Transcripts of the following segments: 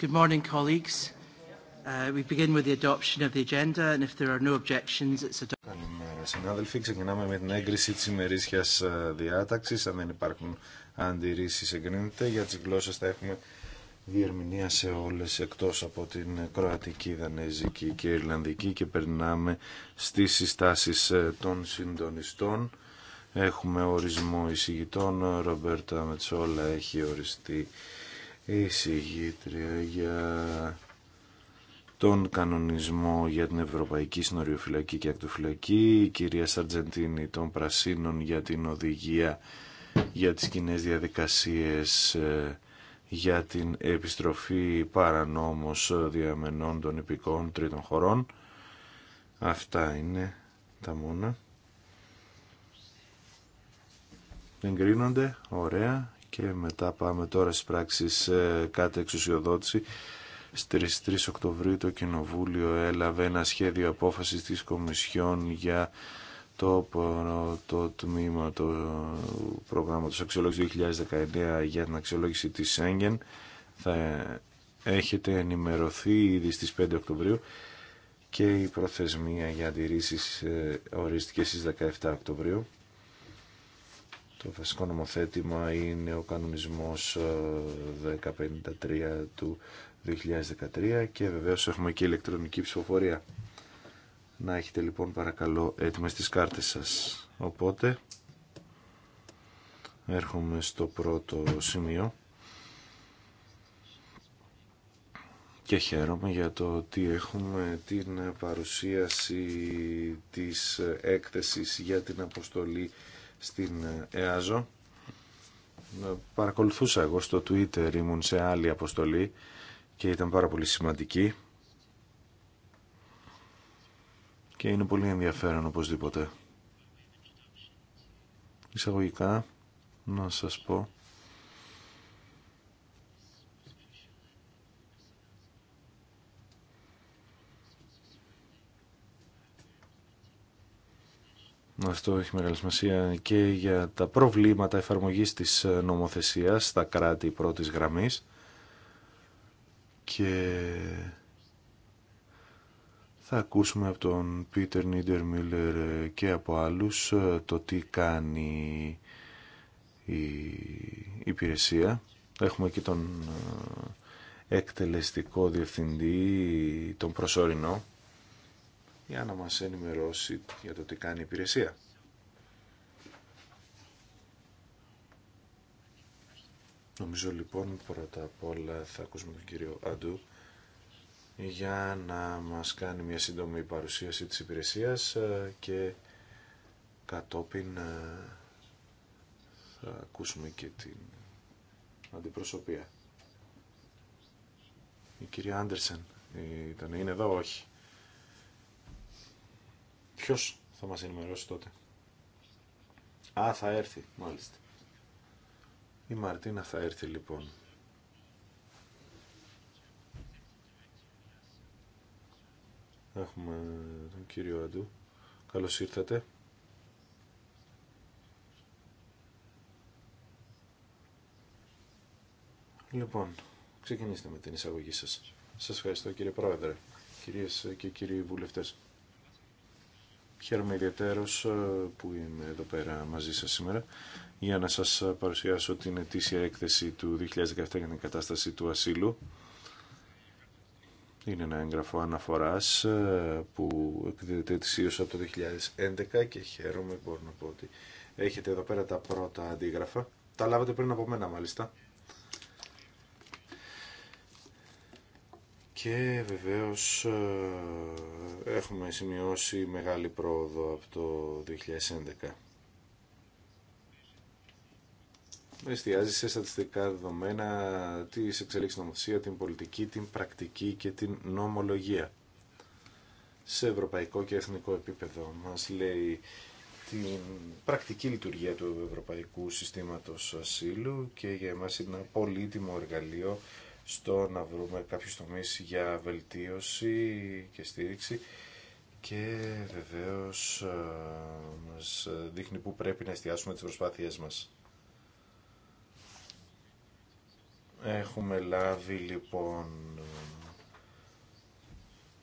Καλημέρα, συνάδελφοι. Ξεκινάμε με την έγκριση της ημερήσιας ε, διάταξης. Αν δεν υπάρχουν αντιρρήσεις, εγκρίνεται. Για τι γλώσσε θα έχουμε διερμηνία σε όλες, εκτός από την Κροατική, Δανέζικη και Ιρλανδική και περνάμε στις συστάσεις ε, των συντονιστών. Έχουμε ορισμό εισηγητών. Ρομπέρτα Μετσόλα έχει οριστεί εισηγήτρια για τον κανονισμό για την Ευρωπαϊκή Συνοριοφυλακή και Ακτοφυλακή, η κυρία Σαρτζεντίνη των Πρασίνων για την οδηγία για τις κοινέ διαδικασίες ε, για την επιστροφή παρανόμως διαμενών των υπηκών τρίτων χωρών. Αυτά είναι τα μόνα. Εγκρίνονται, ωραία και μετά πάμε τώρα στις πράξεις ε, κάτω εξουσιοδότηση. Στις 3 Οκτωβρίου το Κοινοβούλιο έλαβε ένα σχέδιο απόφασης της Κομισιόν για το, το τμήμα του προγράμματος αξιολόγησης 2019 για την αξιολόγηση της Σέγγεν. Θα έχετε ενημερωθεί ήδη στις 5 Οκτωβρίου και η προθεσμία για αντιρρήσεις ε, ορίστηκε στις 17 Οκτωβρίου. Το βασικό νομοθέτημα είναι ο κανονισμός 1053 ε, του 2013 και βεβαίως έχουμε και ηλεκτρονική ψηφοφορία. Να έχετε λοιπόν παρακαλώ έτοιμες τις κάρτες σας. Οπότε έρχομαι στο πρώτο σημείο και χαίρομαι για το ότι έχουμε την παρουσίαση της έκθεσης για την αποστολή στην ΕΑΖΟ. Παρακολουθούσα εγώ στο Twitter, ήμουν σε άλλη αποστολή και ήταν πάρα πολύ σημαντική. Και είναι πολύ ενδιαφέρον οπωσδήποτε. Εισαγωγικά να σας πω Αυτό έχει μεγάλη σημασία και για τα προβλήματα εφαρμογής της νομοθεσίας στα κράτη πρώτης γραμμής και θα ακούσουμε από τον Πίτερ Νίντερ Μίλλερ και από άλλους ε, το τι κάνει η υπηρεσία. Έχουμε και τον ε, εκτελεστικό διευθυντή, τον προσωρινό, για να μας ενημερώσει για το τι κάνει η υπηρεσία. Νομίζω λοιπόν πρώτα απ' όλα θα ακούσουμε τον κύριο Αντού για να μας κάνει μια σύντομη παρουσίαση της υπηρεσίας ε, και κατόπιν ε, θα ακούσουμε και την αντιπροσωπεία. Η κυρία Άντερσεν ε, ήταν, είναι εδώ, όχι. Ποιο θα μας ενημερώσει τότε. Α, θα έρθει, μάλιστα. Η Μαρτίνα θα έρθει λοιπόν. Έχουμε τον κύριο Αντού. Καλώς ήρθατε. Λοιπόν, ξεκινήστε με την εισαγωγή σας. Σας ευχαριστώ κύριε Πρόεδρε, κυρίες και κύριοι βουλευτές. Χαίρομαι ιδιαίτερω ε, που είμαι εδώ πέρα μαζί σας σήμερα για να σας παρουσιάσω την ετήσια έκθεση του 2017 για την κατάσταση του ασύλου. Είναι ένα έγγραφο αναφοράς ε, που εκδίδεται ετησίως από το 2011 και χαίρομαι μπορώ να πω ότι έχετε εδώ πέρα τα πρώτα αντίγραφα. Τα λάβατε πριν από μένα μάλιστα. Και βεβαίως ε, έχουμε σημειώσει μεγάλη πρόοδο από το 2011. εστιάζει σε στατιστικά δεδομένα τη εξελίξη νομοθεσία, την πολιτική, την πρακτική και την νομολογία. Σε ευρωπαϊκό και εθνικό επίπεδο μας λέει την πρακτική λειτουργία του Ευρωπαϊκού Συστήματος Ασύλου και για εμάς είναι ένα πολύτιμο εργαλείο στο να βρούμε κάποιους τομείς για βελτίωση και στήριξη και βεβαίως ε, μας δείχνει πού πρέπει να εστιάσουμε τις προσπάθειές μας. Έχουμε λάβει λοιπόν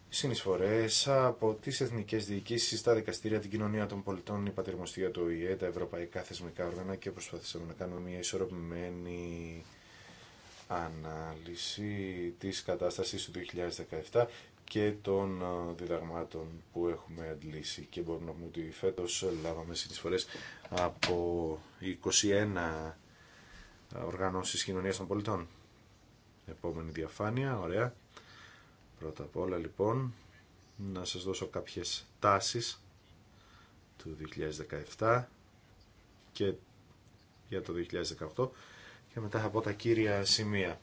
συνεισφορές από τις εθνικές διοικήσεις, τα δικαστήρια, την κοινωνία των πολιτών, η πατερμοστία του ΟΗΕ, τα ευρωπαϊκά θεσμικά όργανα και προσπαθήσαμε να κάνουμε μια ισορροπημένη ανάλυση της κατάστασης του 2017 και των ε, διδαγμάτων που έχουμε αντλήσει και μπορούμε να πούμε ότι φέτος λάβαμε συνεισφορές από 21 ε, οργανώσεις κοινωνίας των πολιτών. Επόμενη διαφάνεια, ωραία. Πρώτα απ' όλα λοιπόν να σας δώσω κάποιες τάσεις του 2017 και για το 2018 και μετά θα πω τα κύρια σημεία.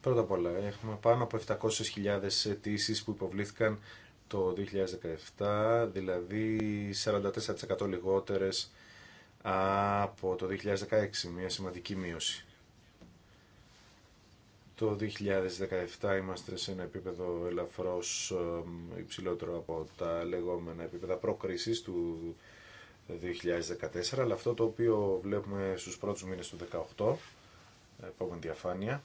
Πρώτα απ' όλα, έχουμε πάνω από 700.000 αιτήσει που υποβλήθηκαν το 2017, δηλαδή 44% λιγότερες από το 2016, μια σημαντική μείωση. Το 2017 είμαστε σε ένα επίπεδο ελαφρώς υψηλότερο από τα λεγόμενα επίπεδα προκρίσης του 2014, αλλά αυτό το οποίο βλέπουμε στους πρώτους μήνες του 2018, επόμενη διαφάνεια,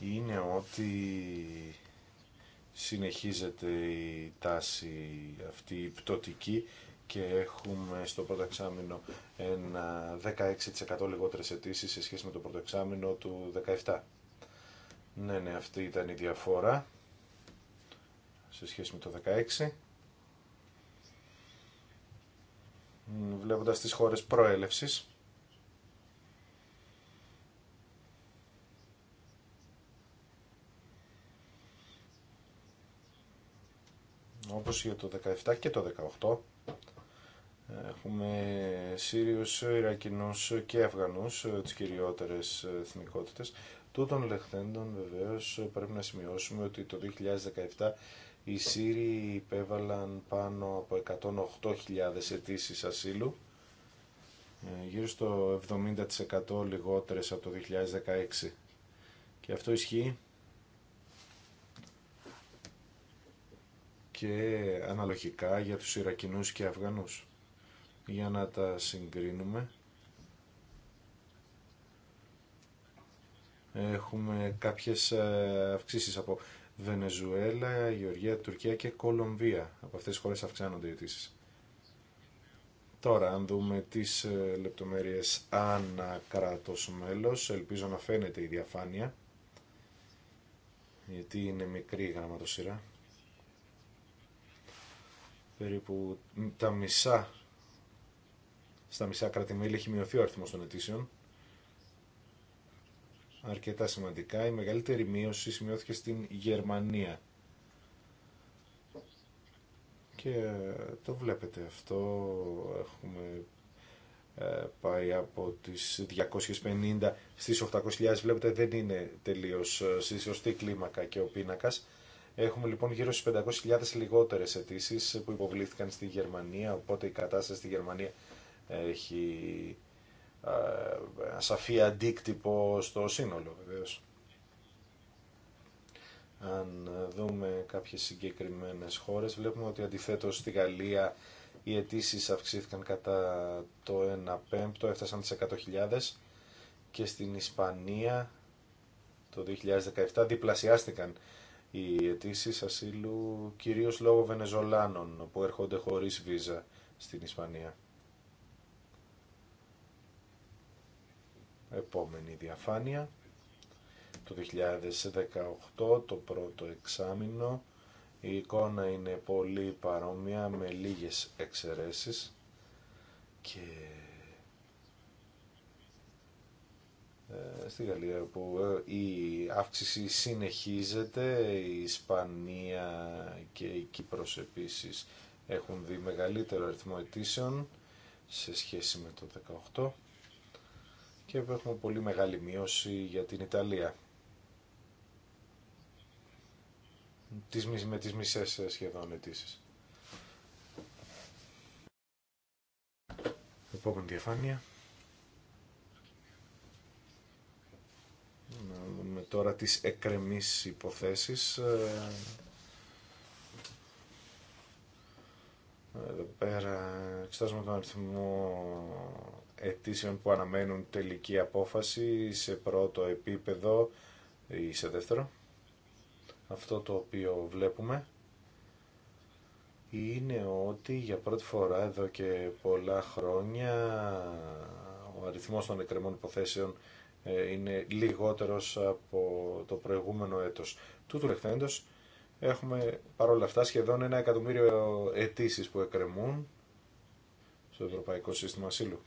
είναι ότι συνεχίζεται η τάση αυτή η πτωτική και έχουμε στο πρώτο εξάμεινο ένα 16% λιγότερες αιτήσει σε σχέση με το πρώτο εξάμεινο του 17. Ναι, ναι, αυτή ήταν η διαφορά σε σχέση με το 16. Βλέποντας τις χώρες προέλευσης, όπως για το 17 και το 18 Έχουμε Σύριους, Ιρακινούς και Αφγανούς, ε, τις κυριότερες εθνικότητες. Τούτων λεχθέντων βεβαίως πρέπει να σημειώσουμε ότι το 2017 οι Σύριοι υπέβαλαν πάνω από 108.000 αιτήσει ασύλου, ε, γύρω στο 70% λιγότερες από το 2016. Και αυτό ισχύει και αναλογικά για τους Ιρακινούς και Αφγανούς για να τα συγκρίνουμε. Έχουμε κάποιες ε, αυξήσεις από Βενεζουέλα, Γεωργία, Τουρκία και Κολομβία. Από αυτές τις χώρες αυξάνονται οι Τώρα, αν δούμε τις ε, λεπτομέρειες ανά κράτος μέλος, ελπίζω να φαίνεται η διαφάνεια, γιατί είναι μικρή η γραμματοσυρά. Περίπου τα μισά στα μισά κρατημέλη έχει μειωθεί ο αριθμό των αιτήσεων. Αρκετά σημαντικά. Η μεγαλύτερη μείωση σημειώθηκε στην Γερμανία. Και ε, το βλέπετε αυτό. Έχουμε ε, πάει από τις 250 στις 800.000. Βλέπετε δεν είναι τελείως ε, στη σωστή κλίμακα και ο πίνακας. Έχουμε λοιπόν γύρω στις 500.000 λιγότερες αιτήσει που υποβλήθηκαν στη Γερμανία, οπότε η κατάσταση στη Γερμανία έχει ε, ένα σαφή αντίκτυπο στο σύνολο βεβαίως. Αν δούμε κάποιες συγκεκριμένες χώρες βλέπουμε ότι αντιθέτως στη Γαλλία οι αιτήσει αυξήθηκαν κατά το 1 πέμπτο, έφτασαν τις 100.000 και στην Ισπανία το 2017 διπλασιάστηκαν οι αιτήσει ασύλου κυρίως λόγω Βενεζολάνων που έρχονται χωρίς βίζα στην Ισπανία. Επόμενη διαφάνεια. Το 2018, το πρώτο εξάμεινο, η εικόνα είναι πολύ παρόμοια με λίγες εξαιρέσεις και ε, στη Γαλλία που ε, η αύξηση συνεχίζεται, η Ισπανία και η Κύπρος επίσης έχουν δει μεγαλύτερο αριθμό αιτήσεων σε σχέση με το 18 και έχουμε πολύ μεγάλη μείωση για την Ιταλία. Τις, με τις μισές ε, σχεδόν αιτήσεις. Επόμενη διαφάνεια. Να δούμε τώρα τις εκκρεμείς υποθέσεις. Ε. Εδώ πέρα εξετάζουμε τον αριθμό αιτήσεων που αναμένουν τελική απόφαση σε πρώτο επίπεδο ή σε δεύτερο. Αυτό το οποίο βλέπουμε είναι ότι για πρώτη φορά εδώ και πολλά χρόνια ο αριθμός των εκκρεμών υποθέσεων ε, είναι λιγότερος από το προηγούμενο έτος. Τούτου λεχθέντος έχουμε παρόλα αυτά σχεδόν ένα εκατομμύριο αιτήσει που εκκρεμούν στο Ευρωπαϊκό Σύστημα Ασύλου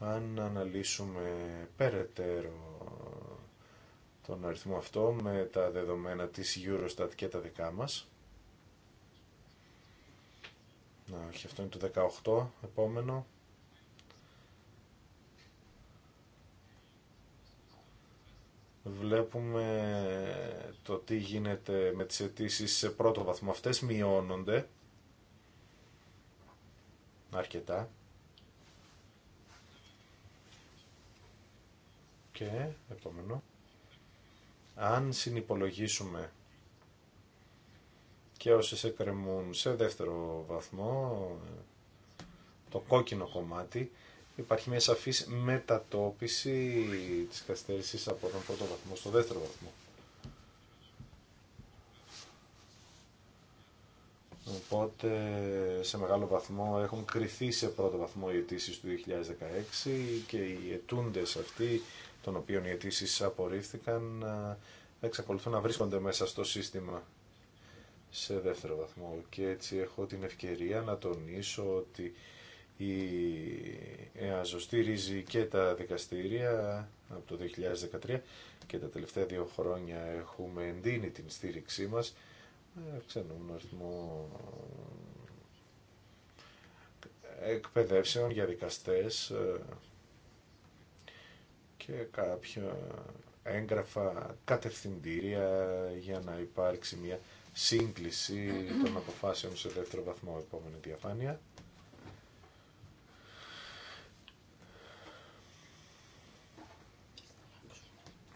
αν αναλύσουμε περαιτέρω τον αριθμό αυτό με τα δεδομένα της Eurostat και τα δικά μας. Να, αυτό είναι το 18, επόμενο. Βλέπουμε το τι γίνεται με τις αιτήσει σε πρώτο βαθμό. Αυτές μειώνονται αρκετά. Και επόμενο, αν συνυπολογίσουμε και όσες εκκρεμούν σε δεύτερο βαθμό, το κόκκινο κομμάτι, υπάρχει μια σαφής μετατόπιση της καθυστέρησης από τον πρώτο βαθμό στο δεύτερο βαθμό. Οπότε σε μεγάλο βαθμό έχουν κρυθεί σε πρώτο βαθμό οι αιτήσει του 2016 και οι αιτούντες αυτοί των οποίων οι αιτήσει απορρίφθηκαν εξακολουθούν να βρίσκονται μέσα στο σύστημα σε δεύτερο βαθμό και έτσι έχω την ευκαιρία να τονίσω ότι η ΕΑΖΟ στηρίζει και τα δικαστήρια από το 2013 και τα τελευταία δύο χρόνια έχουμε εντείνει την στήριξή μας αριθμό εκπαιδεύσεων για δικαστές ε, και κάποια έγγραφα κατευθυντήρια για να υπάρξει μια σύγκληση των αποφάσεων σε δεύτερο βαθμό επόμενη διαφάνεια.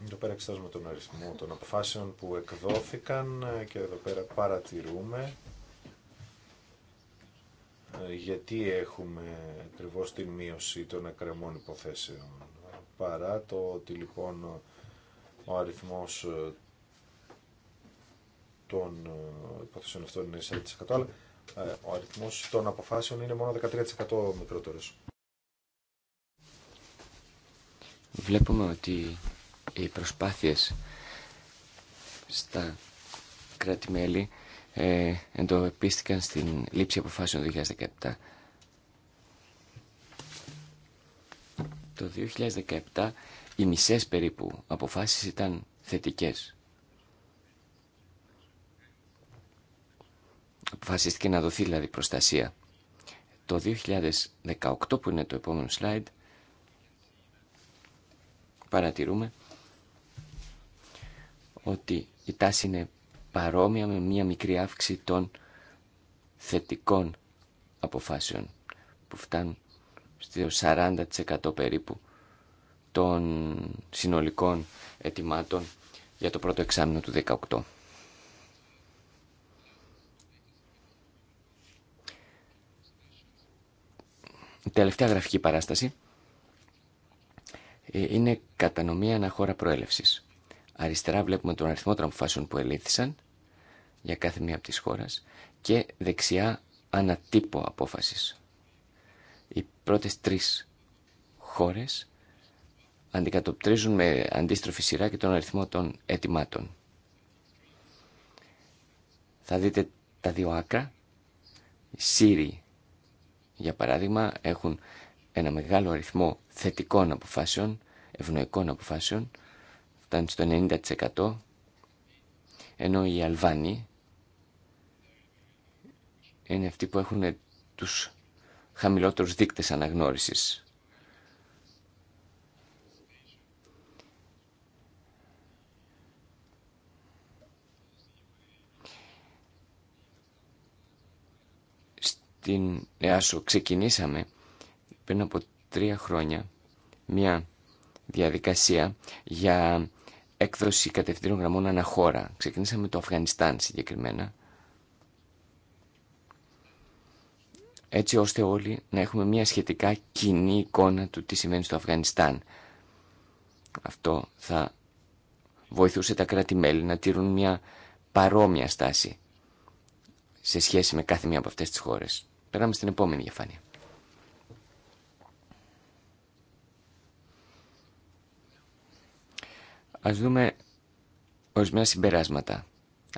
Εδώ πέρα εξετάζουμε τον αριθμό των αποφάσεων που εκδόθηκαν και εδώ πέρα παρατηρούμε ε, γιατί έχουμε ακριβώ την μείωση των ακρεμών υποθέσεων παρά το ότι λοιπόν ο αριθμός ε, των ε, υποθέσεων αυτών είναι 40% αλλά ε, ο αριθμός των αποφάσεων είναι μόνο 13% μικρότερος. Βλέπουμε ότι οι προσπάθειες στα κράτη-μέλη ε, εντοπίστηκαν στην λήψη αποφάσεων 2017. Το 2017 οι μισές περίπου αποφάσεις ήταν θετικές. Αποφασίστηκε να δοθεί δηλαδή προστασία. Το 2018 που είναι το επόμενο slide παρατηρούμε ότι η τάση είναι παρόμοια με μία μικρή αύξηση των θετικών αποφάσεων που φτάνουν στο 40% περίπου των συνολικών ετοιμάτων για το πρώτο εξάμεινο του 2018. Η τελευταία γραφική παράσταση ε, είναι κατανομή αναχώρα προέλευσης. Αριστερά βλέπουμε τον αριθμό των που ελήθησαν για κάθε μία από τις χώρες και δεξιά ανατύπω απόφασης πρώτες τρεις χώρες αντικατοπτρίζουν με αντίστροφη σειρά και τον αριθμό των αιτημάτων. Θα δείτε τα δύο άκρα. Οι Σύριοι, για παράδειγμα, έχουν ένα μεγάλο αριθμό θετικών αποφάσεων, ευνοϊκών αποφάσεων, φτάνει στο 90%, ενώ οι Αλβάνοι είναι αυτοί που έχουν τους χαμηλότερους δείκτες αναγνώρισης. Στην ΕΑΣΟ ξεκινήσαμε πριν από τρία χρόνια μια διαδικασία για έκδοση κατευθύνων γραμμών αναχώρα. Ξεκινήσαμε το Αφγανιστάν συγκεκριμένα έτσι ώστε όλοι να έχουμε μια σχετικά κοινή εικόνα του τι σημαίνει στο Αφγανιστάν. Αυτό θα βοηθούσε τα κράτη-μέλη να τηρούν μια παρόμοια στάση σε σχέση με κάθε μία από αυτές τις χώρες. Περάμε στην επόμενη διαφάνεια. Ας δούμε ορισμένα συμπεράσματα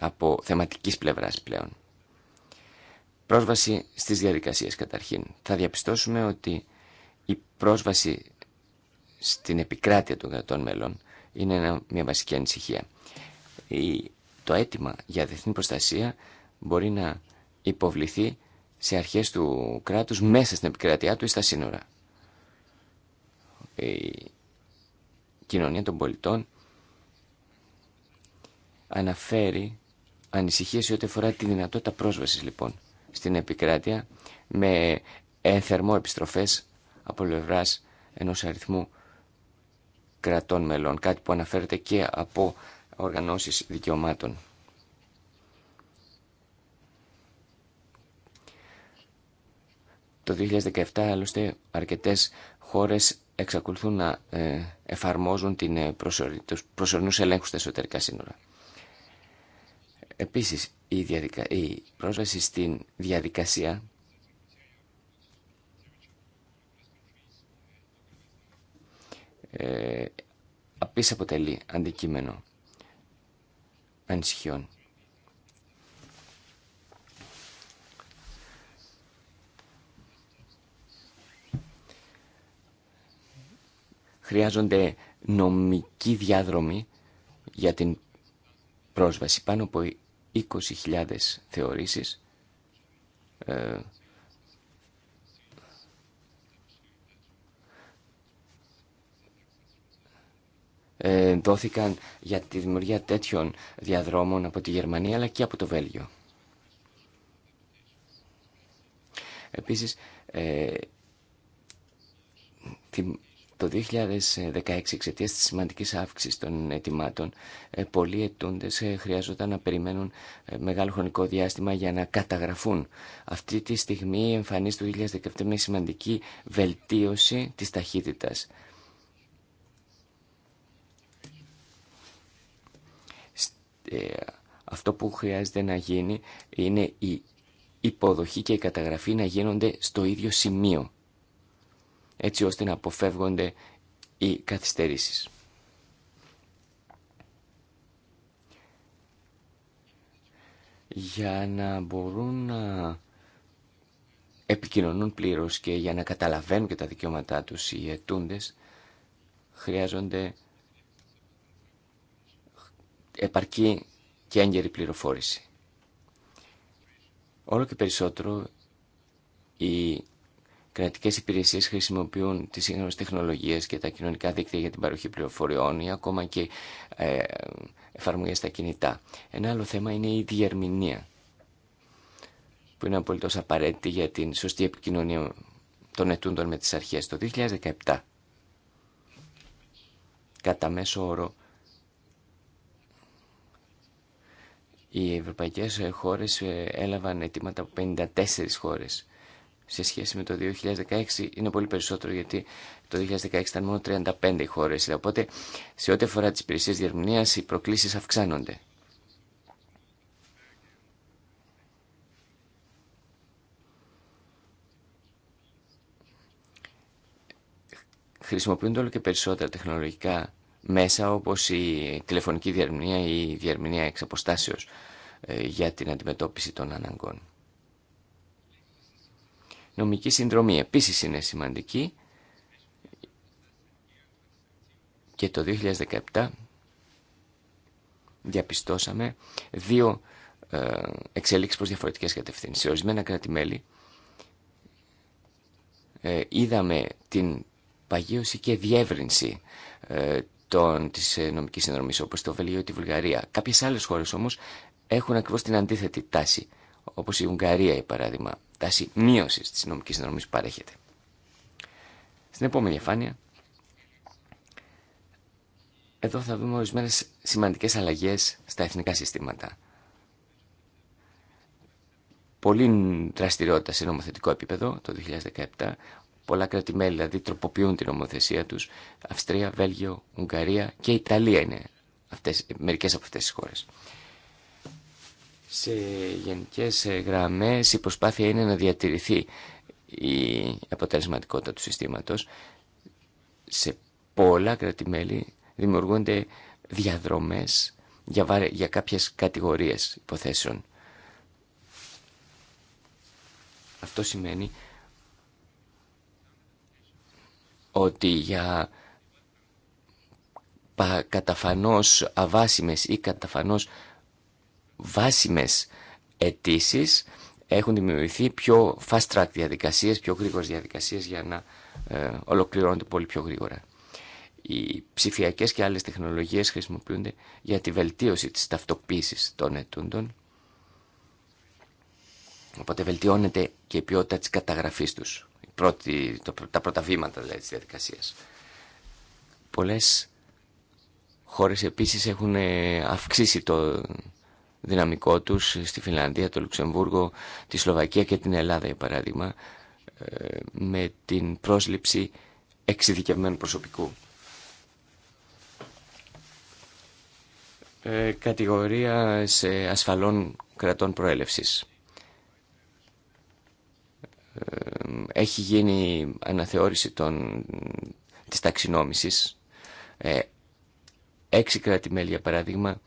από θεματικής πλευράς πλέον. Πρόσβαση στις διαδικασίες καταρχήν. Θα διαπιστώσουμε ότι η πρόσβαση στην επικράτεια των κρατών μέλων είναι μια βασική ανησυχία. Το αίτημα για διεθνή προστασία μπορεί να υποβληθεί σε αρχές του κράτους μέσα στην επικράτειά του ή στα σύνορα. Η κοινωνία των πολιτών αναφέρει ανησυχίες ό,τι αφορά τη δυνατότητα πρόσβασης λοιπόν στην επικράτεια με ένθερμο επιστροφές από πλευρά ενός αριθμού κρατών μελών, κάτι που αναφέρεται και από οργανώσεις δικαιωμάτων. Το 2017 άλλωστε αρκετές χώρες εξακολουθούν να ε, εφαρμόζουν την ε, προσωρι... τους προσωρινούς ελέγχους στα εσωτερικά σύνορα. Επίσης, η, διαδικα... η πρόσβαση στην διαδικασία ε, αποτελεί αντικείμενο ανησυχιών. Χρειάζονται νομικοί διάδρομοι για την πρόσβαση. Πάνω από 20.000 θεωρήσεις ε, ε, δόθηκαν για τη δημιουργία τέτοιων διαδρόμων από τη Γερμανία αλλά και από το Βέλγιο. Επίσης, ε, το 2016 εξαιτία τη σημαντική αύξηση των ετοιμάτων ε, πολλοί ετούντε ε, χρειάζονταν να περιμένουν ε, μεγάλο χρονικό διάστημα για να καταγραφούν. Αυτή τη στιγμή η το 2017 μια σημαντική βελτίωση της ταχύτητας. Αυτό που χρειάζεται να γίνει είναι η υποδοχή και η καταγραφή να γίνονται στο ίδιο σημείο έτσι ώστε να αποφεύγονται οι καθυστερήσεις. Για να μπορούν να επικοινωνούν πλήρως και για να καταλαβαίνουν και τα δικαιώματά τους οι ετούντες, χρειάζονται επαρκή και έγκαιρη πληροφόρηση. Όλο και περισσότερο οι κρατικές υπηρεσίες χρησιμοποιούν τι σύγχρονε τεχνολογίες και τα κοινωνικά δίκτυα για την παροχή πληροφοριών ή ακόμα και ε, εφαρμογές στα κινητά. Ένα άλλο θέμα είναι η διερμηνία, που είναι απολύτως απαραίτητη για την σωστή επικοινωνία των ετούντων με τις αρχές. Το 2017, κατά μέσο όρο, οι ευρωπαϊκές χώρες ε, έλαβαν αιτήματα από 54 χώρες σε σχέση με το 2016 είναι πολύ περισσότερο γιατί το 2016 ήταν μόνο 35 οι χώρες. Δηλαδή, οπότε σε ό,τι αφορά τις υπηρεσίες διερμηνίας οι προκλήσεις αυξάνονται. Χρησιμοποιούνται όλο και περισσότερα τεχνολογικά μέσα όπως η τηλεφωνική διερμηνία ή η διερμηνία εξ ε, για την αντιμετώπιση των αναγκών νομική συνδρομή επίσης είναι σημαντική και το 2017 διαπιστώσαμε δύο ε, εξελίξεις προς διαφορετικές κατευθύνσεις. Σε ορισμένα κράτη-μέλη ε, είδαμε την παγίωση και διεύρυνση ε, των, της νομικής συνδρομής όπως το Βελγίο ή τη Βουλγαρία. Κάποιες άλλες χώρες όμως έχουν ακριβώς την αντίθετη τάση όπως η Ουγγαρία για παράδειγμα τάση μείωση τη νομική συνδρομή που παρέχεται. Στην επόμενη διαφάνεια, εδώ θα δούμε ορισμένε σημαντικέ αλλαγέ στα εθνικά συστήματα. Πολύ δραστηριότητα σε νομοθετικό επίπεδο το 2017. Πολλά κράτη-μέλη δηλαδή τροποποιούν την νομοθεσία του. Αυστρία, Βέλγιο, Ουγγαρία και Ιταλία είναι μερικέ από αυτέ τι χώρε. Σε γενικές ε, γραμμές η προσπάθεια είναι να διατηρηθεί η αποτελεσματικότητα του συστήματος. Σε πολλά κράτη-μέλη δημιουργούνται διαδρομές για, για κάποιες κατηγορίες υποθέσεων. Αυτό σημαίνει ότι για καταφανώς αβάσιμες ή καταφανώς βάσιμες αιτήσει έχουν δημιουργηθεί πιο fast track διαδικασίες, πιο γρήγορες διαδικασίες για να ε, ολοκληρώνονται πολύ πιο γρήγορα. Οι ψηφιακές και άλλες τεχνολογίες χρησιμοποιούνται για τη βελτίωση της ταυτοποίησης των ετούντων, οπότε βελτιώνεται και η ποιότητα της καταγραφής τους, πρώτη, τα πρώτα βήματα δηλαδή, της διαδικασίας. Πολλές χώρες επίσης έχουν ε, αυξήσει το, δυναμικό τους στη Φιλανδία, το Λουξεμβούργο, τη Σλοβακία και την Ελλάδα για παράδειγμα ε, με την πρόσληψη εξειδικευμένου προσωπικού. Ε, κατηγορία σε ασφαλών κρατών προέλευσης. Ε, έχει γίνει αναθεώρηση των, της ταξινόμησης. έξι κράτη-μέλη, για παράδειγμα,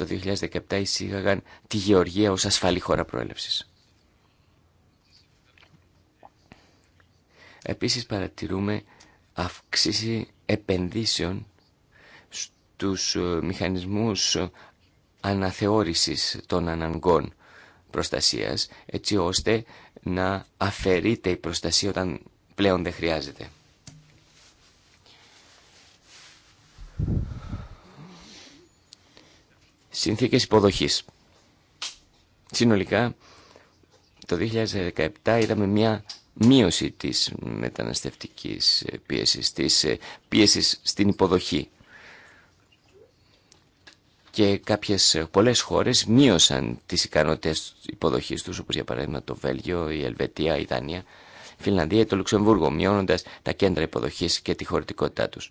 το 2017 εισήγαγαν τη Γεωργία ως ασφαλή χώρα προέλευσης. Επίσης παρατηρούμε αυξήσει επενδύσεων στους ε, μηχανισμούς αναθεώρησης των αναγκών προστασίας, έτσι ώστε να αφαιρείται η προστασία όταν πλέον δεν χρειάζεται συνθήκες υποδοχής. Συνολικά, το 2017 είδαμε μια μείωση της μεταναστευτικής πίεσης, της ε, πίεσης στην υποδοχή. Και κάποιες ε, πολλές χώρες μείωσαν τις ικανότητες υποδοχής τους, όπως για παράδειγμα το Βέλγιο, η Ελβετία, η Δανία, η Φιλανδία ή το Λουξεμβούργο, μειώνοντας τα κέντρα υποδοχής και τη χωρητικότητά τους.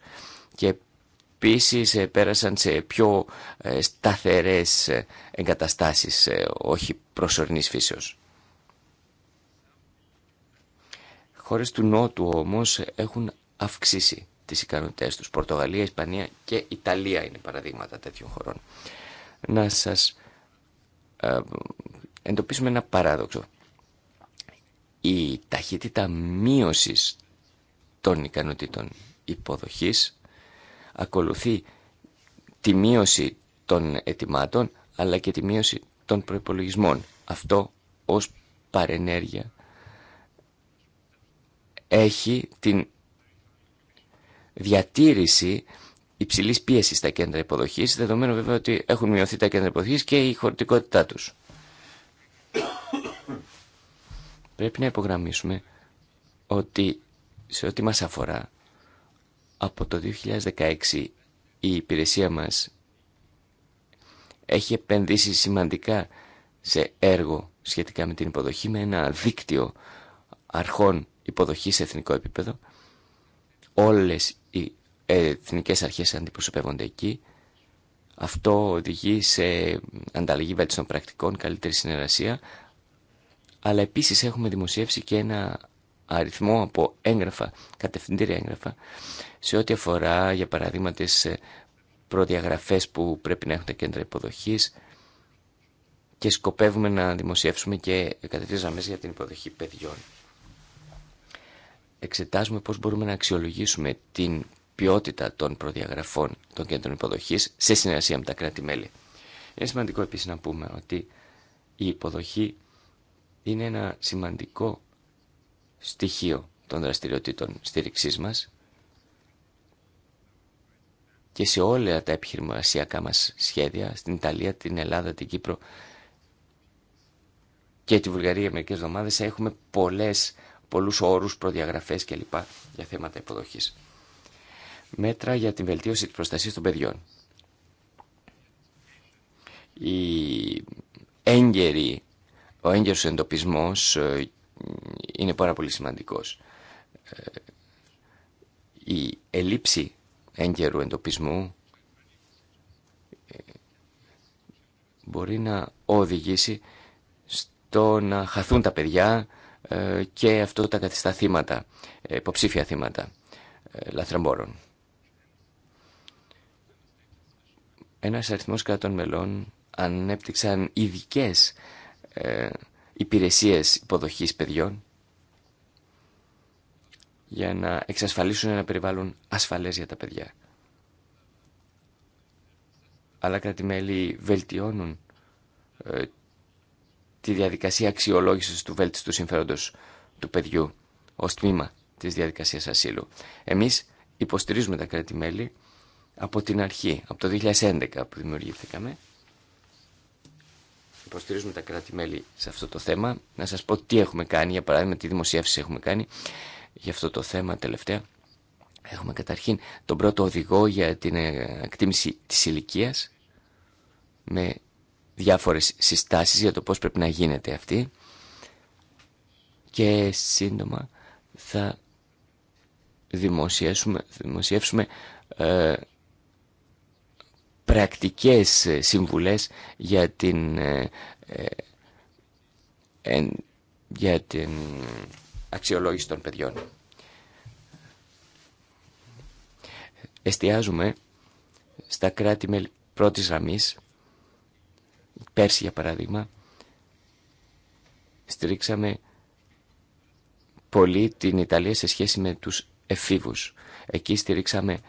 Επίση ε, πέρασαν σε πιο ε, σταθερές ε, εγκαταστάσεις, όχι προσωρινής φύσεως. Χώρες του Νότου όμως έχουν αυξήσει τις ικανότητές τους. Πορτογαλία, Ισπανία και Ιταλία είναι παραδείγματα τέτοιων χωρών. Να σας εντοπίσουμε ένα παράδοξο. Η ταχύτητα μείωσης των ικανότητων υποδοχής ακολουθεί τη μείωση των ετοιμάτων αλλά και τη μείωση των προϋπολογισμών. Αυτό ως παρενέργεια έχει την διατήρηση υψηλή πίεση στα κέντρα υποδοχή. δεδομένου βέβαια ότι έχουν μειωθεί τα κέντρα υποδοχή και η χωρητικότητά του. Πρέπει να υπογραμμίσουμε ότι σε ό,τι μας αφορά από το 2016 η υπηρεσία μας έχει επενδύσει σημαντικά σε έργο σχετικά με την υποδοχή, με ένα δίκτυο αρχών υποδοχής σε εθνικό επίπεδο. Όλες οι εθνικές αρχές αντιπροσωπεύονται εκεί. Αυτό οδηγεί σε ανταλλαγή βέλτιστων πρακτικών, καλύτερη συνεργασία. Αλλά επίσης έχουμε δημοσιεύσει και ένα αριθμό από έγγραφα, κατευθυντήρια έγγραφα, σε ό,τι αφορά, για παράδειγμα, τις ε, προδιαγραφές που πρέπει να έχουν τα κέντρα υποδοχής και σκοπεύουμε να δημοσιεύσουμε και κατευθείαν μέσα για την υποδοχή παιδιών. Εξετάζουμε πώς μπορούμε να αξιολογήσουμε την ποιότητα των προδιαγραφών των κέντρων υποδοχής σε συνεργασία με τα κράτη-μέλη. Είναι σημαντικό επίσης να πούμε ότι η υποδοχή είναι ένα σημαντικό στοιχείο των δραστηριοτήτων στήριξής μας και σε όλα τα επιχειρημασιακά μας σχέδια στην Ιταλία, την Ελλάδα, την Κύπρο και τη Βουλγαρία μερικέ μερικές εβδομάδες έχουμε πολλές, πολλούς όρους, προδιαγραφές κλπ. για θέματα υποδοχής. Μέτρα για την βελτίωση της προστασίας των παιδιών. Η έγκαιρη, ο έγκαιρος εντοπισμός είναι πάρα πολύ σημαντικός. Ε, η ελλείψη έγκαιρου εντοπισμού ε, μπορεί να οδηγήσει στο να χαθούν τα παιδιά ε, και αυτό τα καθιστά θύματα, υποψήφια θύματα λαθρεμπόρων. Ένας αριθμός των μελών ανέπτυξαν ειδικέ υπηρεσίες υποδοχής παιδιών για να εξασφαλίσουν ένα περιβάλλον ασφαλές για τα παιδιά. Αλλά κράτη-μέλη βελτιώνουν ε, τη διαδικασία αξιολόγησης του βέλτιστου συμφέροντος του παιδιού ως τμήμα της διαδικασίας ασύλου. Εμείς υποστηρίζουμε τα κράτη-μέλη από την αρχή, από το 2011 που δημιουργηθήκαμε, υποστηρίζουμε τα κράτη-μέλη σε αυτό το θέμα. Να σας πω τι έχουμε κάνει, για παράδειγμα τι δημοσίευση έχουμε κάνει για αυτό το θέμα τελευταία. Έχουμε καταρχήν τον πρώτο οδηγό για την ε, εκτίμηση της ηλικία με διάφορες συστάσεις για το πώς πρέπει να γίνεται αυτή και σύντομα θα δημοσιεύσουμε, δημοσιεύσουμε ε, πρακτικές ε, συμβουλές για την, ε, ε, για την αξιολόγηση των παιδιών. Εστιάζουμε στα κράτη με πρώτης γραμμής, πέρσι για παράδειγμα, στηρίξαμε πολύ την Ιταλία σε σχέση με τους εφήβους. Εκεί στηρίξαμε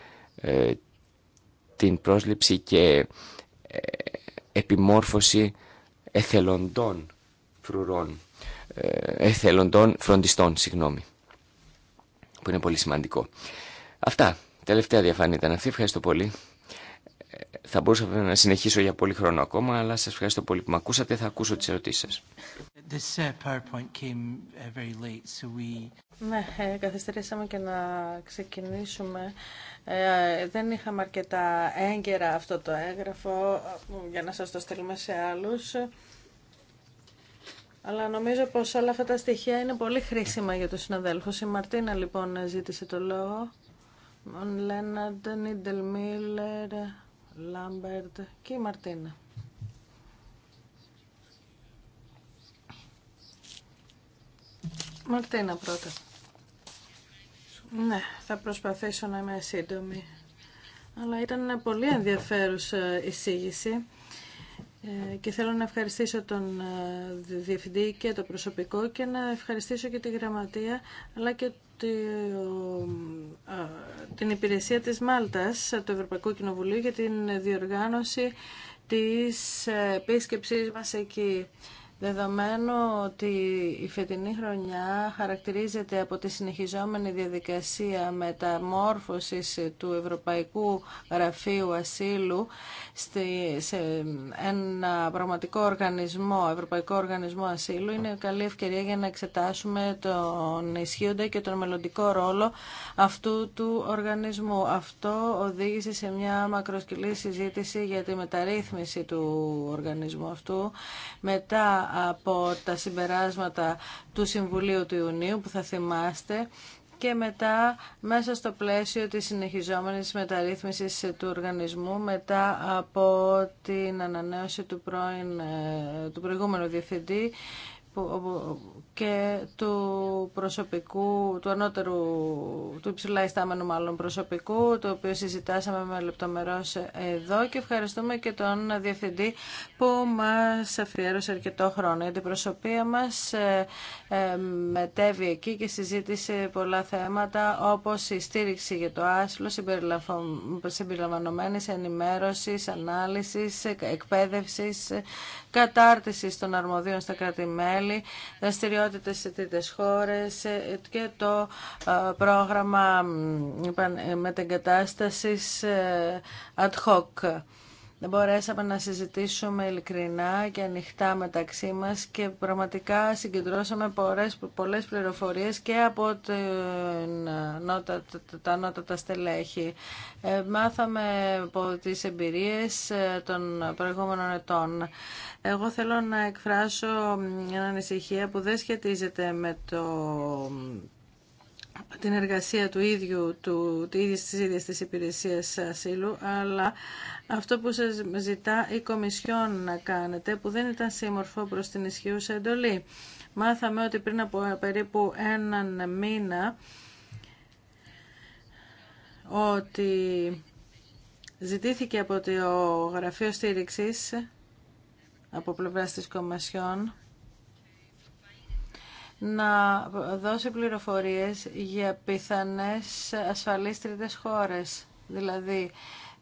την πρόσληψη και ε, επιμόρφωση εθελοντών φρουρών, ε, εθελοντών φροντιστών, συγγνώμη, που είναι πολύ σημαντικό. Αυτά. Τελευταία διαφάνεια ήταν αυτή. Ευχαριστώ πολύ. Θα μπορούσα να συνεχίσω για πολύ χρόνο ακόμα, αλλά σας ευχαριστώ πολύ που με ακούσατε. Θα ακούσω τις ερωτήσεις σας. Uh, ναι, ε, καθυστερήσαμε και να ξεκινήσουμε. Ε, δεν είχαμε αρκετά έγκαιρα αυτό το έγγραφο ε, για να σας το στείλουμε σε άλλους. Αλλά νομίζω πως όλα αυτά τα στοιχεία είναι πολύ χρήσιμα για τους συναδέλφους. Η Μαρτίνα λοιπόν ζήτησε το λόγο. Λέναντ, Νίντελ Μίλλερ... Λάμπερτ και η Μαρτίνα. Μαρτίνα πρώτα. Ναι, θα προσπαθήσω να είμαι σύντομη. Αλλά ήταν μια πολύ ενδιαφέρουσα εισήγηση ε, και θέλω να ευχαριστήσω τον ε, Διευθυντή και το προσωπικό και να ευχαριστήσω και τη Γραμματεία αλλά και ε, την υπηρεσία της Μάλτας του Ευρωπαϊκού κοινοβούλιο για την διοργάνωση της επίσκεψής μας εκεί. Δεδομένου ότι η φετινή χρονιά χαρακτηρίζεται από τη συνεχιζόμενη διαδικασία μεταμόρφωσης του Ευρωπαϊκού Γραφείου Ασύλου σε ένα πραγματικό οργανισμό, Ευρωπαϊκό Οργανισμό Ασύλου, είναι καλή ευκαιρία για να εξετάσουμε τον ισχύοντα και τον μελλοντικό ρόλο αυτού του οργανισμού. Αυτό οδήγησε σε μια μακροσκυλή συζήτηση για τη μεταρρύθμιση του οργανισμού αυτού μετά από τα συμπεράσματα του Συμβουλίου του Ιουνίου που θα θυμάστε και μετά μέσα στο πλαίσιο της συνεχιζόμενης μεταρρύθμισης του οργανισμού μετά από την ανανέωση του, ε, του προηγούμενου διευθυντή που, και του προσωπικού, του ανώτερου, του υψηλά ιστάμενου μάλλον προσωπικού, το οποίο συζητάσαμε με λεπτομερώς εδώ και ευχαριστούμε και τον Διευθυντή που μας αφιέρωσε αρκετό χρόνο. Η προσωπία μας ε, ε, μετέβη εκεί και συζήτησε πολλά θέματα όπως η στήριξη για το άσυλο, συμπεριλαμβανομένης ενημέρωσης, ανάλυσης, εκπαίδευσης, κατάρτισης των αρμοδίων στα κράτη-μέλη, δραστηριότητες σε τρίτες χώρες και το ε, πρόγραμμα ε, μετεγκατάστασης ε, ad hoc. Δεν μπορέσαμε να συζητήσουμε ειλικρινά και ανοιχτά μεταξύ μας και πραγματικά συγκεντρώσαμε πολλές, πολλές πληροφορίες και από την, νότα, τα τα στελέχη. Ε, μάθαμε από τις εμπειρίες ε, των προηγούμενων ετών. Εγώ θέλω να εκφράσω μια ανησυχία που δεν σχετίζεται με το την εργασία του ίδιου του, της ίδιας της υπηρεσίας ασύλου, αλλά αυτό που σας ζητά η Κομισιόν να κάνετε, που δεν ήταν σύμμορφο προς την ισχύουσα εντολή. Μάθαμε ότι πριν από περίπου έναν μήνα, ότι ζητήθηκε από το Γραφείο Στήριξης, από πλευράς της Κομισιόν, να δώσει πληροφορίες για πιθανές ασφαλείς τρίτες χώρες, δηλαδή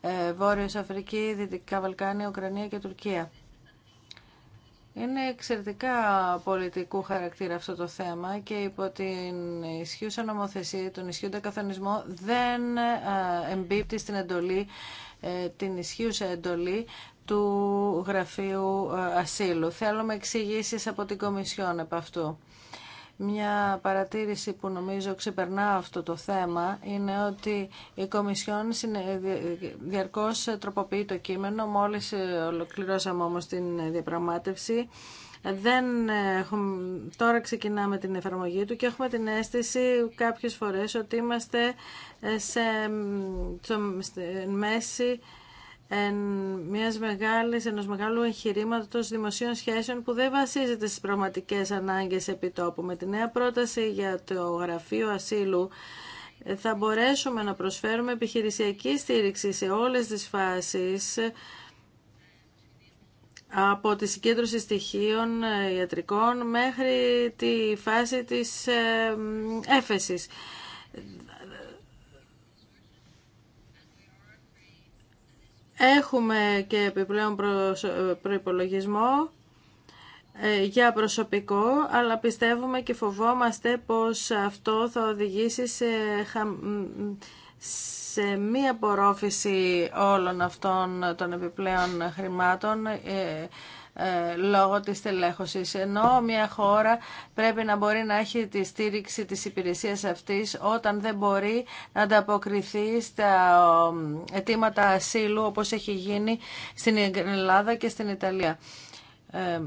ε, Βόρειος Αφρική, Δυτικά Βαλκάνια, Ουκρανία και Τουρκία. Είναι εξαιρετικά πολιτικού χαρακτήρα αυτό το θέμα και υπό την ισχύουσα νομοθεσία, τον ισχύοντα καθονισμό δεν ε, εμπίπτει στην εντολή, ε, την ισχύουσα εντολή του Γραφείου ε, Ασύλου. Θέλουμε εξηγήσεις από την Κομισιόν επ' αυτού. Μια παρατήρηση που νομίζω ξεπερνά αυτό το θέμα είναι ότι η Κομισιόν διαρκώς τροποποιεί το κείμενο. Μόλις ε, ολοκληρώσαμε όμως την διαπραγμάτευση. Δεν έχουμε, τώρα ξεκινάμε την εφαρμογή του και έχουμε την αίσθηση κάποιες φορές ότι είμαστε ε, σε, σε μέση εν, μιας μεγάλης, ενός μεγάλου εγχειρήματος δημοσίων σχέσεων που δεν βασίζεται στις πραγματικές ανάγκες επιτόπου. Με τη νέα πρόταση για το Γραφείο Ασύλου ε, θα μπορέσουμε να προσφέρουμε επιχειρησιακή στήριξη σε όλες τις φάσεις ε, από τη συγκέντρωση στοιχείων ε, ιατρικών μέχρι τη φάση της έφεσης. Έχουμε και επιπλέον προϋπολογισμό ε, για προσωπικό, αλλά πιστεύουμε και φοβόμαστε πως αυτό θα οδηγήσει σε, μία απορρόφηση όλων αυτών των επιπλέον χρημάτων ε, ε, λόγω της τελέχωσης. Ενώ μια χώρα πρέπει να μπορεί να έχει τη στήριξη της υπηρεσίας αυτής όταν δεν μπορεί να ανταποκριθεί στα ε, αιτήματα ασύλου όπως έχει γίνει στην Ελλάδα και στην Ιταλία. Ε,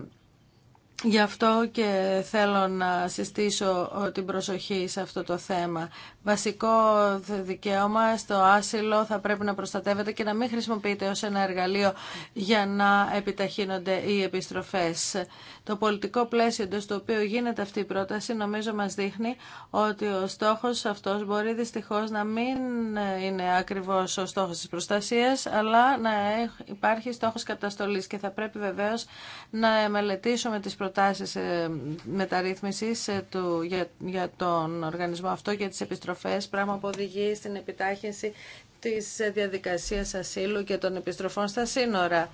Γι' αυτό και θέλω να συστήσω την προσοχή σε αυτό το θέμα. Βασικό δικαίωμα στο άσυλο θα πρέπει να προστατεύεται και να μην χρησιμοποιείται ως ένα εργαλείο για να επιταχύνονται οι επιστροφές. Το πολιτικό πλαίσιο εντό του οποίου γίνεται αυτή η πρόταση νομίζω μας δείχνει ότι ο στόχος αυτός μπορεί δυστυχώς να μην είναι ακριβώς ο στόχος της προστασίας αλλά να υπάρχει στόχος καταστολής και θα πρέπει βεβαίως να μελετήσουμε τις προτάσεις ε, μεταρρύθμισης ε, του, για, για τον οργανισμό αυτό και τις επιστροφές πράγμα που οδηγεί στην επιτάχυνση της διαδικασίας ασύλου και των επιστροφών στα σύνορα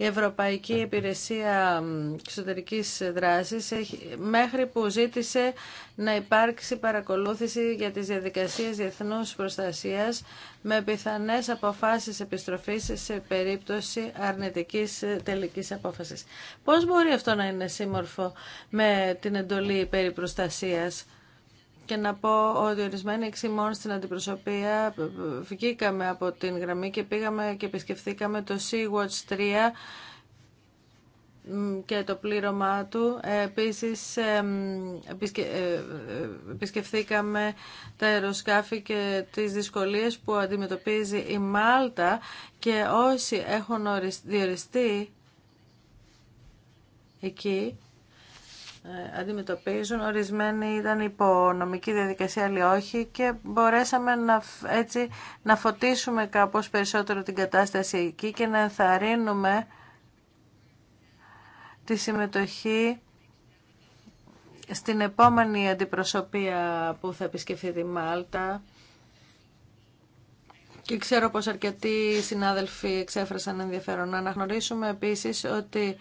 η Ευρωπαϊκή Επιρεσία Εξωτερικής Δράσης μέχρι που ζήτησε να υπάρξει παρακολούθηση για τις διαδικασίες διεθνούς προστασίας με πιθανές αποφάσεις επιστροφής σε περίπτωση αρνητικής ε, τελικής απόφασης. Πώς μπορεί αυτό να είναι σύμμορφο με την εντολή περί προστασίας και να πω ότι ορισμένοι εξημών στην αντιπροσωπεία βγήκαμε από την γραμμή και πήγαμε και επισκεφθήκαμε το Sea-Watch 3 και το πλήρωμά του. Επίσης ε, ε, επισκεφθήκαμε τα αεροσκάφη και τις δυσκολίες που αντιμετωπίζει η Μάλτα και όσοι έχουν διοριστεί εκεί ε, αντιμετωπίζουν. Ορισμένοι ήταν υπό νομική διαδικασία, άλλοι όχι και μπορέσαμε να, έτσι, να φωτίσουμε κάπως περισσότερο την κατάσταση εκεί και να ενθαρρύνουμε τη συμμετοχή στην επόμενη αντιπροσωπεία που θα επισκεφθεί τη Μάλτα. Και ξέρω πως αρκετοί συνάδελφοι εξέφρασαν ενδιαφέρον να αναγνωρίσουμε επίσης ότι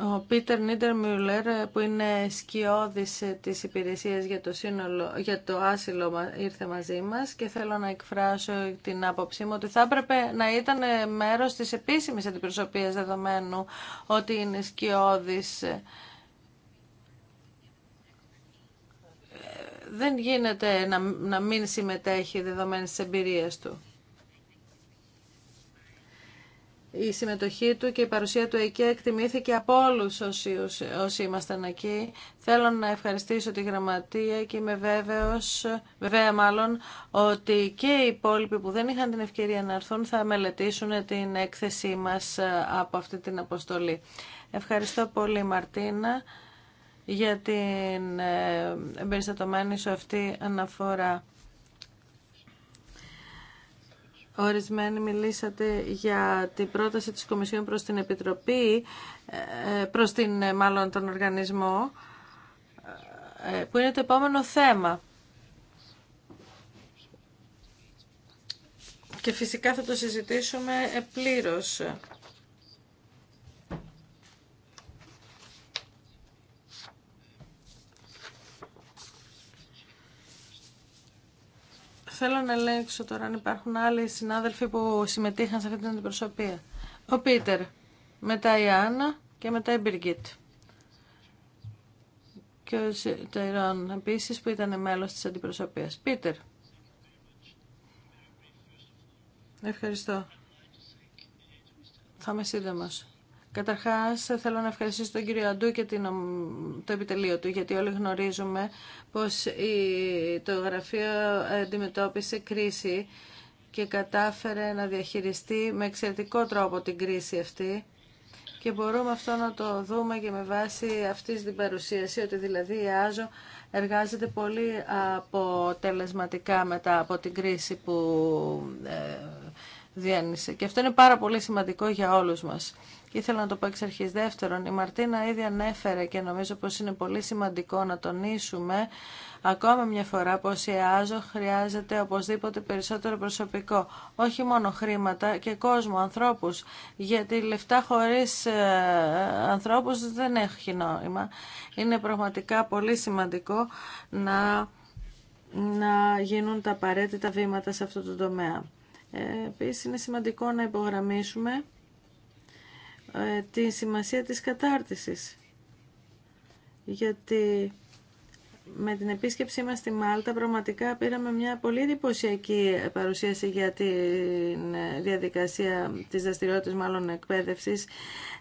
ο Πίτερ Νίτερ Μιουλέρ που είναι σκιώδης της υπηρεσίας για το, σύνολο, για το άσυλο ήρθε μαζί μας και θέλω να εκφράσω την άποψή μου ότι θα έπρεπε να ήταν μέρος της επίσημης αντιπροσωπείας δεδομένου ότι είναι σκιώδης ε, δεν γίνεται να, να μην συμμετέχει δεδομένη της εμπειρίας του η συμμετοχή του και η παρουσία του εκεί εκτιμήθηκε από όλου όσοι, όσοι ήμασταν εκεί. Θέλω να ευχαριστήσω τη Γραμματεία και είμαι βέβαιος, βέβαια μάλλον, ότι και οι υπόλοιποι που δεν είχαν την ευκαιρία να έρθουν θα μελετήσουν την έκθεσή μας ε, από αυτή την αποστολή. Ευχαριστώ πολύ Μαρτίνα για την ε, εμπεριστατωμένη σου αυτή αναφορά. Ορισμένοι μιλήσατε για την πρόταση της Κομισιόν προς την Επιτροπή, ε, προς την, ε, μάλλον τον οργανισμό, ε, που είναι το επόμενο θέμα. Και φυσικά θα το συζητήσουμε πλήρως. θέλω να ελέγξω τώρα αν υπάρχουν άλλοι συνάδελφοι που συμμετείχαν σε αυτή την αντιπροσωπεία. Ο Πίτερ, μετά η Άννα και μετά η Μπιργκίτ. Και ο Τεϊρόν επίσης που ήταν μέλος της αντιπροσωπείας. Πίτερ. Ευχαριστώ. Θα είμαι σύντομος. Καταρχάς θέλω να ευχαριστήσω τον κύριο Αντού και την, το επιτελείο του γιατί όλοι γνωρίζουμε πως το γραφείο αντιμετώπισε κρίση και κατάφερε να διαχειριστεί με εξαιρετικό τρόπο την κρίση αυτή και μπορούμε αυτό να το δούμε και με βάση αυτή την παρουσίαση ότι δηλαδή η ΆΖΟ εργάζεται πολύ αποτελεσματικά μετά από την κρίση που ε, διένυσε και αυτό είναι πάρα πολύ σημαντικό για όλους μας. Ήθελα να το πω εξ αρχή Δεύτερον, η Μαρτίνα ήδη ανέφερε και νομίζω πως είναι πολύ σημαντικό να τονίσουμε ακόμα μια φορά πως η ΕΑΖΟ χρειάζεται οπωσδήποτε περισσότερο προσωπικό. Όχι μόνο χρήματα και κόσμο, ανθρώπους. Γιατί λεφτά χωρίς ε, ανθρώπους δεν έχει νόημα. Είναι πραγματικά πολύ σημαντικό να, να γίνουν τα απαραίτητα βήματα σε αυτό το τομέα. Ε, Επίση είναι σημαντικό να υπογραμμίσουμε ε, τη σημασία της κατάρτισης. Γιατί με την επίσκεψή μας στη Μάλτα πραγματικά πήραμε μια πολύ εντυπωσιακή παρουσίαση για τη ε, διαδικασία της δραστηριότητα μάλλον εκπαίδευσης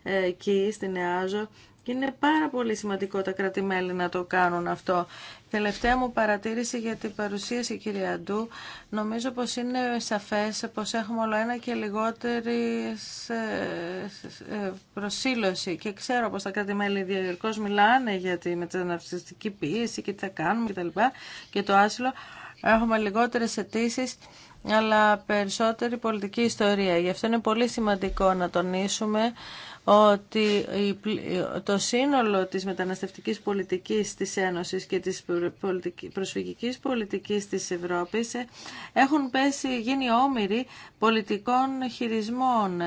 ε, εκεί στην ΕΑΖΟ και είναι πάρα πολύ σημαντικό τα κράτη-μέλη να το κάνουν αυτό. Τελευταία μου παρατήρηση για την παρουσίαση, κυρία Αντού. Νομίζω πως είναι σαφές πως έχουμε όλο ένα και λιγότερη ε, ε, προσήλωση. Και ξέρω πως τα κράτη-μέλη μιλάνε για τη μεταναστευτική πίεση και τι θα κάνουμε κτλ. Και, και το άσυλο. Έχουμε λιγότερες αιτήσει αλλά περισσότερη πολιτική ιστορία. Γι' αυτό είναι πολύ σημαντικό να τονίσουμε ότι το σύνολο της μεταναστευτικής πολιτικής της Ένωσης και της προσφυγικής πολιτικής της Ευρώπης έχουν πέσει, γίνει όμοιροι πολιτικών χειρισμών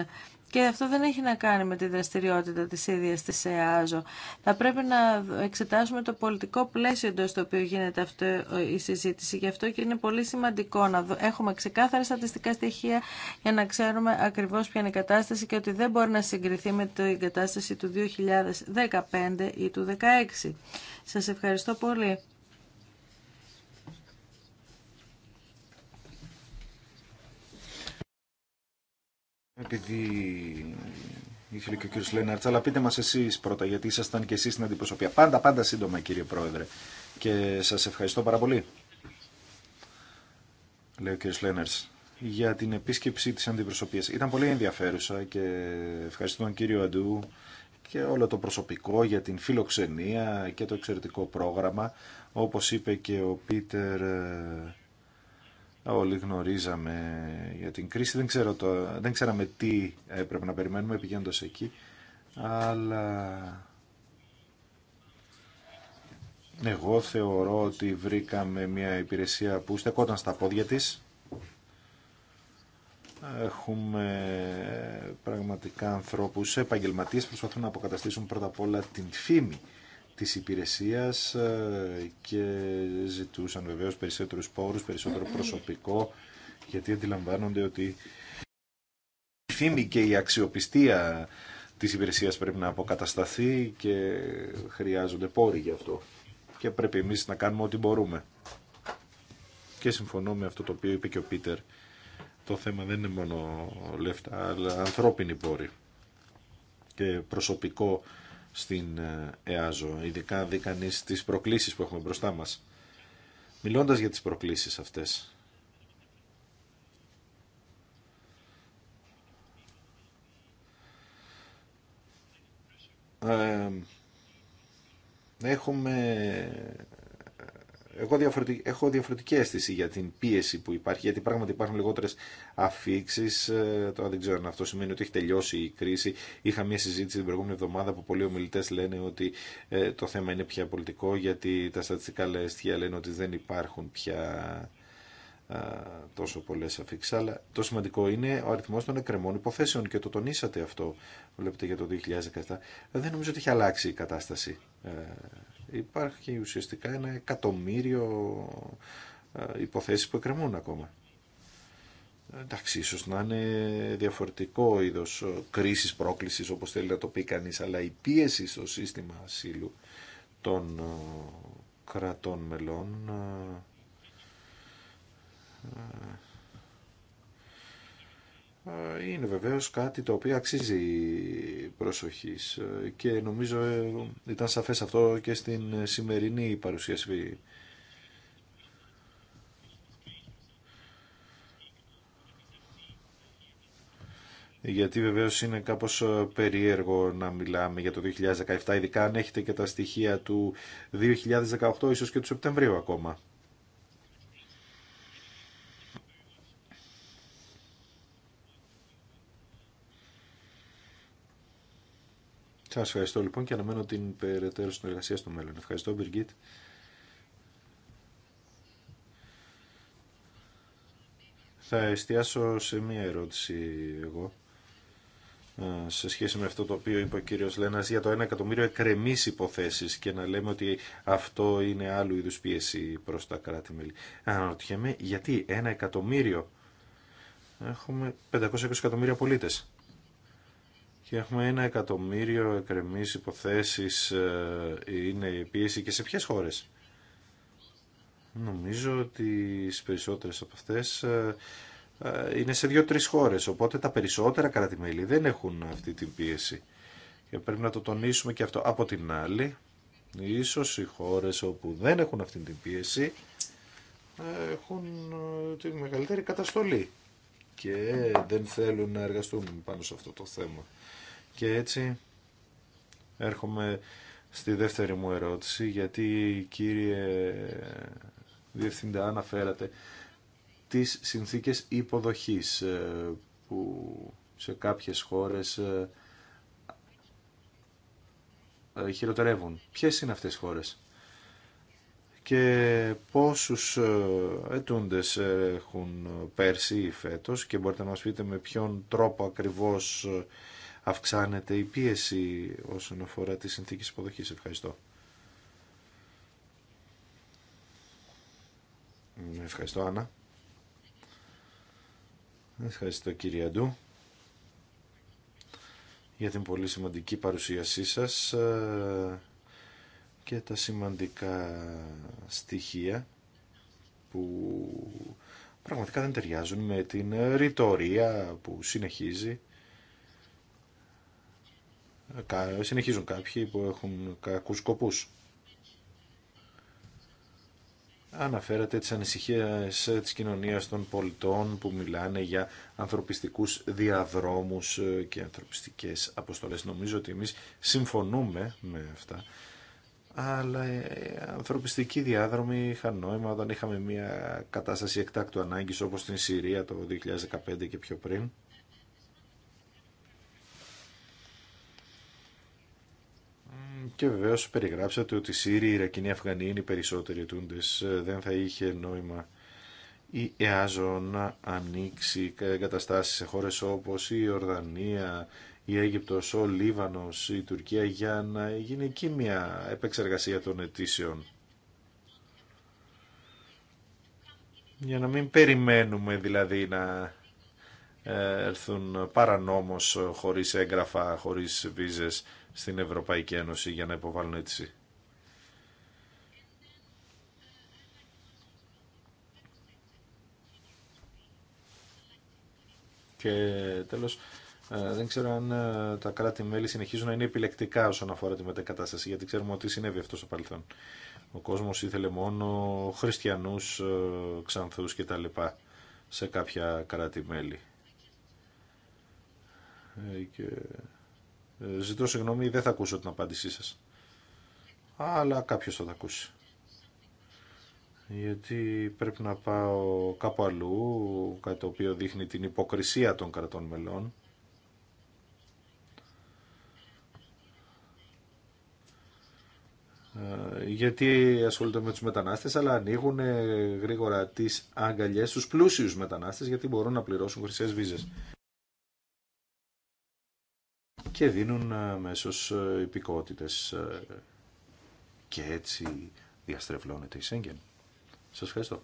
και αυτό δεν έχει να κάνει με τη δραστηριότητα της ίδιας της ΕΑΖΟ. Θα πρέπει να εξετάσουμε το πολιτικό πλαίσιο εντός το οποίο γίνεται αυτή ε, η συζήτηση. Γι' αυτό και είναι πολύ σημαντικό να έχουμε ξεκάθαρα στατιστικά στοιχεία για να ξέρουμε ακριβώς ποια είναι η κατάσταση και ότι δεν μπορεί να συγκριθεί με την κατάσταση του 2015 ή του 2016. Σας ευχαριστώ πολύ. Επειδή ήθελε και ο κύριος Λέναρτς, αλλά πείτε μας εσείς πρώτα, γιατί ήσασταν και εσείς στην αντιπροσωπεία. Πάντα, πάντα σύντομα κύριε Πρόεδρε και σας ευχαριστώ πάρα πολύ. Λέει ο κύριος Λέναρτς για την επίσκεψη της αντιπροσωπείας. Ήταν πολύ ενδιαφέρουσα και ευχαριστώ τον κύριο Αντού και όλο το προσωπικό για την φιλοξενία και το εξαιρετικό πρόγραμμα. Όπως είπε και ο Πίτερ ε, όλοι γνωρίζαμε για την κρίση. Δεν, ξέρω το, δεν ξέραμε τι έπρεπε να περιμένουμε πηγαίνοντα εκεί, αλλά εγώ θεωρώ ότι βρήκαμε μια υπηρεσία που στεκόταν στα πόδια της. Έχουμε πραγματικά ανθρώπους, επαγγελματίες, που προσπαθούν να αποκαταστήσουν πρώτα απ' όλα την φήμη της υπηρεσίας ε, και ζητούσαν βεβαίως περισσότερους πόρους, περισσότερο προσωπικό γιατί αντιλαμβάνονται ότι η φήμη και η αξιοπιστία της υπηρεσίας πρέπει να αποκατασταθεί και χρειάζονται πόροι γι' αυτό και πρέπει εμείς να κάνουμε ό,τι μπορούμε. Και συμφωνώ με αυτό το οποίο είπε και ο Πίτερ. Το θέμα δεν είναι μόνο λεφτά, αλλά ανθρώπινοι πόροι και προσωπικό στην ε, ΕΑΖΟ, ειδικά δει κανεί τι προκλήσεις που έχουμε μπροστά μας. Μιλώντας για τις προκλήσεις αυτές, ε, έχουμε εγώ έχω διαφορετική αίσθηση για την πίεση που υπάρχει, γιατί πράγματι υπάρχουν λιγότερε αφήξει. Ε, τώρα δεν ξέρω αν αυτό σημαίνει ότι έχει τελειώσει η κρίση. Είχα μια συζήτηση την προηγούμενη εβδομάδα που πολλοί ομιλητέ λένε ότι ε, το θέμα είναι πια πολιτικό, γιατί τα στατιστικά αισθία λένε ότι δεν υπάρχουν πια ε, τόσο πολλέ αφήξει. Αλλά το σημαντικό είναι ο αριθμό των εκκρεμών υποθέσεων και το τονίσατε αυτό, βλέπετε, για το 2017. Δεν νομίζω ότι έχει αλλάξει η κατάσταση. Ε, υπάρχει ουσιαστικά ένα εκατομμύριο ε, υποθέσεις που εκκρεμούν ακόμα. Εντάξει, ίσως να είναι διαφορετικό είδος ε, κρίσης, πρόκλησης, όπως θέλει να το πει κανείς, αλλά η πίεση στο σύστημα ασύλου των κρατών μελών ε, είναι βεβαίως κάτι το οποίο αξίζει προσοχής ε, και νομίζω ε, ήταν σαφές αυτό και στην σημερινή παρουσίαση γιατί βεβαίως είναι κάπως περίεργο να μιλάμε για το 2017, ειδικά αν έχετε και τα στοιχεία του 2018, ίσως και του Σεπτεμβρίου ακόμα. Σας ευχαριστώ λοιπόν και αναμένω την περαιτέρω συνεργασία στο μέλλον. Ευχαριστώ Μπιργκίτ. Θα εστιάσω σε μία ερώτηση εγώ ε, σε σχέση με αυτό το οποίο είπε ο κύριο Λένα για το 1 εκατομμύριο εκκρεμεί υποθέσεις και να λέμε ότι αυτό είναι άλλου είδου πίεση προ τα κράτη-μέλη. Αναρωτιέμαι γιατί 1 εκατομμύριο έχουμε 520 εκατομμύρια πολίτες έχουμε ένα εκατομμύριο εκρεμής υποθέσεις ε, είναι η πίεση και σε ποιες χώρες. Νομίζω ότι τις περισσότερες από αυτές ε, ε, είναι σε δύο-τρεις χώρες, οπότε τα περισσότερα κράτη-μέλη δεν έχουν αυτή την πίεση. Και πρέπει να το τονίσουμε και αυτό. Από την άλλη, ίσως οι χώρες όπου δεν έχουν αυτή την πίεση έχουν τη μεγαλύτερη καταστολή και δεν θέλουν να εργαστούν πάνω σε αυτό το θέμα. Και έτσι έρχομαι στη δεύτερη μου ερώτηση, γιατί κύριε Διευθυντά αναφέρατε τις συνθήκες υποδοχής ε, που σε κάποιες χώρες ε, ε, χειροτερεύουν. Ποιες είναι αυτές οι χώρες και πόσους ετούντες έχουν πέρσι ή φέτος και μπορείτε να μας πείτε με ποιον τρόπο ακριβώς αυξάνεται η πίεση όσον αφορά τις συνθήκες υποδοχής. Ευχαριστώ. Ευχαριστώ Άννα. Ευχαριστώ κύριε Αντού για την πολύ σημαντική παρουσίασή σας ε, και τα σημαντικά στοιχεία που πραγματικά δεν ταιριάζουν με την ρητορία που συνεχίζει συνεχίζουν κάποιοι που έχουν κακούς σκοπούς. Αναφέρατε τις ανησυχίες ε, της κοινωνίας των πολιτών που μιλάνε για ανθρωπιστικούς διαδρόμους ε, και ανθρωπιστικές αποστολές. Νομίζω ότι εμείς συμφωνούμε με αυτά. Αλλά οι ε, ανθρωπιστικοί διάδρομοι είχαν νόημα όταν είχαμε μια κατάσταση εκτάκτου ανάγκης όπως στην Συρία το 2015 και πιο πριν Και βεβαίω περιγράψατε ότι οι Σύριοι, οι Ιρακινοί, οι Αφγανοί είναι οι περισσότεροι ετούντε. Ε, δεν θα είχε νόημα η ΕΑΖΟ να ανοίξει εγκαταστάσει σε χώρε όπω η Ορδανία, η Αίγυπτος, ο Λίβανος, η Τουρκία για να γίνει εκεί μια επεξεργασία των αιτήσεων. Για να μην περιμένουμε δηλαδή να ε, έρθουν παρανόμως χωρίς έγγραφα, χωρίς βίζες στην Ευρωπαϊκή Ένωση για να υποβάλουν αίτηση. Και τέλος, ε, δεν ξέρω αν ε, τα κράτη-μέλη συνεχίζουν να είναι επιλεκτικά όσον αφορά τη μετακατάσταση, γιατί ξέρουμε ότι συνέβη αυτό στο παρελθόν. Ο κόσμος ήθελε μόνο χριστιανούς, ε, ξανθούς κτλ. σε κάποια κράτη-μέλη. Και ε, ζητώ συγγνώμη, δεν θα ακούσω την απάντησή σας. Αλλά κάποιος θα τα ακούσει. Γιατί πρέπει να πάω κάπου αλλού, κάτι το οποίο δείχνει την υποκρισία των κρατών μελών. Ε, γιατί ασχολούνται με τους μετανάστες αλλά ανοίγουν ε, γρήγορα τις αγκαλιές τους πλούσιους μετανάστες γιατί μπορούν να πληρώσουν χρυσές βίζες και δίνουν ε, μέσως ε, υπηκότητες ε, και έτσι διαστρεβλώνεται η Σέγγεν. Σας ευχαριστώ.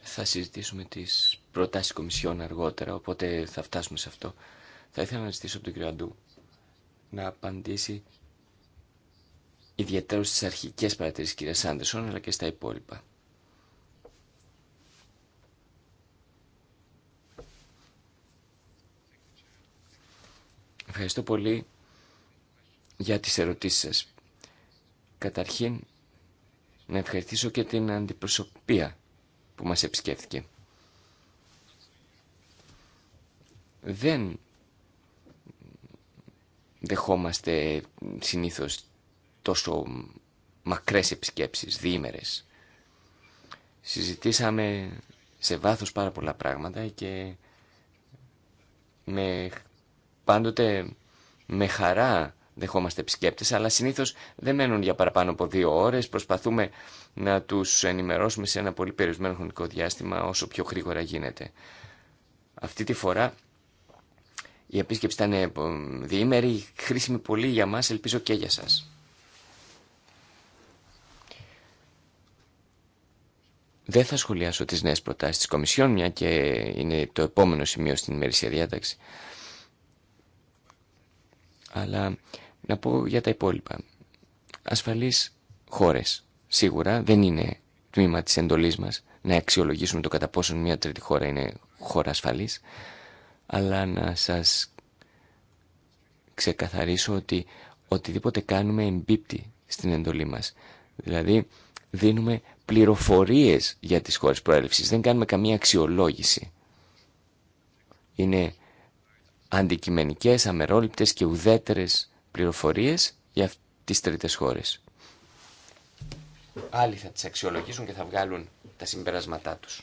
Θα συζητήσουμε τις προτάσεις κομισιών αργότερα, οπότε θα φτάσουμε σε αυτό. Θα ήθελα να ζητήσω από τον κ. Αντού να απαντήσει ιδιαίτερα στις αρχικές παρατηρήσεις κ. Σάντερσον, αλλά και στα υπόλοιπα. Ευχαριστώ πολύ για τις ερωτήσεις σας. Καταρχήν, να ευχαριστήσω και την αντιπροσωπεία που μας επισκέφθηκε. Δεν δεχόμαστε συνήθως τόσο μακρές επισκέψεις, διήμερες. Συζητήσαμε σε βάθος πάρα πολλά πράγματα και με Πάντοτε με χαρά δεχόμαστε επισκέπτες, αλλά συνήθως δεν μένουν για παραπάνω από δύο ώρες. Προσπαθούμε να τους ενημερώσουμε σε ένα πολύ περιορισμένο χρονικό διάστημα όσο πιο γρήγορα γίνεται. Αυτή τη φορά η επίσκεψη ήταν ε, διήμερη, χρήσιμη πολύ για μας, ελπίζω και για σας. Δεν θα σχολιάσω τις νέες προτάσεις της Κομισιόν, μια και είναι το επόμενο σημείο στην ημερήσια διάταξη. Αλλά να πω για τα υπόλοιπα. Ασφαλείς χώρες. Σίγουρα δεν είναι τμήμα της εντολής μας να αξιολογήσουμε το κατά πόσον μια τρίτη χώρα είναι χώρα ασφαλής. Αλλά να σας ξεκαθαρίσω ότι οτιδήποτε κάνουμε εμπίπτει στην εντολή μας. Δηλαδή δίνουμε πληροφορίες για τις χώρες προέλευσης. Δεν κάνουμε καμία αξιολόγηση. Είναι αντικειμενικές, αμερόληπτες και ουδέτερες πληροφορίες για τις τρίτες χώρες. Άλλοι θα τις αξιολογήσουν και θα βγάλουν τα συμπεράσματά τους.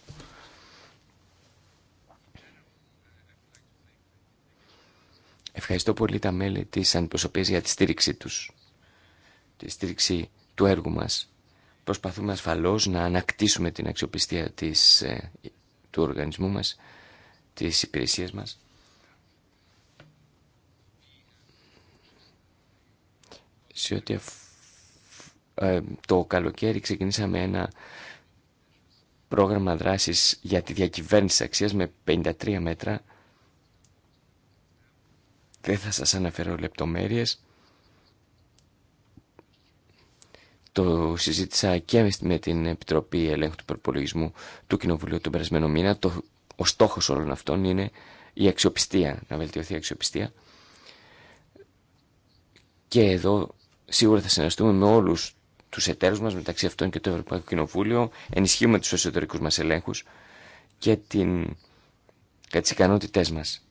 Ευχαριστώ πολύ τα μέλη της αντιπροσωπείας για τη στήριξή τους, τη στήριξη του έργου μας. Προσπαθούμε ασφαλώς να ανακτήσουμε την αξιοπιστία της, ε, του οργανισμού μας, της υπηρεσίας μας. Σε ό,τι ε, το καλοκαίρι ξεκινήσαμε ένα πρόγραμμα δράσης για τη διακυβέρνηση αξίας με 53 μέτρα. Δεν θα σας αναφέρω λεπτομέρειες. Το συζήτησα και με την Επιτροπή Ελέγχου του Προπολογισμού του Κοινοβουλίου τον περασμένο μήνα. Το, ο στόχος όλων αυτών είναι η αξιοπιστία, να βελτιωθεί η αξιοπιστία. Και εδώ Σίγουρα θα συνεργαστούμε με όλους τους εταίρους μας, μεταξύ αυτών και το Ευρωπαϊκό Κοινοβούλιο, ενισχύουμε τους εσωτερικούς μας ελέγχους και, την... και τις μας.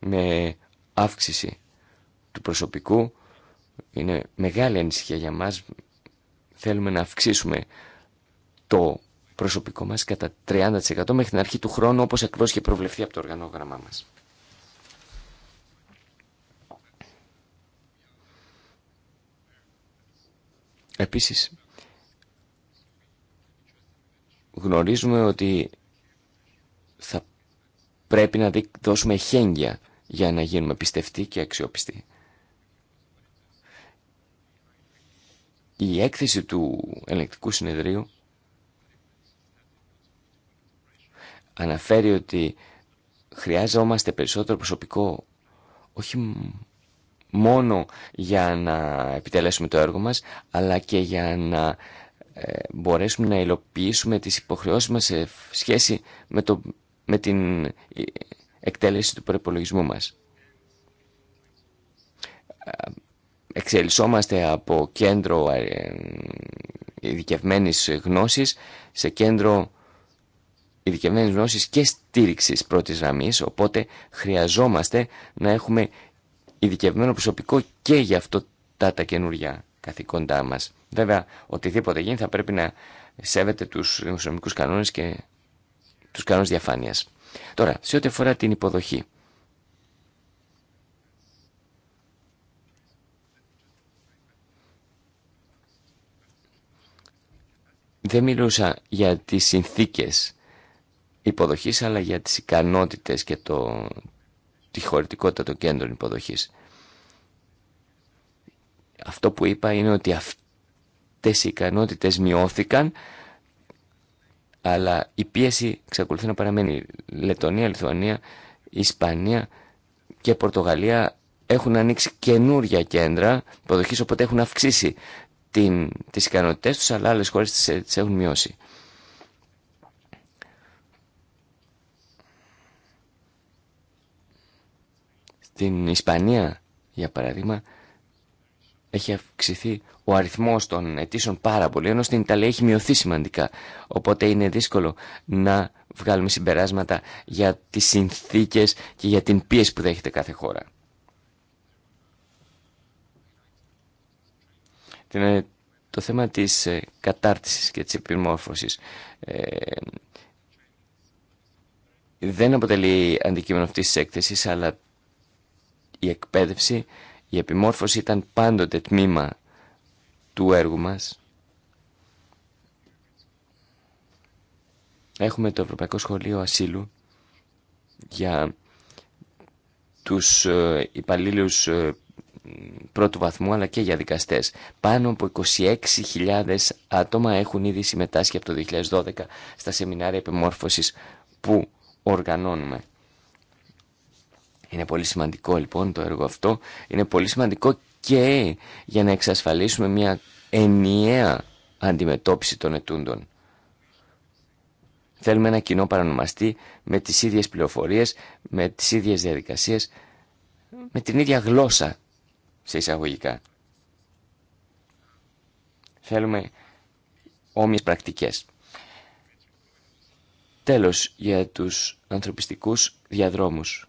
Με αύξηση του προσωπικού είναι μεγάλη ανησυχία για μας. Θέλουμε να αυξήσουμε το προσωπικό μας κατά 30% μέχρι την αρχή του χρόνου όπως ακριβώς είχε προβλεφθεί από το οργανόγραμμά μας. Επίσης, γνωρίζουμε ότι θα πρέπει να δώσουμε χέγγια για να γίνουμε πιστευτοί και αξιόπιστοι. Η έκθεση του ελεκτικού συνεδρίου αναφέρει ότι χρειάζομαστε περισσότερο προσωπικό όχι μόνο για να επιτελέσουμε το έργο μας, αλλά και για να ε, μπορέσουμε να υλοποιήσουμε τις υποχρεώσεις μας σε σχέση με, το, με την ε, εκτέλεση του προπολογισμού μας. Ε, εξελισσόμαστε από κέντρο ειδικευμένη γνώσης σε κέντρο ειδικευμένη γνώσης και στήριξης πρώτης γραμμή, οπότε χρειαζόμαστε να έχουμε ειδικευμένο προσωπικό και για αυτό τα, τα καινούργια καθήκοντά μας. Βέβαια, οτιδήποτε γίνει θα πρέπει να σέβεται τους δημοσιονομικού κανόνες και τους κανόνες διαφάνειας. Τώρα, σε ό,τι αφορά την υποδοχή. Δεν μιλούσα για τις συνθήκες υποδοχής, αλλά για τις ικανότητες και το, τη χωρητικότητα των κέντρων υποδοχής. Αυτό που είπα είναι ότι αυτές οι ικανότητες μειώθηκαν, αλλά η πίεση εξακολουθεί να παραμένει. Λετωνία, Λιθουανία, Ισπανία και Πορτογαλία έχουν ανοίξει καινούρια κέντρα υποδοχής, οπότε έχουν αυξήσει την, τις ικανότητές τους, αλλά άλλες χώρες τις, έχουν μειώσει. Στην Ισπανία, για παράδειγμα, έχει αυξηθεί ο αριθμός των αιτήσεων πάρα πολύ, ενώ στην Ιταλία έχει μειωθεί σημαντικά. Οπότε είναι δύσκολο να βγάλουμε συμπεράσματα για τις συνθήκες και για την πίεση που δέχεται κάθε χώρα. Ε, το θέμα της ε, κατάρτισης και της επιμόρφωσης ε, δεν αποτελεί αντικείμενο αυτής της έκθεσης, αλλά η εκπαίδευση, η επιμόρφωση ήταν πάντοτε τμήμα του έργου μας. Έχουμε το Ευρωπαϊκό Σχολείο Ασύλου για τους ε, υπαλλήλους ε, πρώτου βαθμού αλλά και για δικαστές. Πάνω από 26.000 άτομα έχουν ήδη συμμετάσχει από το 2012 στα σεμινάρια επιμόρφωσης που οργανώνουμε. Είναι πολύ σημαντικό λοιπόν το έργο αυτό. Είναι πολύ σημαντικό και για να εξασφαλίσουμε μια ενιαία αντιμετώπιση των ετούντων. Θέλουμε ένα κοινό παρανομαστή με τις ίδιες πληροφορίες, με τις ίδιες διαδικασίες, με την ίδια γλώσσα σε εισαγωγικά. Θέλουμε όμοιες πρακτικές. Τέλος, για τους ανθρωπιστικούς διαδρόμους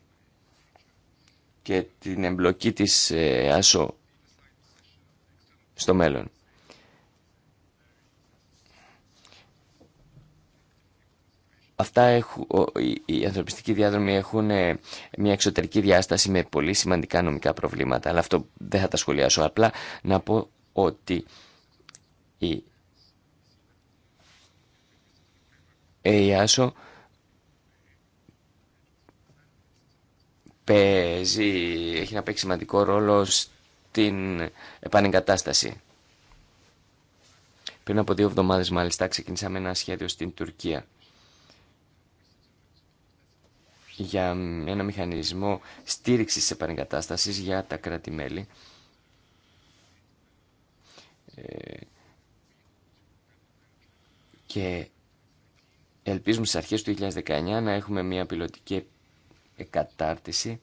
και την εμπλοκή της ΑΣΟ ε, στο μέλλον. Αυτά έχουν, οι ανθρωπιστικοί διάδρομοι έχουν ε, μια εξωτερική διάσταση με πολύ σημαντικά νομικά προβλήματα, αλλά αυτό δεν θα τα σχολιάσω. Απλά να πω ότι η, η ΑΣΟ παίζει, έχει να παίξει σημαντικό ρόλο στην επανεγκατάσταση. Πριν από δύο εβδομάδες μάλιστα ξεκινήσαμε ένα σχέδιο στην Τουρκία για ένα μηχανισμό στήριξης της επανεγκατάστασης για τα κράτη-μέλη. Ε, και ελπίζουμε στις αρχές του 2019 να έχουμε μια πιλωτική εκατάρτιση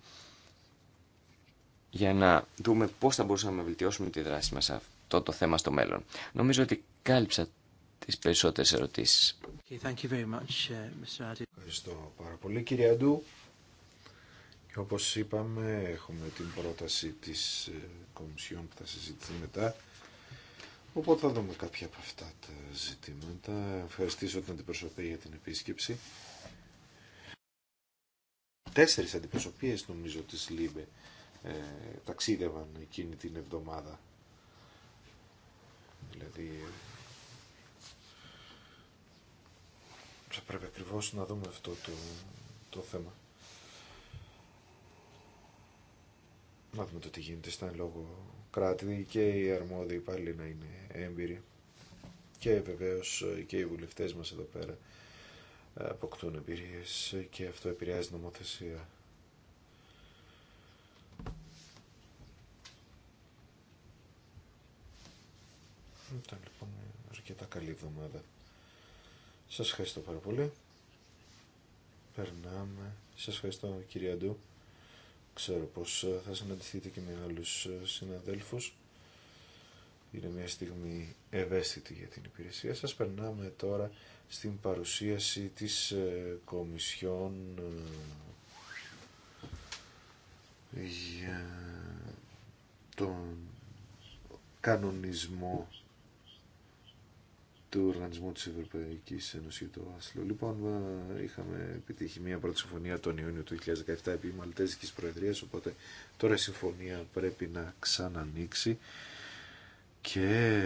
για να δούμε πώς θα μπορούσαμε να βελτιώσουμε τη δράση μας αυτό το θέμα στο μέλλον. Νομίζω ότι κάλυψα τις περισσότερες ερωτήσεις. thank you very much, uh, Mr. Ευχαριστώ πάρα πολύ κύριε Αντού. Και όπως είπαμε έχουμε την πρόταση της ε, Κομισιόν που θα συζητηθεί μετά. Οπότε θα δούμε κάποια από αυτά τα ζητήματα. Ευχαριστήσω την αντιπροσωπή για την επίσκεψη τέσσερις αντιπροσωπείες νομίζω της ΛΥΜΕ ε, ταξίδευαν εκείνη την εβδομάδα. Δηλαδή ε, θα πρέπει ακριβώ να δούμε αυτό το, το θέμα. Να δούμε το τι γίνεται στα λόγω κράτη και οι αρμόδιοι πάλι να είναι έμπειροι και βεβαίως ε, και οι βουλευτές μας εδώ πέρα αποκτούν εμπειρίες και αυτό επηρεάζει νομοθεσία. Ήταν λοιπόν αρκετά καλή εβδομάδα. Σας ευχαριστώ πάρα πολύ. Περνάμε. Σας ευχαριστώ κυρία Ντού. Ξέρω πως θα συναντηθείτε και με άλλους συναδέλφους είναι μια στιγμή ευαίσθητη για την υπηρεσία σας. Περνάμε τώρα στην παρουσίαση της ε, Κομισιόν ε, για τον κανονισμό του Οργανισμού της Ευρωπαϊκής Ένωσης για το Άσυλο. Λοιπόν, ε, είχαμε επιτύχει μια πρώτη συμφωνία τον Ιούνιο του 2017 επί Μαλτέζικης Προεδρίας, οπότε τώρα η συμφωνία πρέπει να ξανανοίξει και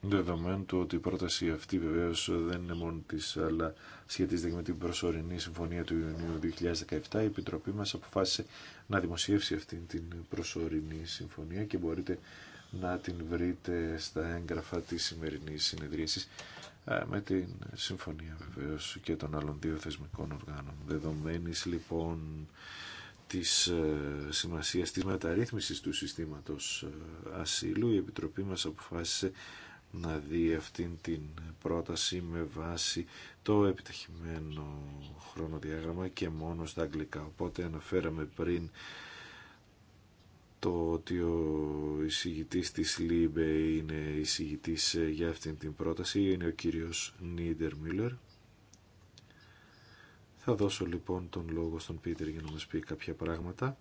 δεδομένου του ότι η πρόταση αυτή βεβαίως δεν είναι μόνη της αλλά σχετίζεται με την προσωρινή συμφωνία του Ιουνίου 2017 η Επιτροπή μας αποφάσισε να δημοσιεύσει αυτή την προσωρινή συμφωνία και μπορείτε να την βρείτε στα έγγραφα της σημερινής συνεδρίασης με την συμφωνία βεβαίως και των άλλων δύο θεσμικών οργάνων. Δεδομένης λοιπόν της ε, σημασίας της μεταρρύθμισης του συστήματος ε, ασύλου η Επιτροπή μας αποφάσισε να δει αυτήν την πρόταση με βάση το επιτυχημένο χρονοδιάγραμμα και μόνο στα αγγλικά. Οπότε αναφέραμε πριν το ότι ο εισηγητής της ΛΥΜΠΕ είναι εισηγητής ε, για αυτήν την πρόταση, είναι ο κύριος Νίτερ Μίλλερ θα δώσω λοιπόν τον λόγο στον Πίτερ για να μας πει κάποια πράγματα.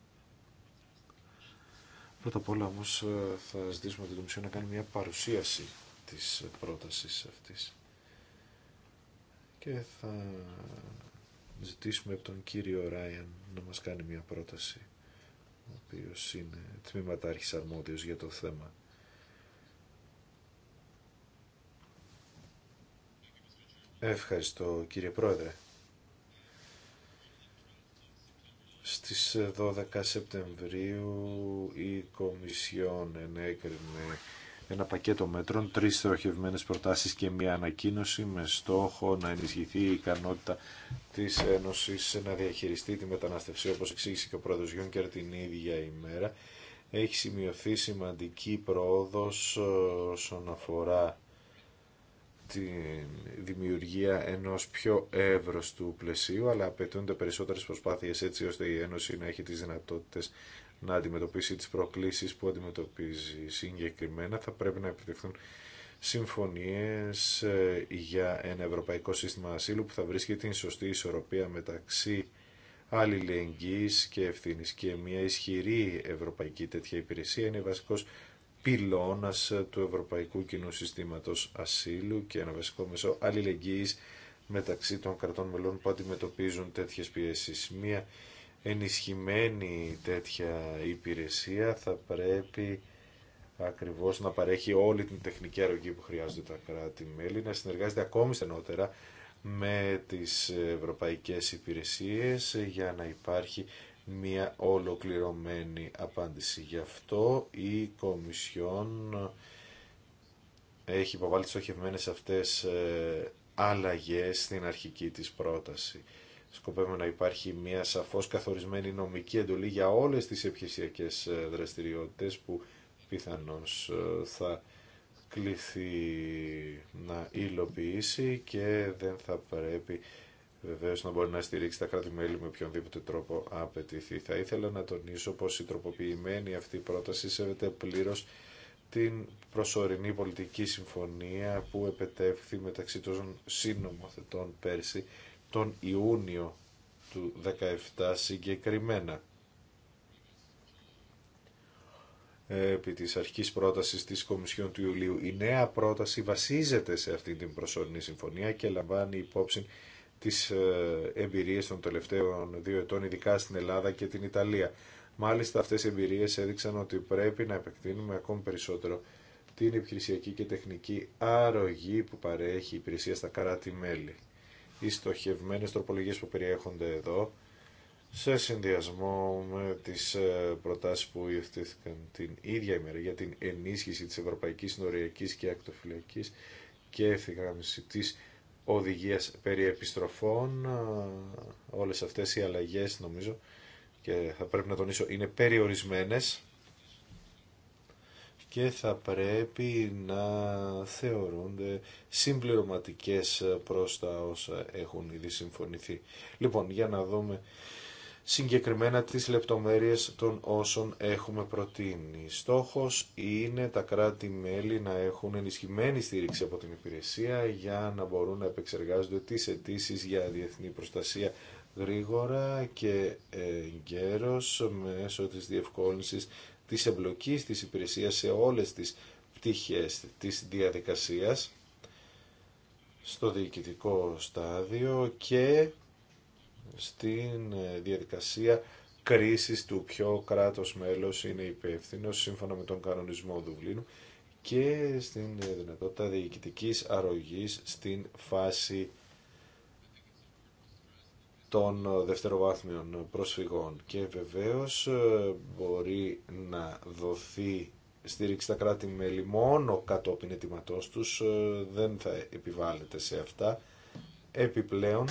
Πρώτα απ' όλα όμως ε, θα ζητήσουμε την Κομισιόν να κάνει μια παρουσίαση της πρότασης αυτής. Και θα ζητήσουμε από τον κύριο Ράιαν να μας κάνει μια πρόταση, ο οποίος είναι τμήματάρχης αρμόδιος για το θέμα. Ευχαριστώ κύριε Πρόεδρε. στις 12 ε, Σεπτεμβρίου η Κομισιόν ενέκρινε ένα πακέτο μέτρων, τρεις στοχευμένες προτάσεις και μια ανακοίνωση με στόχο να ενισχυθεί η ικανότητα της Ένωσης να διαχειριστεί τη μεταναστευσή όπως εξήγησε και ο πρόεδρος Γιούνκερ την ίδια ημέρα. Έχει σημειωθεί σημαντική πρόοδος ε, όσον αφορά τη δημιουργία ενός πιο του πλαισίου, αλλά απαιτούνται περισσότερες προσπάθειες έτσι ώστε η Ένωση να έχει τις δυνατότητες να αντιμετωπίσει τις προκλήσεις που αντιμετωπίζει συγκεκριμένα. Θα πρέπει να επιτευχθούν συμφωνίες ε, για ένα ευρωπαϊκό σύστημα ασύλου που θα βρίσκει την σωστή ισορροπία μεταξύ αλληλεγγύης και ευθύνης και μια ισχυρή ευρωπαϊκή τέτοια υπηρεσία είναι βασικός πυλώνας ε, του Ευρωπαϊκού Κοινού Συστήματος Ασύλου και ένα βασικό μέσο αλληλεγγύης μεταξύ των κρατών μελών που αντιμετωπίζουν τέτοιες πιέσεις. Μία ενισχυμένη τέτοια υπηρεσία θα πρέπει ακριβώς να παρέχει όλη την τεχνική αρρωγή που χρειάζονται τα κράτη-μέλη, να συνεργάζεται ακόμη στενότερα με τις ευρωπαϊκές υπηρεσίες για να υπάρχει μια ολοκληρωμένη απάντηση. Γι' αυτό η Κομισιόν έχει υποβάλει στοχευμένες αυτές ε, αλλαγές στην αρχική της πρόταση. Σκοπεύουμε να υπάρχει μια σαφώς καθορισμένη νομική εντολή για όλες τις επιχειρησιακές ε, δραστηριότητες που πιθανώς ε, θα κληθεί να υλοποιήσει και δεν θα πρέπει βεβαίω να μπορεί να στηρίξει τα κράτη-μέλη με οποιονδήποτε τρόπο απαιτηθεί. Θα ήθελα να τονίσω πω η τροποποιημένη αυτή πρόταση σέβεται πλήρω την προσωρινή πολιτική συμφωνία που επετεύχθη μεταξύ των συνομοθετών πέρσι τον Ιούνιο του 2017 συγκεκριμένα. Επί της αρχής πρότασης της Κομισιόν του Ιουλίου η νέα πρόταση βασίζεται σε αυτή την προσωρινή συμφωνία και λαμβάνει υπόψη τις ε, εμπειρίες των τελευταίων δύο ετών, ειδικά στην Ελλάδα και την Ιταλία. Μάλιστα αυτές οι εμπειρίες έδειξαν ότι πρέπει να επεκτείνουμε ακόμη περισσότερο την επιχειρησιακή και τεχνική αρρωγή που παρέχει η υπηρεσία στα κράτη-μέλη. Οι στοχευμένες τροπολογίες που περιέχονται εδώ, σε συνδυασμό με τις ε, προτάσεις που υιοθετήθηκαν την ίδια ημέρα για την ενίσχυση της Ευρωπαϊκής Νοριακής και Ακτοφυλακής και ευθυγράμμιση της οδηγίες περί επιστροφών. Όλες αυτές οι αλλαγές νομίζω και θα πρέπει να τονίσω είναι περιορισμένες και θα πρέπει να θεωρούνται συμπληρωματικές προς τα όσα έχουν ήδη συμφωνηθεί. Λοιπόν, για να δούμε συγκεκριμένα τις λεπτομέρειες των όσων έχουμε προτείνει. Στόχος είναι τα κράτη-μέλη να έχουν ενισχυμένη στήριξη από την υπηρεσία για να μπορούν να επεξεργάζονται τις αιτήσει για διεθνή προστασία γρήγορα και γέρος μέσω της διευκόλυνσης της εμπλοκής της υπηρεσίας σε όλες τις πτυχές της διαδικασίας στο διοικητικό στάδιο και στην ε, διαδικασία κρίσης του ποιο κράτος μέλος είναι υπεύθυνο σύμφωνα με τον κανονισμό Δουβλίνου και στην ε, δυνατότητα διοικητικής αρρωγής στην φάση των ε, δευτεροβάθμιων προσφυγών και βεβαίως μπορεί να δοθεί στήριξη στα κράτη-μέλη μόνο κατόπιν ετοιματός τους, δεν θα επιβάλλεται σε αυτά. Επιπλέον,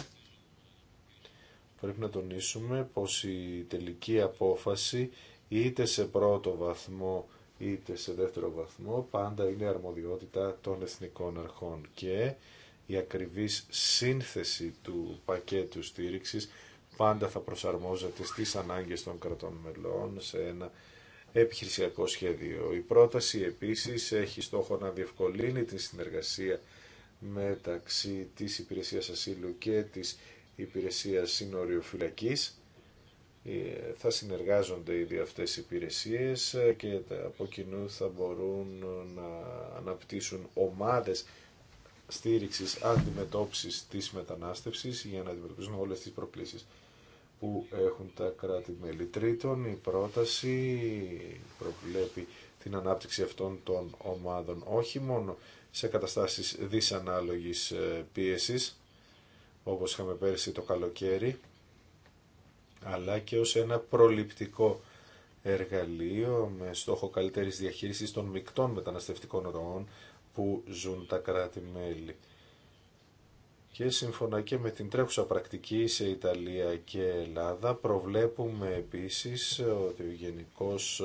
πρέπει να τονίσουμε πως η τελική απόφαση είτε σε πρώτο βαθμό είτε σε δεύτερο βαθμό πάντα είναι αρμοδιότητα των εθνικών αρχών και η ακριβής σύνθεση του πακέτου στήριξης πάντα θα προσαρμόζεται στις ανάγκες των κρατών μελών σε ένα επιχειρησιακό σχέδιο. Η πρόταση επίσης έχει στόχο να διευκολύνει τη συνεργασία μεταξύ της Υπηρεσίας Ασύλου και της υπηρεσία συνοριοφυλακή ε, Θα συνεργάζονται ήδη αυτές οι υπηρεσίες ε, και από κοινού θα μπορούν ε, να αναπτύσσουν ομάδες στήριξης αντιμετώπισης της μετανάστευσης για να αντιμετωπίσουν όλες τις προκλήσεις που έχουν τα κράτη-μέλη. Τρίτον, η πρόταση προβλέπει την ανάπτυξη αυτών των ομάδων όχι μόνο σε καταστάσεις δυσανάλογης πίεσης, όπως είχαμε πέρσι το καλοκαίρι, αλλά και ως ένα προληπτικό εργαλείο με στόχο καλύτερης διαχείρισης των μεικτών μεταναστευτικών ροών που ζουν τα κράτη-μέλη. Και σύμφωνα και με την τρέχουσα πρακτική σε Ιταλία και Ελλάδα προβλέπουμε επίσης ότι ο γενικός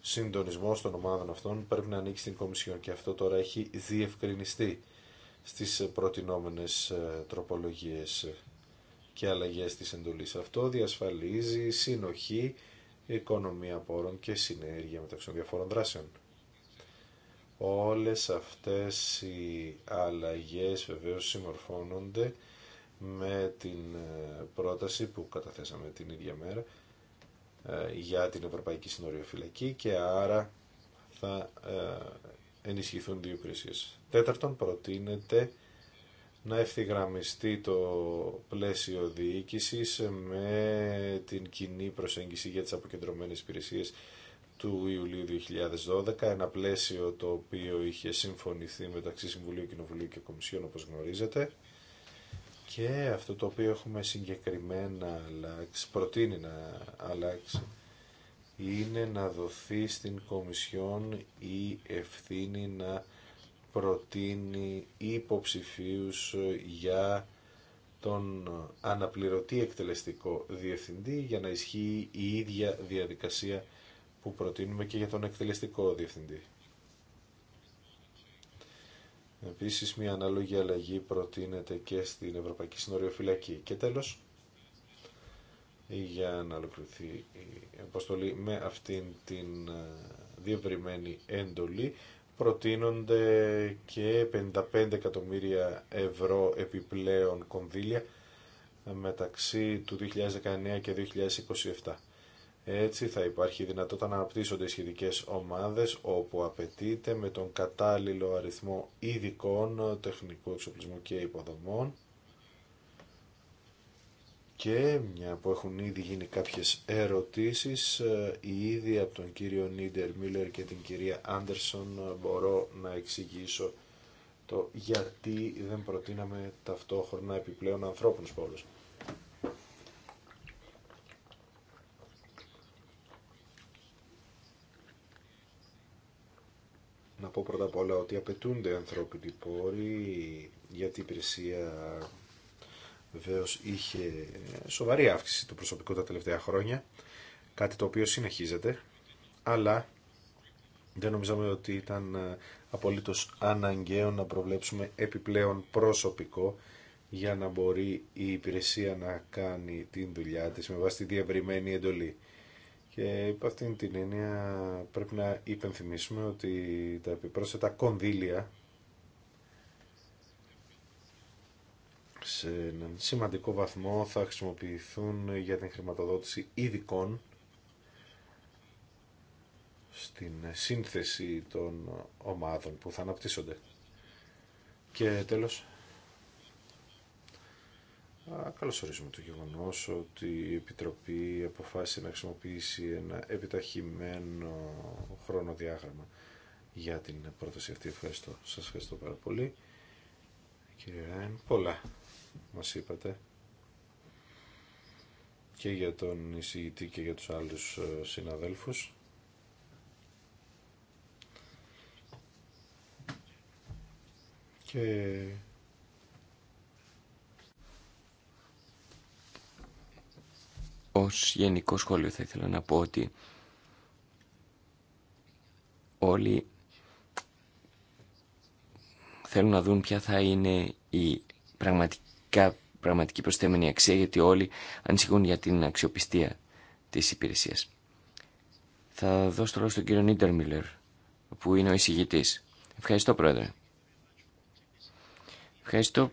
συντονισμός των ομάδων αυτών πρέπει να ανοίξει στην Κομισιόν και αυτό τώρα έχει διευκρινιστεί στις προτινόμενες ε, τροπολογίες και αλλαγές της εντολής. Αυτό διασφαλίζει συνοχή, οικονομία πόρων και συνέργεια μεταξύ των διαφόρων δράσεων. Όλες αυτές οι αλλαγές βεβαίως συμμορφώνονται με την ε, πρόταση που καταθέσαμε την ίδια μέρα ε, για την Ευρωπαϊκή Συνοριοφυλακή και άρα θα ενισχυθούν δύο υπηρεσίες. Τέταρτον, προτείνεται να ευθυγραμμιστεί το πλαίσιο διοίκησης με την κοινή προσέγγιση για τις αποκεντρωμένες υπηρεσίες του Ιουλίου 2012, ένα πλαίσιο το οποίο είχε συμφωνηθεί μεταξύ Συμβουλίου, Κοινοβουλίου και Κομισιών, όπως γνωρίζετε και αυτό το οποίο έχουμε συγκεκριμένα αλλάξει, προτείνει να αλλάξει είναι να δοθεί στην Κομισιόν η ευθύνη να προτείνει υποψηφίους για τον αναπληρωτή εκτελεστικό διευθυντή για να ισχύει η ίδια διαδικασία που προτείνουμε και για τον εκτελεστικό διευθυντή. Επίσης, μια ανάλογη αλλαγή προτείνεται και στην Ευρωπαϊκή Συνοριοφυλακή. Και τέλος, για να ολοκληρωθεί η αποστολή με αυτήν την ε, διευρυμένη έντολη, προτείνονται και 55 εκατομμύρια ευρώ επιπλέον κονδύλια μεταξύ του 2019 και 2027. Έτσι θα υπάρχει δυνατότητα να αναπτύσσονται σχετικές ομάδες όπου απαιτείται με τον κατάλληλο αριθμό ειδικών, τεχνικού εξοπλισμού και υποδομών και μια που έχουν ήδη γίνει κάποιες ερωτήσεις, ε, ήδη από τον κύριο Νίντερ Μίλλερ και την κυρία Άντερσον ε, μπορώ να εξηγήσω το γιατί δεν προτείναμε ταυτόχρονα επιπλέον ανθρώπινους πόλους. Να πω πρώτα απ' όλα ότι απαιτούνται ανθρώπινοι πόροι για την υπηρεσία Βεβαίω είχε σοβαρή αύξηση του προσωπικού τα τελευταία χρόνια, κάτι το οποίο συνεχίζεται, αλλά δεν νομίζαμε ότι ήταν ε, απολύτως αναγκαίο να προβλέψουμε επιπλέον προσωπικό για να μπορεί η υπηρεσία να κάνει την δουλειά της με βάση τη διευρυμένη εντολή. Και υπ' αυτήν την έννοια πρέπει να υπενθυμίσουμε ότι τα επιπρόσθετα κονδύλια σε έναν σημαντικό βαθμό θα χρησιμοποιηθούν για την χρηματοδότηση ειδικών στην σύνθεση των ομάδων που θα αναπτύσσονται. Και τέλος, καλώς ορίζουμε το γεγονός ότι η Επιτροπή αποφάσισε να χρησιμοποιήσει ένα επιταχυμένο χρονοδιάγραμμα για την πρόταση αυτή. Ευχαριστώ. Σας ευχαριστώ πάρα πολύ. Κύριε Ράιν, πολλά μας είπατε και για τον εισηγητή και για τους άλλους ε, συναδέλφους. Και... Ως γενικό σχόλιο θα ήθελα να πω ότι όλοι θέλουν να δουν ποια θα είναι η πραγματική πραγματικά, πραγματική προσθέμενη αξία γιατί όλοι ανησυχούν για την αξιοπιστία της υπηρεσίας. Θα δώσω τώρα στον κύριο Νίντερ Μίλλερ, που είναι ο εισηγητής. Ευχαριστώ, Πρόεδρε. Ευχαριστώ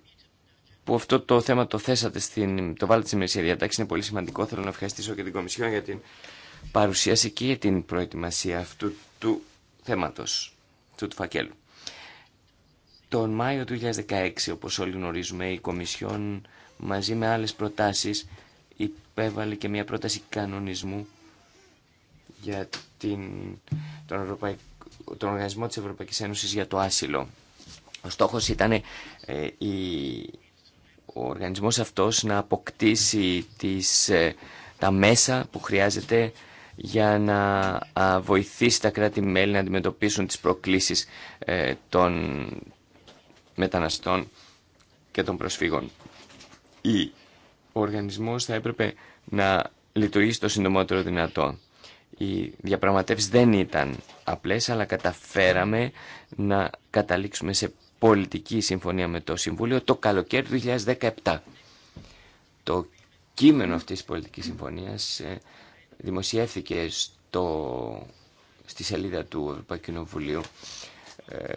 που αυτό το θέμα το θέσατε, στην, το βάλετε στην ημερησία διατάξη. Είναι πολύ σημαντικό. Θέλω να ευχαριστήσω και την Κομισιόν για την παρουσίαση και για την προετοιμασία αυτού του θέματος, αυτού του φακέλου. Τον Μάιο του 2016, όπως όλοι γνωρίζουμε, η Κομισιόν μαζί με άλλες προτάσεις υπέβαλε και μια πρόταση κανονισμού για την, τον, Ευρωπαϊκ, τον Οργανισμό της Ευρωπαϊκής Ένωσης για το άσυλο. Ο στόχος ήταν ε, η, ο οργανισμός αυτός να αποκτήσει τις, ε, τα μέσα που χρειάζεται για να βοηθήσει τα κράτη-μέλη να αντιμετωπίσουν τις προκλήσεις ε, των, μεταναστών και των προσφύγων. Ή ο οργανισμός θα έπρεπε να λειτουργήσει το συντομότερο δυνατό. Οι διαπραγματεύσει δεν ήταν απλές, αλλά καταφέραμε να καταλήξουμε σε πολιτική συμφωνία με το Συμβούλιο το καλοκαίρι του 2017. Το κείμενο αυτής της πολιτικής συμφωνίας ε, δημοσιεύθηκε στο, στη σελίδα του Ευρωπαϊκού Κοινοβουλίου ε,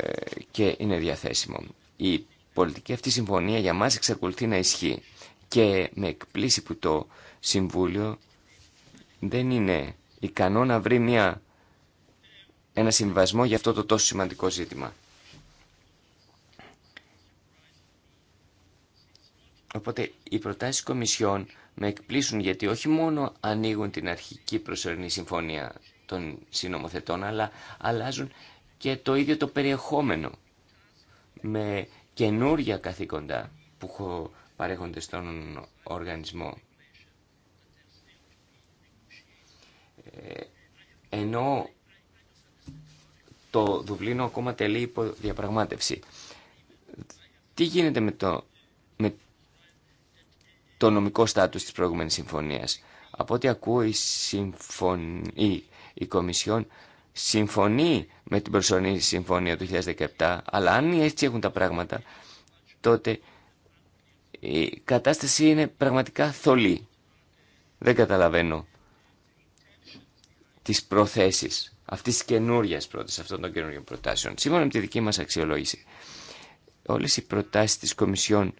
και είναι διαθέσιμο. Η πολιτική αυτή συμφωνία για μας εξακολουθεί να ισχύει και με εκπλήσει που το Συμβούλιο δεν είναι ικανό να βρει μια, ένα συμβασμό για αυτό το τόσο σημαντικό ζήτημα. Οπότε οι προτάσεις Κομισιόν με εκπλήσουν γιατί όχι μόνο ανοίγουν την αρχική προσωρινή συμφωνία των συνομοθετών αλλά αλλάζουν και το ίδιο το περιεχόμενο με καινούρια καθήκοντα που παρέχονται στον οργανισμό. Ε, ενώ το Δουβλίνο ακόμα τελεί υπό διαπραγμάτευση. Τι γίνεται με το, με το νομικό στάτους της προηγούμενης συμφωνίας. Από ό,τι ακούω η, συμφων... η, η Κομισιόν συμφωνεί με την προσωρινή συμφωνία του 2017, αλλά αν έτσι έχουν τα πράγματα, τότε η κατάσταση είναι πραγματικά θολή. Δεν καταλαβαίνω τις προθέσεις αυτής της καινούρια πρότασης, αυτών των καινούργιων προτάσεων. Σύμφωνα με τη δική μας αξιολόγηση, όλες οι προτάσεις της Κομισιόν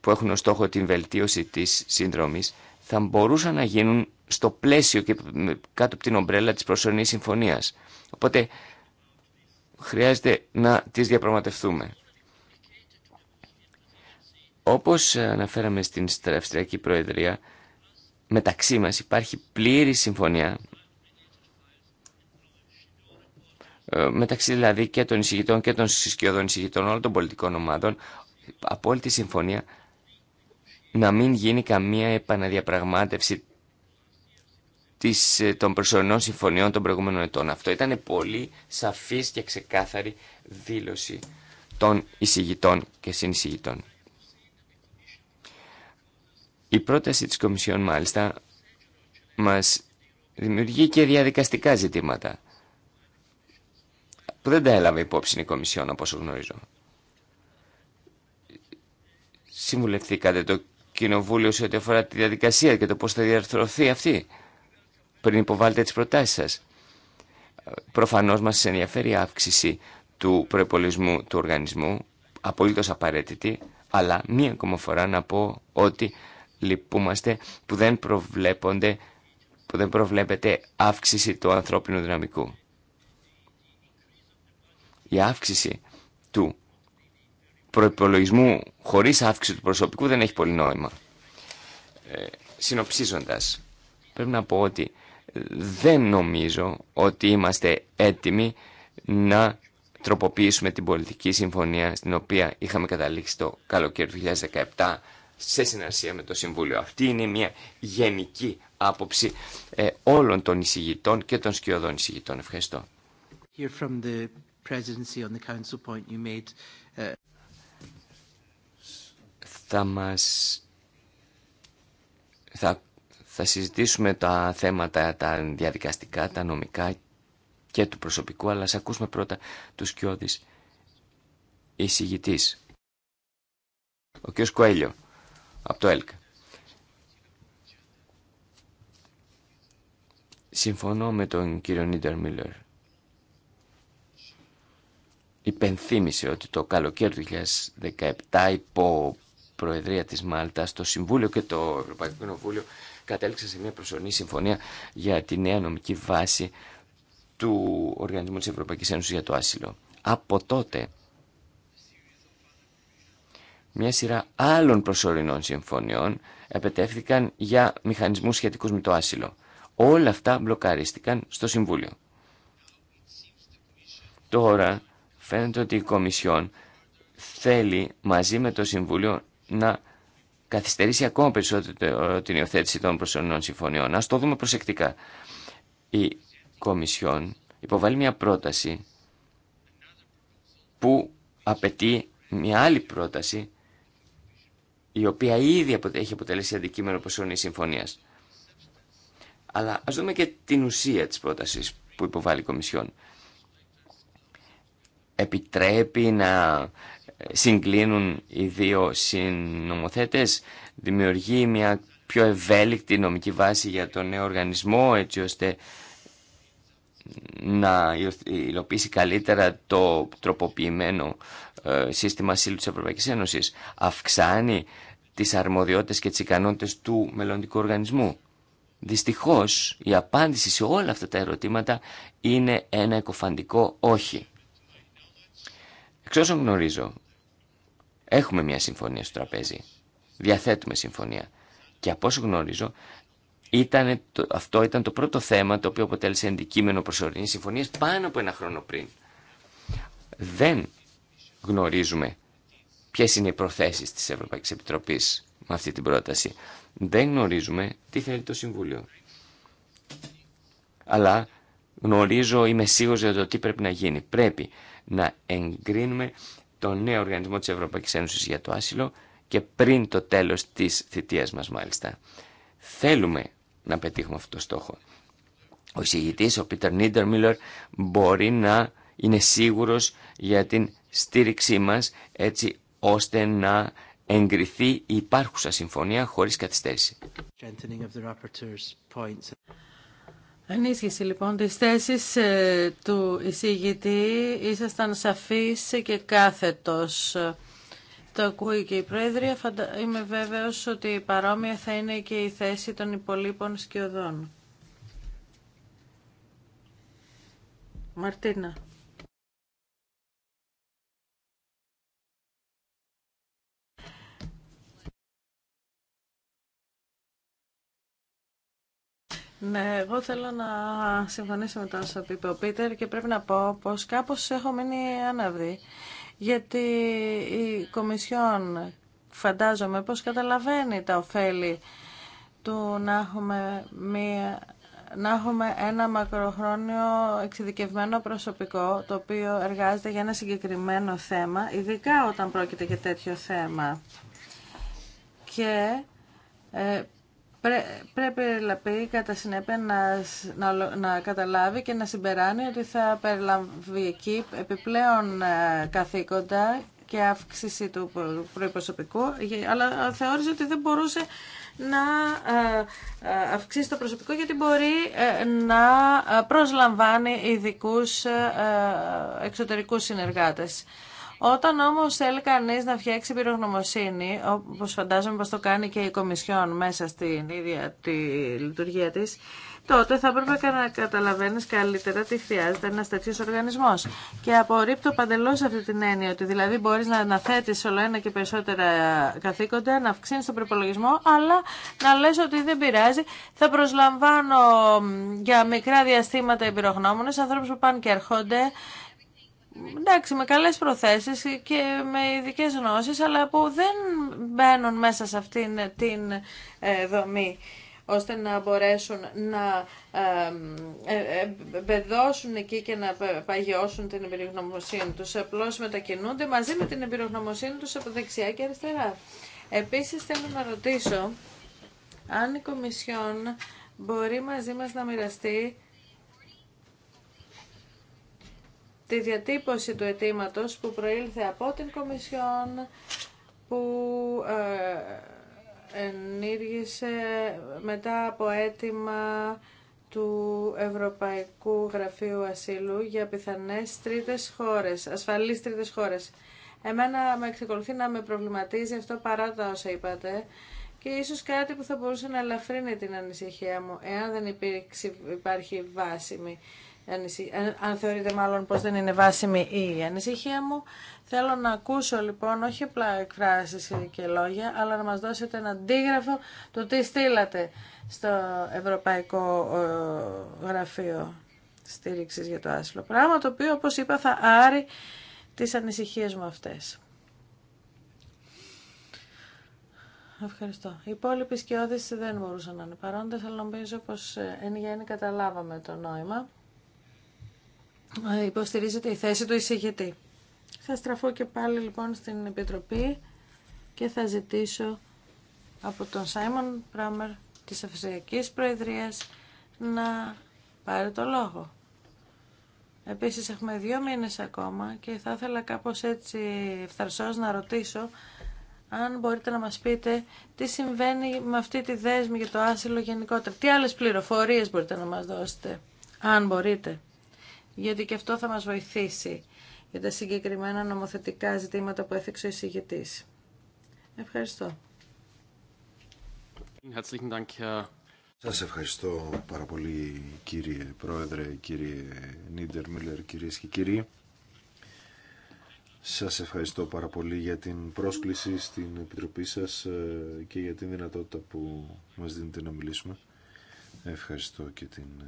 που έχουν ως στόχο την βελτίωση της σύνδρομης θα μπορούσαν να γίνουν στο πλαίσιο και κάτω από την ομπρέλα της προσωρινής συμφωνίας. Οπότε χρειάζεται να τις διαπραγματευτούμε. Όπως αναφέραμε στην Αυστριακή Προεδρία, μεταξύ μας υπάρχει πλήρη συμφωνία ε, μεταξύ δηλαδή και των εισηγητών και των συσκιωδών εισηγητών όλων των πολιτικών ομάδων απόλυτη συμφωνία να μην γίνει καμία επαναδιαπραγμάτευση ε, των προσωρινών συμφωνιών των προηγούμενων ετών. Αυτό ήταν πολύ σαφής και ξεκάθαρη δήλωση των εισηγητών και συνεισηγητών. Η πρόταση της Κομισιόν μάλιστα μας δημιουργεί και διαδικαστικά ζητήματα που δεν τα έλαβε υπόψη η Κομισιόν όπως γνωρίζω. Συμβουλευθήκατε το Κοινοβούλιο σε ό,τι αφορά τη διαδικασία και το πώς θα διαρθρωθεί αυτή πριν υποβάλλετε τις προτάσεις σας. Προφανώς μας ενδιαφέρει η αύξηση του προπολογισμού του οργανισμού, απολύτως απαραίτητη, αλλά μία ακόμα φορά να πω ότι λυπούμαστε που δεν, προβλέπονται, που δεν προβλέπεται αύξηση του ανθρώπινου δυναμικού. Η αύξηση του προπολογισμού χωρίς αύξηση του προσωπικού δεν έχει πολύ νόημα. Ε, συνοψίζοντας, πρέπει να πω ότι δεν νομίζω ότι είμαστε έτοιμοι να τροποποιήσουμε την πολιτική συμφωνία στην οποία είχαμε καταλήξει το καλοκαίρι του 2017 σε συνεργασία με το Συμβούλιο. Αυτή είναι μια γενική άποψη ε, όλων των εισηγητών και των σκιωδών εισηγητών. Ευχαριστώ. Θα μας... Θα θα συζητήσουμε τα θέματα, τα διαδικαστικά, τα νομικά και του προσωπικού, αλλά ας ακούσουμε πρώτα τους Κιώδης εισηγητής. Ο κ. Κοέλιο, από το ΕΛΚ. Συμφωνώ με τον κύριο Νίτερ Μίλλερ. Υπενθύμησε ότι το καλοκαίρι του 2017 υπό Προεδρία της Μάλτας, το Συμβούλιο και το Ευρωπαϊκό Κοινοβούλιο κατέληξαν σε μια προσωρινή συμφωνία για τη νέα νομική βάση του Οργανισμού της Ευρωπαϊκής Ένωσης για το Άσυλο. Από τότε, μια σειρά άλλων προσωρινών συμφωνιών επετεύθηκαν για μηχανισμούς σχετικούς με το άσυλο. Όλα αυτά μπλοκαρίστηκαν στο Συμβούλιο. Τώρα φαίνεται ότι η Κομισιόν θέλει μαζί με το Συμβούλιο να καθυστερήσει ακόμα περισσότερο ε, την υιοθέτηση των προσωρινών συμφωνιών. Α το δούμε προσεκτικά. Η Κομισιόν υποβάλλει μια πρόταση που απαιτεί μια άλλη πρόταση η οποία ήδη έχει αποτελέσει αντικείμενο προσωρινής συμφωνίας. Αλλά ας δούμε και την ουσία της πρότασης που υποβάλλει η Κομισιόν. Επιτρέπει να συγκλίνουν οι δύο συνομοθέτες, δημιουργεί μια πιο ευέλικτη νομική βάση για τον νέο οργανισμό, έτσι ώστε να υλοποιήσει καλύτερα το τροποποιημένο ε, σύστημα ασύλου της Ευρωπαϊκής Ένωσης. Αυξάνει τις αρμοδιότητες και τις ικανότητες του μελλοντικού οργανισμού. Δυστυχώς η απάντηση σε όλα αυτά τα ερωτήματα είναι ένα εκοφαντικό όχι. Εξ όσων γνωρίζω, Έχουμε μια συμφωνία στο τραπέζι. Διαθέτουμε συμφωνία. Και από όσο γνωρίζω, ήταν αυτό ήταν το πρώτο θέμα το οποίο αποτέλεσε αντικείμενο προσωρινή συμφωνία πάνω από ένα χρόνο πριν. Δεν γνωρίζουμε ποιε είναι οι προθέσεις τη Ευρωπαϊκή Επιτροπή με αυτή την πρόταση. Δεν γνωρίζουμε τι θέλει το Συμβούλιο. Αλλά γνωρίζω, είμαι σίγουρο για το τι πρέπει να γίνει. Πρέπει να εγκρίνουμε το νέο οργανισμό της Ευρωπαϊκής Ένωσης για το άσυλο και πριν το τέλος της θητείας μας μάλιστα. Θέλουμε να πετύχουμε αυτό το στόχο. Ο εισηγητής, ο Πίτερ Νίντερμιλερ, μπορεί να είναι σίγουρος για την στήριξή μας έτσι ώστε να εγκριθεί η υπάρχουσα συμφωνία χωρίς καθυστέρηση. Ενίσχυση λοιπόν της θέσης ε, του εισηγητή ήσασταν σαφής και κάθετος. Το ακούει και η Πρόεδρια. Είμαι βέβαιος ότι παρόμοια θα είναι και η θέση των υπολείπων σκιωδών. Μαρτίνα. Ναι, εγώ θέλω να συμφωνήσω με το όσο είπε ο Πίτερ και πρέπει να πω πως κάπως έχω μείνει άναυδη. Γιατί η Κομισιόν φαντάζομαι πως καταλαβαίνει τα ωφέλη του να έχουμε, μία, να έχουμε ένα μακροχρόνιο εξειδικευμένο προσωπικό το οποίο εργάζεται για ένα συγκεκριμένο θέμα, ειδικά όταν πρόκειται για τέτοιο θέμα. Και ε, πρέπει λαπή, κατά συνέπεια να, να, καταλάβει και να συμπεράνει ότι θα περιλαμβεί εκεί επιπλέον ε, καθήκοντα και αύξηση του προϋποσωπικού, αλλά ε, θεώρησε ότι δεν μπορούσε να ε, αυξήσει το προσωπικό γιατί μπορεί να προσλαμβάνει ειδικούς εξωτερικούς συνεργάτες. Όταν όμω θέλει κανεί να φτιάξει πυρογνωμοσύνη, όπω φαντάζομαι πώ το κάνει και η Κομισιόν μέσα στην ίδια τη λειτουργία τη, τότε θα έπρεπε να καταλαβαίνει καλύτερα τι χρειάζεται ένα τέτοιο οργανισμό. Και απορρίπτω παντελώ αυτή την έννοια ότι δηλαδή μπορεί να αναθέτει όλο ένα και περισσότερα καθήκοντα, να αυξήνει τον προπολογισμό, αλλά να λε ότι δεν πειράζει. Θα προσλαμβάνω για μικρά διαστήματα πυρογνώμονε, ανθρώπου που πάνε και έρχονται εντάξει, με καλές προθέσεις και με ειδικέ γνώσεις, αλλά που δεν μπαίνουν μέσα σε αυτήν την ε, δομή ώστε να μπορέσουν να ε, ε, εμπεδώσουν εκεί και να παγιώσουν την εμπειρογνωμοσύνη τους. Απλώς μετακινούνται μαζί με την εμπειρογνωμοσύνη τους από δεξιά και αριστερά. Επίσης θέλω να ρωτήσω αν η Κομισιόν μπορεί μαζί μας να μοιραστεί τη διατύπωση του αιτήματο που προήλθε από την Κομισιόν που ε, ενήργησε μετά από αίτημα του Ευρωπαϊκού Γραφείου Ασύλου για πιθανές τρίτες χώρες, ασφαλείς τρίτες χώρες. Εμένα με εξεκολουθεί να με προβληματίζει αυτό παρά τα όσα είπατε και ίσως κάτι που θα μπορούσε να ελαφρύνει την ανησυχία μου εάν δεν υπάρχει βάσιμη αν θεωρείτε μάλλον πως δεν είναι βάσιμη η ανησυχία μου. Θέλω να ακούσω λοιπόν όχι απλά εκφράσεις και λόγια, αλλά να μας δώσετε ένα αντίγραφο του τι στείλατε στο Ευρωπαϊκό ε, Γραφείο Στήριξης για το Άσυλο. Πράγμα το οποίο, όπως είπα, θα άρει τις ανησυχίες μου αυτές. Ευχαριστώ. Οι υπόλοιποι σκιώδεις δεν μπορούσαν να είναι παρόντες, αλλά νομίζω πως ε, εν γέννη καταλάβαμε το νόημα. Ε, υποστηρίζεται η θέση του εισηγητή. Θα στραφώ και πάλι λοιπόν στην Επιτροπή και θα ζητήσω από τον Σάιμον Πράμερ της Αφυσιακής Προεδρίας να πάρει το λόγο. Επίσης έχουμε δύο μήνες ακόμα και θα ήθελα κάπως έτσι ευθαρσώς να ρωτήσω αν μπορείτε να μας πείτε τι συμβαίνει με αυτή τη δέσμη για το άσυλο γενικότερα. Τι άλλες πληροφορίες μπορείτε να μας δώσετε, αν μπορείτε γιατί και αυτό θα μας βοηθήσει για τα συγκεκριμένα νομοθετικά ζητήματα που έθεξε ο εισηγητής. Ευχαριστώ. Σας ευχαριστώ πάρα πολύ κύριε Πρόεδρε, κύριε Νίντερ Μίλλερ, κυρίες και κύριοι. Σας ευχαριστώ πάρα πολύ για την πρόσκληση στην Επιτροπή σας ε, και για την δυνατότητα που μας δίνετε να μιλήσουμε. Ευχαριστώ και την ε,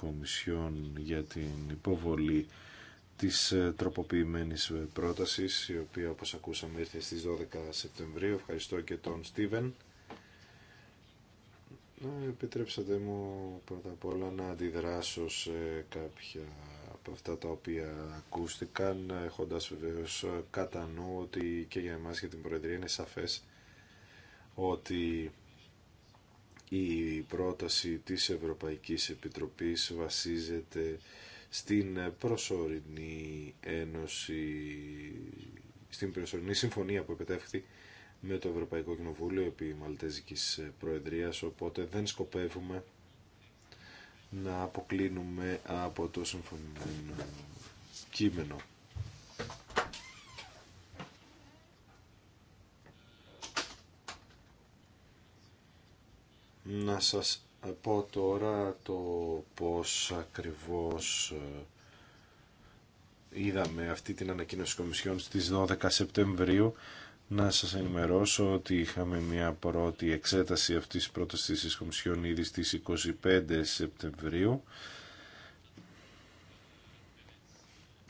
Κομισιόν για την υποβολή της ε, τροποποιημένης ε, πρότασης, η οποία όπως ακούσαμε ήρθε στις 12 Σεπτεμβρίου. Ευχαριστώ και τον Στίβεν. Ε, επιτρέψατε μου πρώτα απ' όλα να αντιδράσω σε κάποια από αυτά τα οποία ακούστηκαν, έχοντας βεβαίως κατά νου ότι και για εμάς και την Προεδρία είναι σαφές ότι η πρόταση της Ευρωπαϊκής Επιτροπής βασίζεται στην προσωρινή ένωση, στην προσωρινή συμφωνία που επιτεύχθη με το Ευρωπαϊκό Κοινοβούλιο επί Μαλτέζικης Προεδρίας, οπότε δεν σκοπεύουμε να αποκλίνουμε από το συμφωνημένο κείμενο. να σας πω τώρα το πώς ακριβώς ε, είδαμε αυτή την ανακοίνωση Κομισιόν στις 12 Σεπτεμβρίου να σας ενημερώσω ότι είχαμε μια πρώτη εξέταση αυτής της πρώτης της Κομισιόν ήδη στις 25 Σεπτεμβρίου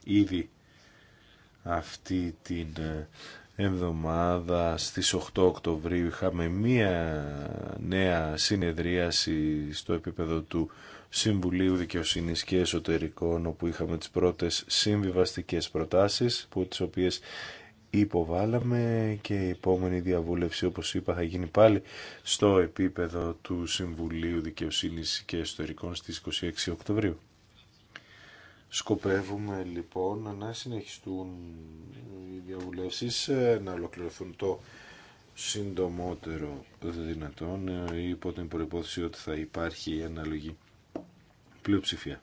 ήδη αυτή την ε, εβδομάδα στις 8 Οκτωβρίου είχαμε μία νέα συνεδρίαση στο επίπεδο του Συμβουλίου Δικαιοσύνης και Εσωτερικών όπου είχαμε τις πρώτες συμβιβαστικές προτάσεις που τις οποίες υποβάλαμε και η επόμενη διαβούλευση όπως είπα θα γίνει πάλι στο επίπεδο του Συμβουλίου Δικαιοσύνης και Εσωτερικών στις 26 Οκτωβρίου. Σκοπεύουμε λοιπόν να συνεχιστούν οι διαβουλεύσεις, ε, να ολοκληρωθούν το συντομότερο δυνατόν ε, υπό την προϋπόθεση ότι θα υπάρχει η αναλογή πλειοψηφία.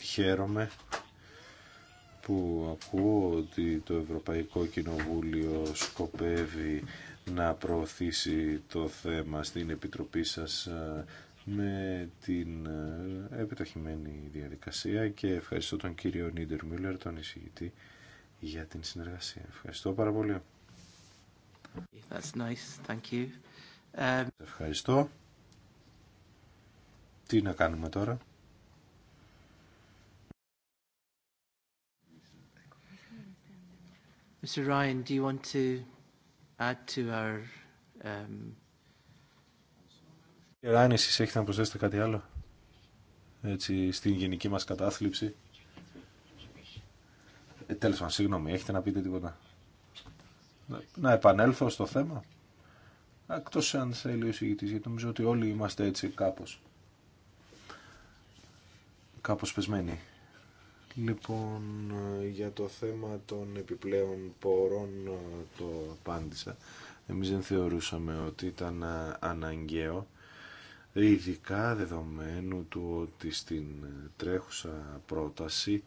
Χαίρομαι που ακούω ότι το Ευρωπαϊκό Κοινοβούλιο σκοπεύει να προωθήσει το θέμα στην Επιτροπή σας ε, με την ε, επιταχυμένη διαδικασία και ευχαριστώ τον κύριο Νίντερ Μιούλερ, τον εισηγητή, για την συνεργασία. Ευχαριστώ πάρα πολύ. Um, ευχαριστώ. Τι να κάνουμε τώρα. Mr. Ryan, do you want to add to our um, Κύριε Ράιν, εσείς έχετε να προσθέσετε κάτι άλλο έτσι, στην γενική μας κατάθλιψη. Ε, τέλος πάντων, συγγνώμη, έχετε να πείτε τίποτα. Να επανέλθω στο θέμα. Ακτός αν θέλει ο το γιατί νομίζω ότι όλοι είμαστε έτσι κάπως. Κάπως πεσμένοι. Λοιπόν, ε, για το θέμα των επιπλέον πόρων ε, το απάντησα. Εμείς δεν θεωρούσαμε ότι ήταν ε, αναγκαίο ειδικά δεδομένου του ότι στην τρέχουσα πρόταση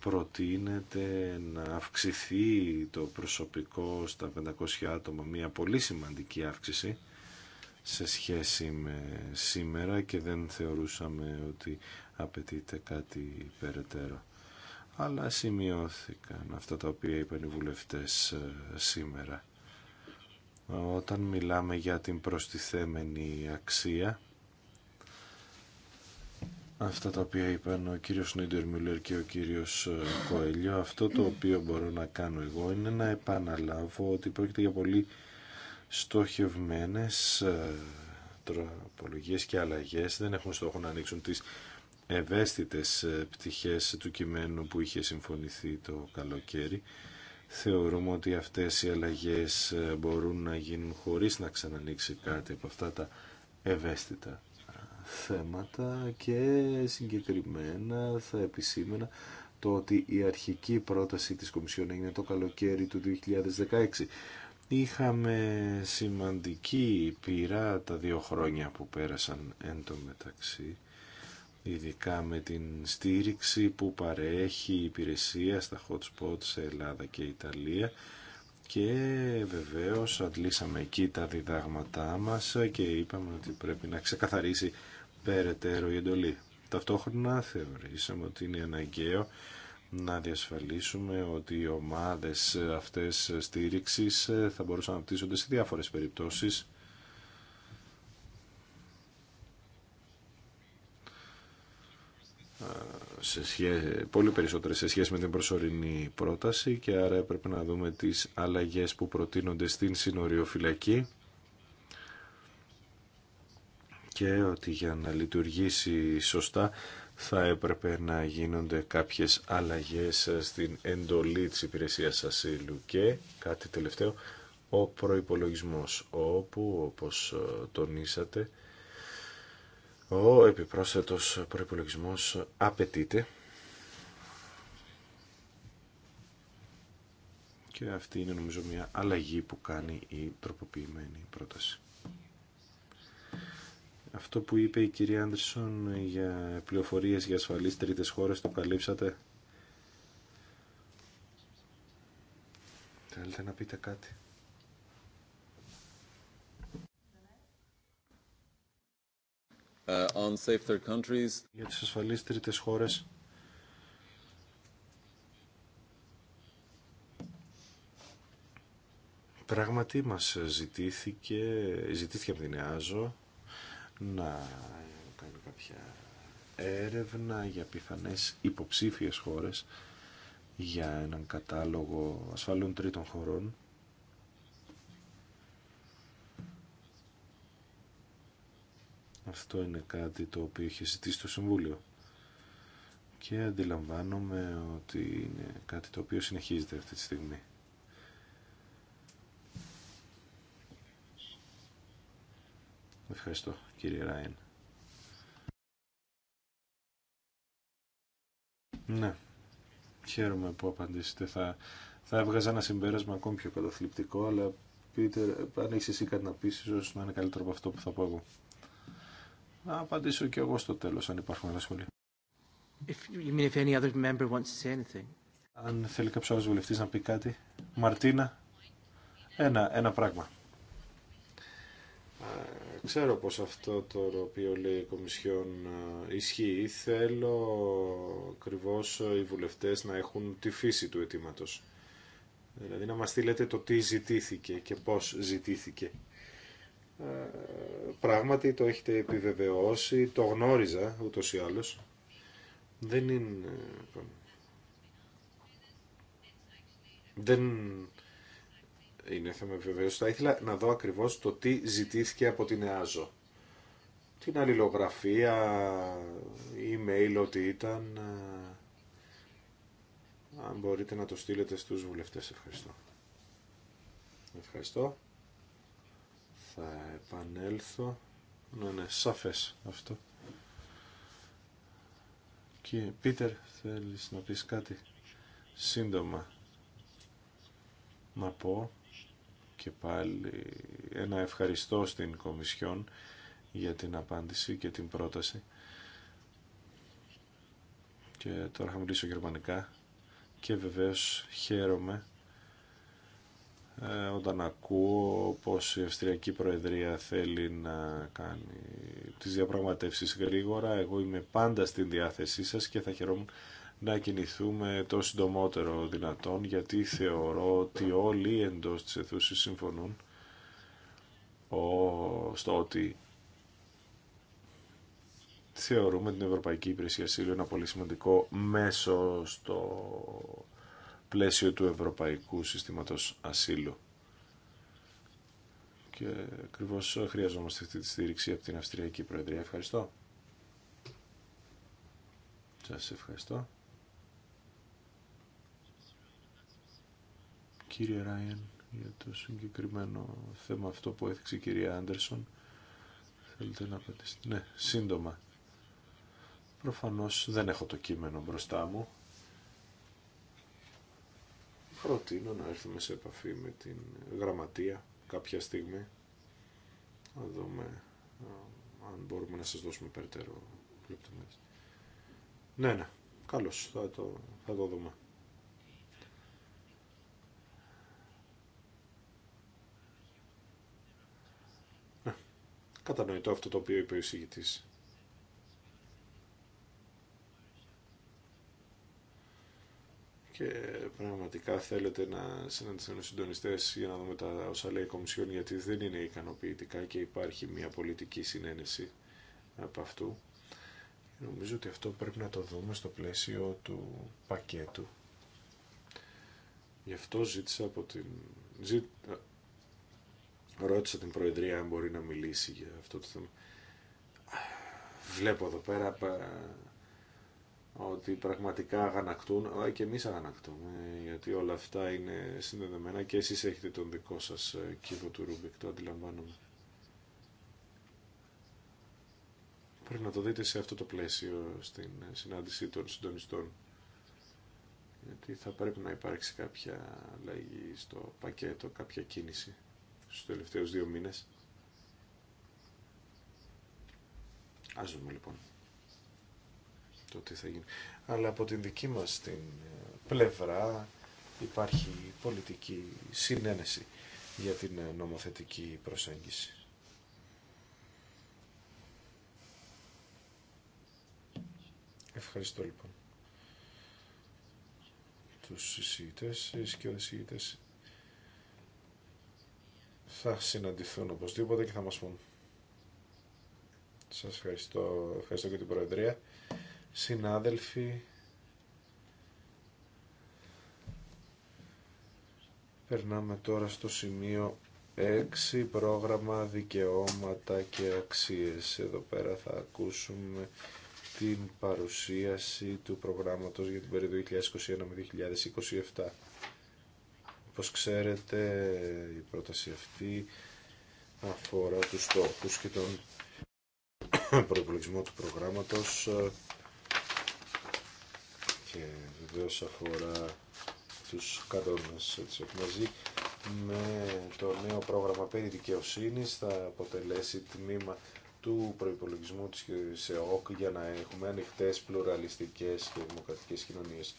προτείνεται να αυξηθεί το προσωπικό στα 500 άτομα, μια πολύ σημαντική αύξηση σε σχέση με σήμερα και δεν θεωρούσαμε ότι απαιτείται κάτι περαιτέρω. Αλλά σημειώθηκαν αυτά τα οποία είπαν οι βουλευτές ε, σήμερα. Όταν μιλάμε για την προστιθέμενη αξία, αυτά τα οποία είπαν ο κύριος Νίντερ Μιλέρ και ο κύριος ε, Κοέλιο, αυτό το οποίο μπορώ να κάνω εγώ είναι να επαναλάβω ότι πρόκειται για πολύ στοχευμένες ε, τροπολογίες και αλλαγές. Δεν έχουν στόχο να ανοίξουν τις ευαίσθητες ε, πτυχές του κειμένου που είχε συμφωνηθεί το καλοκαίρι θεωρούμε ότι αυτές οι αλλαγές ε, μπορούν να γίνουν χωρίς να ξανανοίξει κάτι από αυτά τα ευαίσθητα ε, θέματα και συγκεκριμένα θα επισήμενα το ότι η αρχική πρόταση της Κομισιόν έγινε το καλοκαίρι του 2016. Είχαμε σημαντική πειρά τα δύο χρόνια που πέρασαν εν τω μεταξύ ειδικά με την στήριξη που παρέχει η υπηρεσία στα hot spots σε Ελλάδα και Ιταλία και βεβαίως αντλήσαμε εκεί τα διδάγματά μας και είπαμε ότι πρέπει να ξεκαθαρίσει περαιτέρω η εντολή. Ταυτόχρονα θεωρήσαμε ότι είναι αναγκαίο να διασφαλίσουμε ότι οι ομάδες αυτές στήριξης θα μπορούσαν να πτήσονται σε διάφορες περιπτώσεις σε πολύ περισσότερες σε σχέση με την προσωρινή πρόταση και άρα πρέπει να δούμε τις αλλαγές που προτείνονται στην συνοριοφυλακή και ότι για να λειτουργήσει σωστά θα έπρεπε να γίνονται κάποιες αλλαγές στην εντολή της υπηρεσίας ασύλου και κάτι τελευταίο ο προϋπολογισμός όπου όπως τονίσατε ο επιπρόσθετος προϋπολογισμός απαιτείται και αυτή είναι νομίζω μια αλλαγή που κάνει η τροποποιημένη πρόταση. Αυτό που είπε η κυρία Άντρισον για πληροφορίες για ασφαλείς τρίτες χώρες το καλύψατε. Θέλετε να πείτε κάτι. Uh, για τις ασφαλείς τρίτες χώρες. Πράγματι μας ζητήθηκε, ζητήθηκε από την ΕΑΖΟ να κάνει κάποια έρευνα για πιθανές υποψήφιες χώρες για έναν κατάλογο ασφαλών τρίτων χωρών Αυτό είναι κάτι το οποίο είχε ζητήσει το Συμβούλιο. Και αντιλαμβάνομαι ότι είναι κάτι το οποίο συνεχίζεται αυτή τη στιγμή. Ευχαριστώ κύριε Ράιν. Ναι, χαίρομαι που απαντήσετε. Θα, θα έβγαζα ένα συμπέρασμα ακόμη πιο καταθλιπτικό, αλλά πείτε αν έχεις εσύ κάτι να πεις, ίσως να είναι καλύτερο από αυτό που θα πω εγώ να απαντήσω και εγώ στο τέλος αν υπάρχουν άλλα σχόλια. Αν θέλει κάποιος άλλο βουλευτής να πει κάτι. Μαρτίνα, ένα, ένα πράγμα. Ε, ξέρω πως αυτό το οποίο λέει η Κομισιόν ε, ισχύει. Θέλω ακριβώ οι βουλευτές να έχουν τη φύση του αιτήματο. Δηλαδή να μας στείλετε το τι ζητήθηκε και πώς ζητήθηκε πράγματι το έχετε επιβεβαιώσει, το γνώριζα ούτως ή άλλως. Δεν είναι... Δεν είναι θέμα επιβεβαίωση. Θα ήθελα να δω ακριβώς το τι ζητήθηκε από την ΕΑΖΟ. Την αλληλογραφία, email ότι ήταν... Αν μπορείτε να το στείλετε στους βουλευτές. Ευχαριστώ. Ευχαριστώ θα επανέλθω. να είναι ναι, σαφές αυτό. Και Πίτερ, θέλεις να πεις κάτι σύντομα να πω και πάλι ένα ευχαριστώ στην Κομισιόν για την απάντηση και την πρόταση. Και τώρα θα μιλήσω γερμανικά και βεβαίως χαίρομαι ε, όταν ακούω πως η Αυστριακή Προεδρία θέλει να κάνει τις διαπραγματεύσεις γρήγορα. Εγώ είμαι πάντα στην διάθεσή σας και θα χαιρόμουν να κινηθούμε το συντομότερο δυνατόν γιατί θεωρώ ότι όλοι εντός της αιθούσης συμφωνούν στο ότι θεωρούμε την Ευρωπαϊκή Υπηρεσία Σύλλου ένα πολύ σημαντικό μέσο στο πλαίσιο του Ευρωπαϊκού Συστήματος Ασύλου. Και ακριβώ χρειαζόμαστε αυτή τη στήριξη από την Αυστριακή Προεδρία. Ευχαριστώ. Σας ευχαριστώ. Κύριε Ράιεν, για το συγκεκριμένο θέμα αυτό που έθιξε η κυρία Άντερσον, θέλετε να απαντήσετε. Ναι, σύντομα. Προφανώς δεν έχω το κείμενο μπροστά μου προτείνω να έρθουμε σε επαφή με την γραμματεία κάποια στιγμή να δούμε ε, αν μπορούμε να σας δώσουμε περαιτέρω λεπτομέρειες. Ναι, ναι, καλώς, θα το, θα το δούμε. Ναι, κατανοητό αυτό το οποίο είπε ο εισηγητής. και πραγματικά θέλετε να συναντηθούν οι συντονιστέ για να δούμε τα όσα λέει η Κομισιόν γιατί δεν είναι ικανοποιητικά και υπάρχει μια πολιτική συνένεση από αυτού. Νομίζω ότι αυτό πρέπει να το δούμε στο πλαίσιο του πακέτου. Γι' αυτό ζήτησα από την... Ρώτησα την Προεδρία αν μπορεί να μιλήσει για αυτό το θέμα. Βλέπω εδώ πέρα ότι πραγματικά αγανακτούν, αλλά και εμείς αγανακτούμε, γιατί όλα αυτά είναι συνδεδεμένα και εσείς έχετε τον δικό σας ε, κύβο του Ρούμπικ, το αντιλαμβάνομαι. Πρέπει να το δείτε σε αυτό το πλαίσιο στην ε, συνάντηση των συντονιστών. Γιατί θα πρέπει να υπάρξει κάποια αλλαγή στο πακέτο, κάποια κίνηση στους τελευταίους δύο μήνες. Ας δούμε λοιπόν το τι θα γίνει. Αλλά από την δική μας την ε, πλευρά υπάρχει πολιτική συνένεση για την ε, νομοθετική προσέγγιση. Ευχαριστώ λοιπόν τους εισηγητές, οι σκιώδες θα συναντηθούν οπωσδήποτε και θα μας πούν. Σας ευχαριστώ, ευχαριστώ και την Προεδρία συνάδελφοι, περνάμε τώρα στο σημείο 6, πρόγραμμα δικαιώματα και αξίες. Εδώ πέρα θα ακούσουμε την παρουσίαση του προγράμματος για την περίοδο 2021 2027. Όπως ξέρετε, η πρόταση αυτή αφορά τους στόχους και τον προπολογισμό του προγράμματος και βεβαίω αφορά τους κανόνες της με το νέο πρόγραμμα περί δικαιοσύνης θα αποτελέσει τμήμα του προϋπολογισμού της ΕΟΚ για να έχουμε ανοιχτές, πλουραλιστικές και δημοκρατικές κοινωνίες.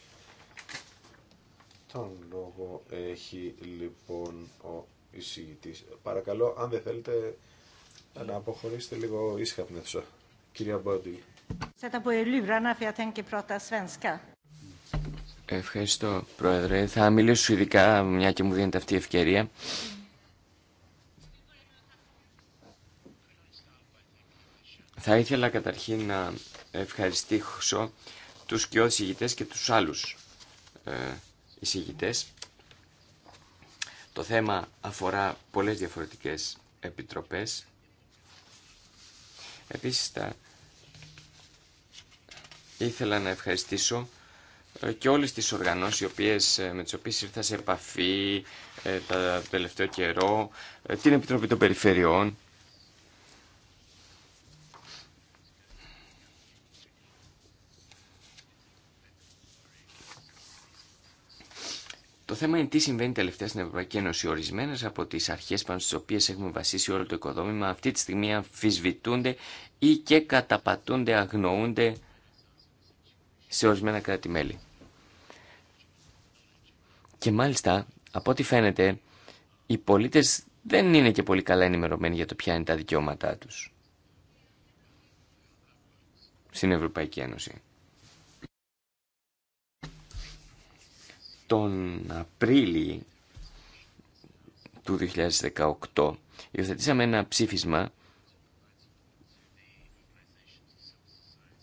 Τον λόγο έχει λοιπόν ο εισηγητής. Παρακαλώ, αν δεν θέλετε να αποχωρήσετε λίγο ήσυχα Κυρία Μπόντι. Σε τα και πρώτα Ευχαριστώ, Πρόεδρε. Θα μιλήσω ειδικά, μια και μου δίνεται αυτή η ευκαιρία. Θα ήθελα καταρχήν να ευχαριστήσω τους και εισηγητές και τους άλλους ε, εισηγητές. Το θέμα αφορά πολλές διαφορετικές επιτροπές. Επίσης, θα ήθελα να ευχαριστήσω ε, και όλες τις οργανώσεις ε, με τις οποίες ήρθα σε επαφή ε, τα τελευταίο καιρό, την Επιτροπή των Περιφερειών. Το θέμα είναι τι συμβαίνει τελευταία στην Ευρωπαϊκή Ένωση. Ορισμένες από τις αρχές πάνω στις οποίες έχουμε βασίσει όλο το οικοδόμημα αυτή τη στιγμή αμφισβητούνται ή και καταπατούνται, αγνοούνται σε ορισμένα κράτη-μέλη. Και μάλιστα, από ό,τι φαίνεται, οι πολίτες δεν είναι και πολύ καλά ενημερωμένοι για το ποια είναι τα δικαιώματά τους στην Ευρωπαϊκή Ένωση. Τον Απρίλιο του 2018 υιοθετήσαμε ένα ψήφισμα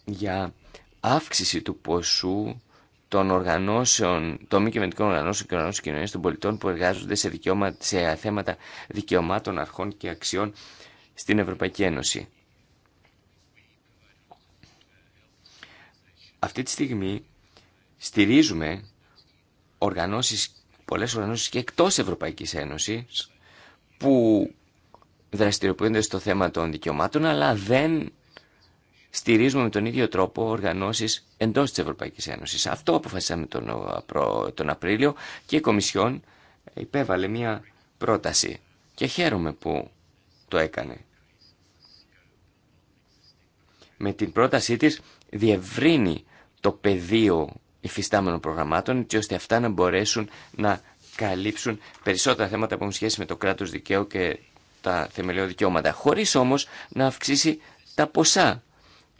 για αύξηση του ποσού των οργανώσεων, των μη κυβερνητικών οργανώσεων και οργανώσεων κοινωνία των πολιτών που εργάζονται σε, σε θέματα δικαιωμάτων, αρχών και αξιών στην Ευρωπαϊκή Ένωση. Αυτή τη στιγμή στηρίζουμε οργανώσεις, πολλές οργανώσεις και εκτός Ευρωπαϊκής Ένωσης που δραστηριοποιούνται στο θέμα των δικαιωμάτων αλλά δεν στηρίζουμε με τον ίδιο τρόπο οργανώσεις εντός της Ευρωπαϊκής Ένωσης. Αυτό αποφασίσαμε τον, τον Απρίλιο και η Κομισιόν υπέβαλε μια πρόταση και χαίρομαι που το έκανε. Με την πρότασή της διευρύνει το πεδίο υφιστάμενων προγραμμάτων έτσι ώστε αυτά να μπορέσουν να καλύψουν περισσότερα θέματα που έχουν σχέση με το κράτος δικαίου και τα θεμελιώδη δικαιώματα, χωρίς όμως να αυξήσει τα ποσά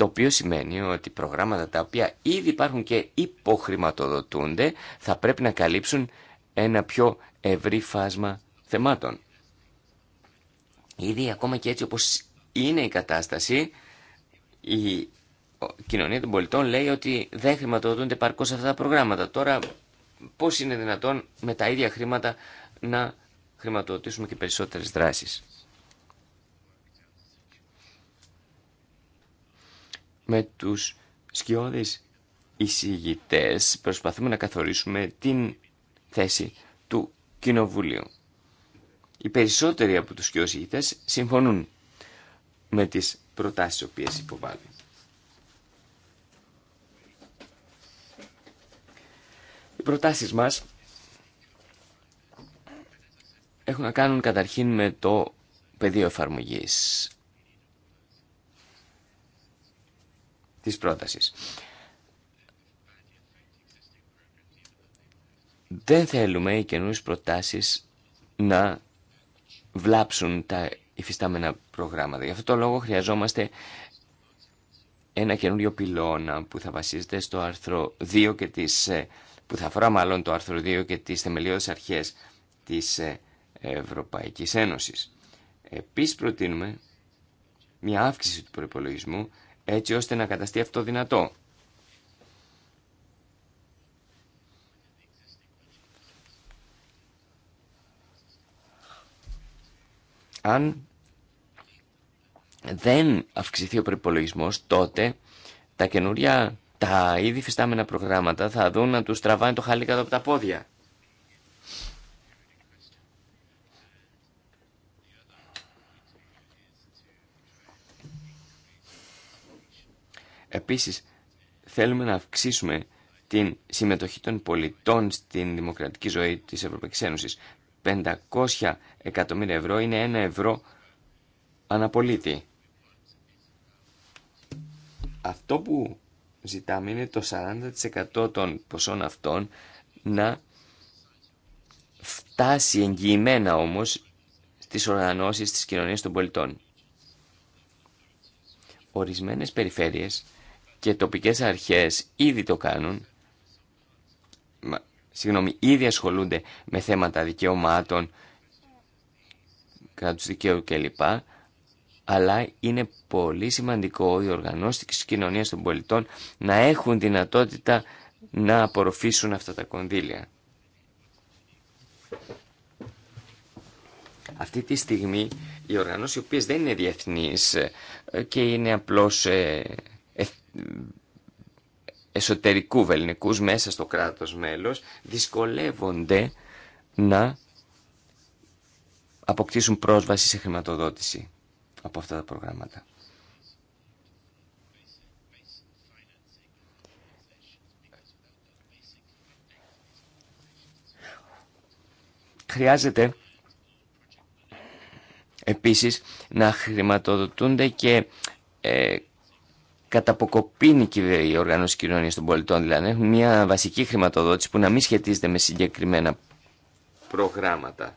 το οποίο σημαίνει ότι προγράμματα τα οποία ήδη υπάρχουν και υποχρηματοδοτούνται θα πρέπει να καλύψουν ένα πιο ευρύ φάσμα θεμάτων. Ήδη ακόμα και έτσι όπως είναι η κατάσταση, η κοινωνία των πολιτών λέει ότι δεν χρηματοδοτούνται παρκώς αυτά τα προγράμματα. Τώρα πώς είναι δυνατόν με τα ίδια χρήματα να χρηματοδοτήσουμε και περισσότερες δράσεις. με τους σκιώδεις εισηγητέ προσπαθούμε να καθορίσουμε την θέση του Κοινοβουλίου. Οι περισσότεροι από τους σκιώδεις συμφωνούν με τις προτάσεις οποίες υποβάλλει. Οι προτάσεις μας έχουν να κάνουν καταρχήν με το πεδίο εφαρμογής. της πρότασης. Δεν θέλουμε οι καινούριε προτάσεις να βλάψουν τα υφιστάμενα προγράμματα. Γι' αυτό το λόγο χρειαζόμαστε ένα καινούριο πυλώνα που θα βασίζεται στο άρθρο 2 και τις, ε, που θα αφορά μάλλον το άρθρο 2 και τις θεμελιώδεις αρχές της ε, Ευρωπαϊκής Ένωσης. Επίσης προτείνουμε μια αύξηση του προπολογισμού έτσι ώστε να καταστεί αυτό δυνατό. Αν δεν αυξηθεί ο προπολογισμό, τότε τα καινούρια, τα ήδη φυστάμενα προγράμματα θα δουν να του τραβάνε το χαλί κάτω από τα πόδια. Επίσης, θέλουμε να αυξήσουμε την συμμετοχή των πολιτών στην δημοκρατική ζωή της Ευρωπαϊκής Ένωσης. 500 εκατομμύρια ευρώ είναι ένα ευρώ αναπολίτη. Αυτό που ζητάμε είναι το 40% των ποσών αυτών να φτάσει εγγυημένα όμως στις οργανώσεις της κοινωνίας των πολιτών. Ορισμένες περιφέρειες και τοπικές αρχές ήδη το κάνουν, συγγνώμη, ήδη ασχολούνται με θέματα δικαιωμάτων, κράτους δικαίου κλπ. Αλλά είναι πολύ σημαντικό οι οργανώσεις της κοινωνίας των πολιτών να έχουν δυνατότητα να απορροφήσουν αυτά τα κονδύλια. Αυτή τη στιγμή οι οργανώσεις οι οποίες δεν είναι διεθνείς ε, και είναι απλώς ε, εσωτερικού βελνικούς μέσα στο κράτος μέλος δυσκολεύονται να αποκτήσουν πρόσβαση σε χρηματοδότηση από αυτά τα προγράμματα. Χρειάζεται επίσης να χρηματοδοτούνται και ε, και η οργάνωση κοινωνία των πολιτών, δηλαδή έχουν μια βασική χρηματοδότηση που να μην σχετίζεται με συγκεκριμένα προγράμματα.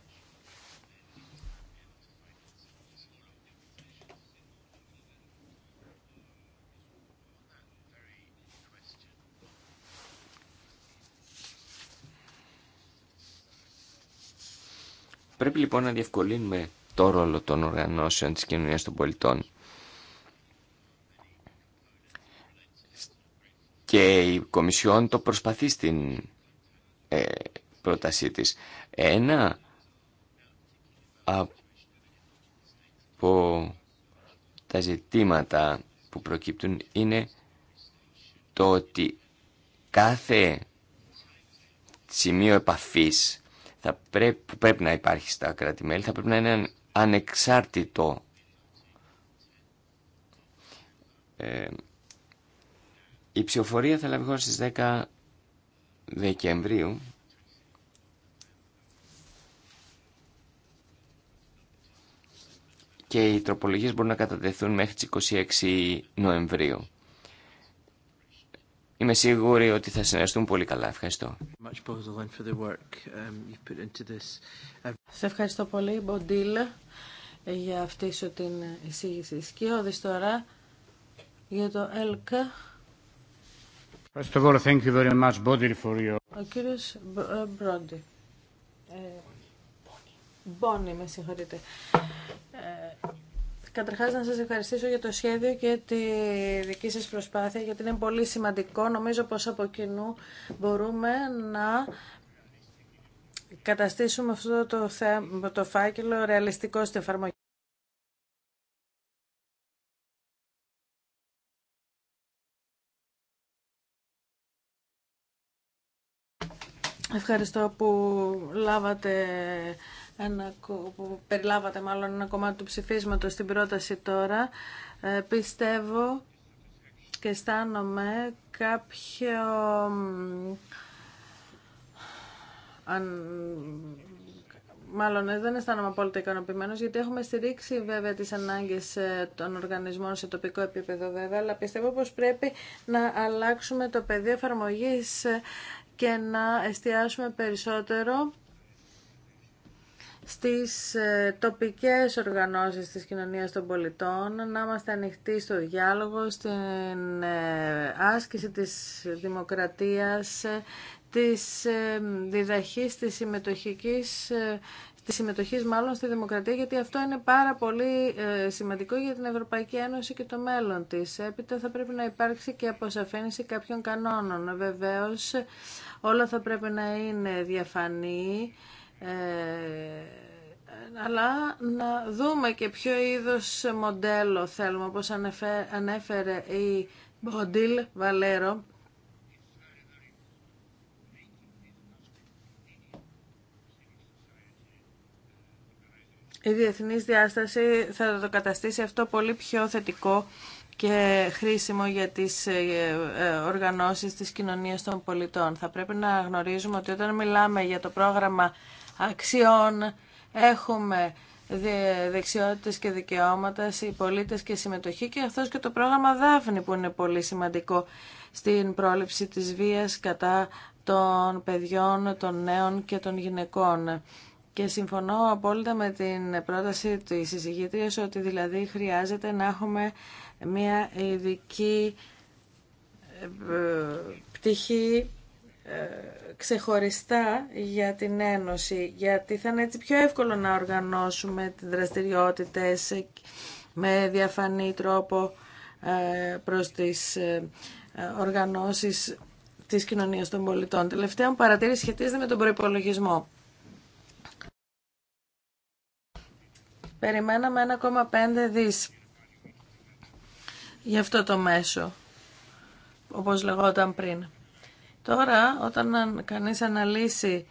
Πρέπει λοιπόν να διευκολύνουμε το ρόλο των οργανώσεων της κοινωνίας των πολιτών. Και η Κομισιόν το προσπαθεί στην ε, πρότασή της. Ένα από τα ζητήματα που προκύπτουν είναι το ότι κάθε σημείο επαφής θα πρέπει, που πρέπει να υπάρχει στα κράτη-μέλη θα πρέπει να είναι ανεξάρτητο ε, η ψηφοφορία θα λάβει χώρα στις 10 Δεκεμβρίου. Και οι τροπολογίες μπορούν να κατατεθούν μέχρι τις 26 Νοεμβρίου. Είμαι σίγουρη ότι θα συνεργαστούν πολύ καλά. Ευχαριστώ. Um, Σε ευχαριστώ πολύ, Μποντίλα, για αυτή σου την εισήγηση. Σκιώδης τώρα για το ΕΛΚΑ. First of all, Ο κύριος ε, ε, Μπόνι, με συγχωρείτε. Ε, καταρχάς να σας ευχαριστήσω για το σχέδιο και τη δική σας προσπάθεια γιατί είναι πολύ σημαντικό. Νομίζω πως από κοινού μπορούμε να καταστήσουμε αυτό το, το φάκελο ρεαλιστικό στην εφαρμογή. Ευχαριστώ που λάβατε ένα, που περιλάβατε μάλλον ένα κομμάτι του ψηφίσματος στην πρόταση τώρα. Ε, πιστεύω και αισθάνομαι κάποιο αν, μάλλον ε, δεν αισθάνομαι απόλυτα ικανοποιημένο, γιατί έχουμε στηρίξει βέβαια τις ανάγκες ε, των οργανισμών σε τοπικό επίπεδο βέβαια, αλλά πιστεύω πως πρέπει να αλλάξουμε το πεδίο εφαρμογή και να εστιάσουμε περισσότερο στις ε, τοπικές οργανώσεις της κοινωνίας των πολιτών, να είμαστε ανοιχτοί στο διάλογο, στην ε, άσκηση της δημοκρατίας, ε, της διδαχής, της συμμετοχικής Τη συμμετοχής μάλλον στη δημοκρατία, γιατί αυτό είναι πάρα πολύ ε, σημαντικό για την Ευρωπαϊκή Ένωση και το μέλλον της. Έπειτα θα πρέπει να υπάρξει και αποσαφένιση κάποιων κανόνων. Βεβαίω, όλα θα πρέπει να είναι διαφανή, ε, αλλά να δούμε και ποιο είδος μοντέλο θέλουμε, όπως ανέφερε η Μποντίλ Βαλέρο, η διεθνής διάσταση θα το καταστήσει αυτό πολύ πιο θετικό και χρήσιμο για τις ε, ε, οργανώσεις της κοινωνίας των πολιτών. Θα πρέπει να γνωρίζουμε ότι όταν μιλάμε για το πρόγραμμα αξιών έχουμε δεξιότητες και δικαιώματα, οι πολίτες και συμμετοχή και αυτός και το πρόγραμμα Δάφνη που είναι πολύ σημαντικό στην πρόληψη της βίας κατά των παιδιών, των νέων και των γυναικών. Και συμφωνώ απόλυτα με την πρόταση τη συζητήτρια ότι δηλαδή χρειάζεται να έχουμε μια ειδική ε, πτυχή ε, ξεχωριστά για την Ένωση, γιατί θα είναι έτσι πιο εύκολο να οργανώσουμε τις δραστηριότητες με διαφανή τρόπο ε, προς τις οργανώσεις της κοινωνίας των πολιτών. Τελευταία παρατήρηση σχετίζεται με τον προϋπολογισμό. Περιμέναμε 1,5 δις για αυτό το μέσο, όπως λεγόταν πριν. Τώρα, όταν κανείς αναλύσει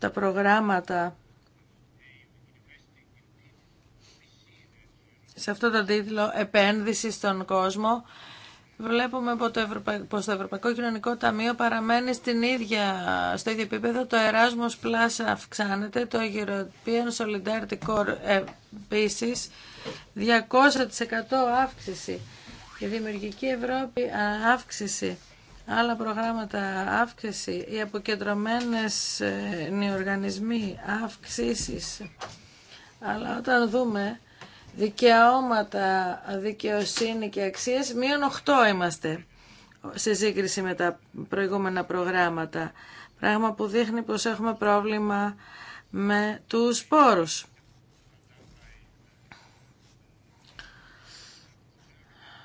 τα προγράμματα σε αυτό το τίτλο «Επένδυση στον κόσμο», βλέπουμε πως το, Ευρωπαϊκό, Κοινωνικό Ταμείο παραμένει στην ίδια, στο ίδιο επίπεδο. Το Erasmus Plus αυξάνεται, το European Solidarity Corps ε, επίση 200% αύξηση. Η Δημιουργική Ευρώπη αύξηση. Άλλα προγράμματα αύξηση. Οι αποκεντρωμένες ε, νεοργανισμοί αύξησης. Αλλά όταν δούμε δικαιώματα, δικαιοσύνη και αξίες, μείον 8 είμαστε σε σύγκριση με τα προηγούμενα προγράμματα. Πράγμα που δείχνει πως έχουμε πρόβλημα με τους πόρους.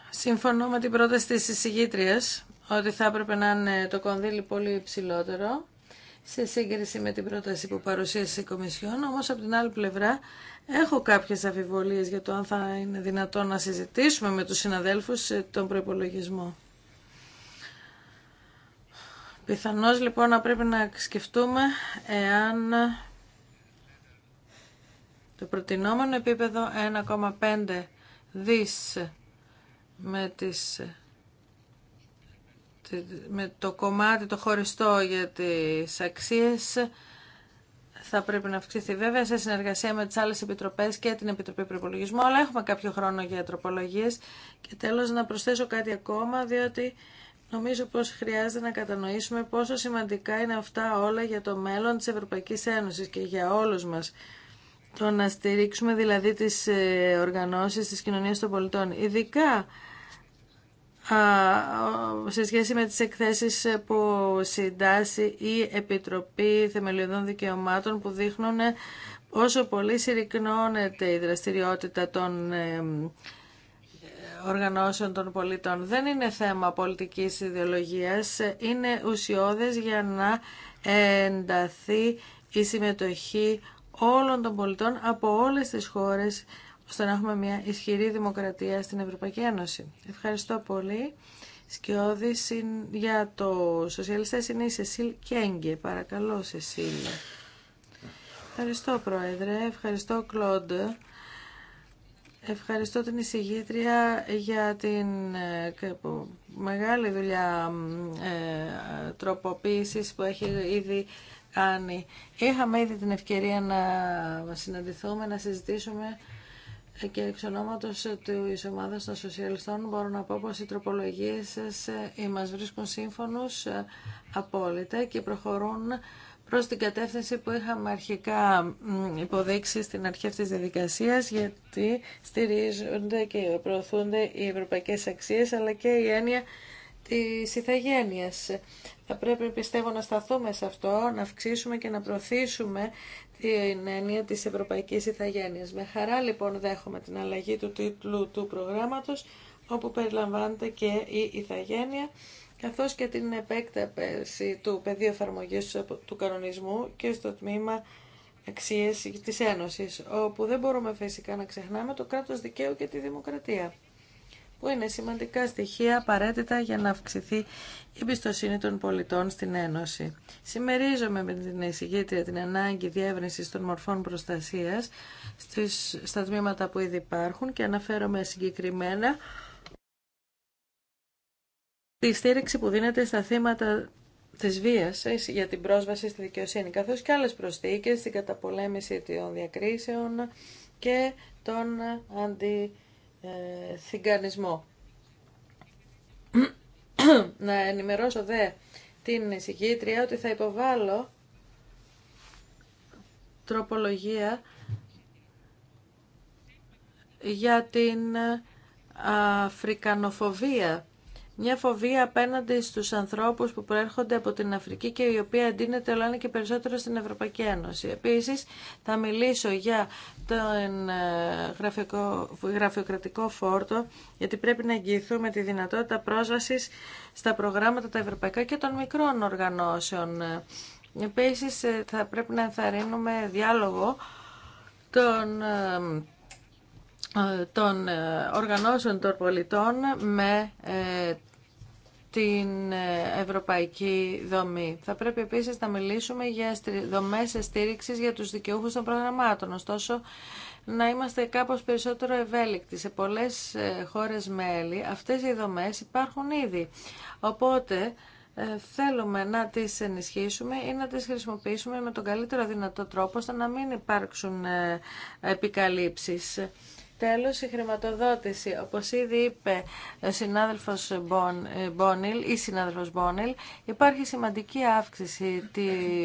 Συμφωνώ με την πρόταση της εισηγήτριας ότι θα έπρεπε να είναι το κονδύλι πολύ υψηλότερο σε σύγκριση με την πρόταση που παρουσίασε η Κομισιόν, όμως από την άλλη πλευρά Έχω κάποιες αφιβολίες για το αν θα είναι δυνατό να συζητήσουμε με τους συναδέλφους ε, τον προϋπολογισμό. Πιθανώς λοιπόν να πρέπει να σκεφτούμε εάν το προτινόμενο επίπεδο 1,5 δις με, τις, με το κομμάτι το χωριστό για τις αξίες θα πρέπει να αυξηθεί βέβαια σε συνεργασία με τις άλλες επιτροπές και την Επιτροπή Προπολογισμού, αλλά έχουμε κάποιο χρόνο για τροπολογίες. Και τέλος να προσθέσω κάτι ακόμα, διότι νομίζω πως χρειάζεται να κατανοήσουμε πόσο σημαντικά είναι αυτά όλα για το μέλλον της Ευρωπαϊκής Ένωσης και για όλους μας. Το να στηρίξουμε δηλαδή τις ε, οργανώσεις της κοινωνίας των πολιτών, ειδικά σε σχέση με τις εκθέσεις που συντάσσει η Επιτροπή Θεμελιωδών Δικαιωμάτων που δείχνουν όσο πολύ συρρυκνώνεται η δραστηριότητα των ε, οργανώσεων των πολιτών. Δεν είναι θέμα πολιτικής ιδεολογίας, είναι ουσιώδες για να ενταθεί η συμμετοχή όλων των πολιτών από όλες τις χώρες ώστε να έχουμε μια ισχυρή δημοκρατία στην Ευρωπαϊκή Ένωση. Ευχαριστώ πολύ. Σκιώδη για το Σοσιαλιστέ είναι η Σεσίλ Κέγκε. Παρακαλώ, Σεσίλ. Ευχαριστώ, Πρόεδρε. Ευχαριστώ, Κλοντ. Ευχαριστώ την εισηγήτρια για την ε, μεγάλη δουλειά ε, τροποποίησης που έχει ήδη κάνει. Είχαμε ήδη την ευκαιρία να συναντηθούμε, να συζητήσουμε και εξ ονόματο τη ομάδα των σοσιαλιστών μπορώ να πω πω οι τροπολογίε σα ε, βρίσκουν σύμφωνους ε, απόλυτα και προχωρούν προς την κατεύθυνση που είχαμε αρχικά υποδείξει στην αρχή αυτή της διαδικασία, γιατί στηρίζονται και προωθούνται οι ευρωπαϊκέ αξίε, αλλά και η έννοια της ηθαγένεια. Θα πρέπει πιστεύω να σταθούμε σε αυτό, να αυξήσουμε και να προωθήσουμε την έννοια της Ευρωπαϊκής Ιθαγένειας. Με χαρά λοιπόν δέχομαι την αλλαγή του τίτλου του προγράμματος, όπου περιλαμβάνεται και η Ιθαγένεια, καθώς και την επέκταση του πεδίου εφαρμογή του κανονισμού και στο τμήμα αξίες της Ένωσης, όπου δεν μπορούμε φυσικά να ξεχνάμε το κράτος δικαίου και τη δημοκρατία που είναι σημαντικά στοιχεία απαραίτητα για να αυξηθεί η εμπιστοσύνη των πολιτών στην Ένωση. Συμμερίζομαι με την εισηγήτρια την ανάγκη διεύρυνση των μορφών προστασία στα τμήματα που ήδη υπάρχουν και αναφέρομαι συγκεκριμένα τη στήριξη που δίνεται στα θύματα της βίας για την πρόσβαση στη δικαιοσύνη, καθώ και άλλε προσθήκες στην καταπολέμηση των διακρίσεων και των αντι ε, να ενημερώσω δε την συγκήτρια ότι θα υποβάλω τροπολογία για την αφρικανοφοβία μια φοβία απέναντι στους ανθρώπους που προέρχονται από την Αφρική και η οποία αντίνεται όλο και περισσότερο στην Ευρωπαϊκή Ένωση. Επίσης, θα μιλήσω για τον ε, γραφειοκρατικό φόρτο, γιατί πρέπει να εγγυηθούμε τη δυνατότητα πρόσβασης στα προγράμματα τα ευρωπαϊκά και των μικρών οργανώσεων. Επίσης, ε, θα πρέπει να ενθαρρύνουμε διάλογο των ε, ε, των ε, οργανώσεων των πολιτών με ε, την ευρωπαϊκή δομή. Θα πρέπει επίσης να μιλήσουμε για δομές στήριξης για τους δικαιούχους των προγραμμάτων. Ωστόσο, να είμαστε κάπως περισσότερο ευέλικτοι. Σε πολλές χώρες μέλη αυτές οι δομές υπάρχουν ήδη. Οπότε, θέλουμε να τις ενισχύσουμε ή να τις χρησιμοποιήσουμε με τον καλύτερο δυνατό τρόπο ώστε να μην υπάρξουν επικαλύψεις. Τέλος, η χρηματοδότηση. Όπως ήδη είπε ο συνάδελφος Μπόνιλ, η συνάδελφος Μπόνιλ, υπάρχει σημαντική αύξηση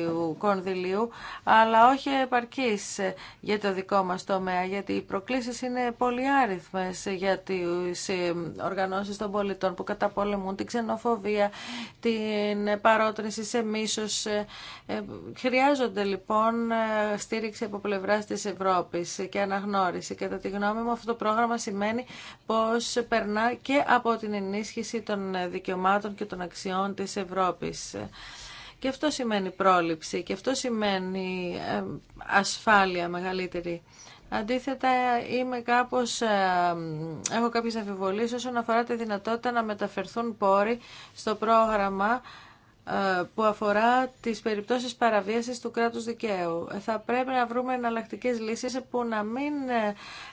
του κονδυλίου, αλλά όχι επαρκής για το δικό μας τομέα, γιατί οι προκλήσεις είναι πολυάριθμες για τις ε, οργανώσεις των πολιτών που καταπολεμούν την ξενοφοβία, την παρότρινση σε μίσος. Ε, ε, χρειάζονται λοιπόν στήριξη από πλευράς της Ευρώπης και αναγνώριση. Κατά τη γνώμη με αυτό το πρόγραμμα σημαίνει πως περνά και από την ενίσχυση των δικαιωμάτων και των αξιών της Ευρώπης. Και αυτό σημαίνει πρόληψη και αυτό σημαίνει ασφάλεια μεγαλύτερη. Αντίθετα, είμαι κάπως, ε, έχω κάποιες αμφιβολίες όσον αφορά τη δυνατότητα να μεταφερθούν πόροι στο πρόγραμμα ε, που αφορά τις περιπτώσεις παραβίασης του κράτους δικαίου. Ε, θα πρέπει να βρούμε εναλλακτικέ λύσεις που να μην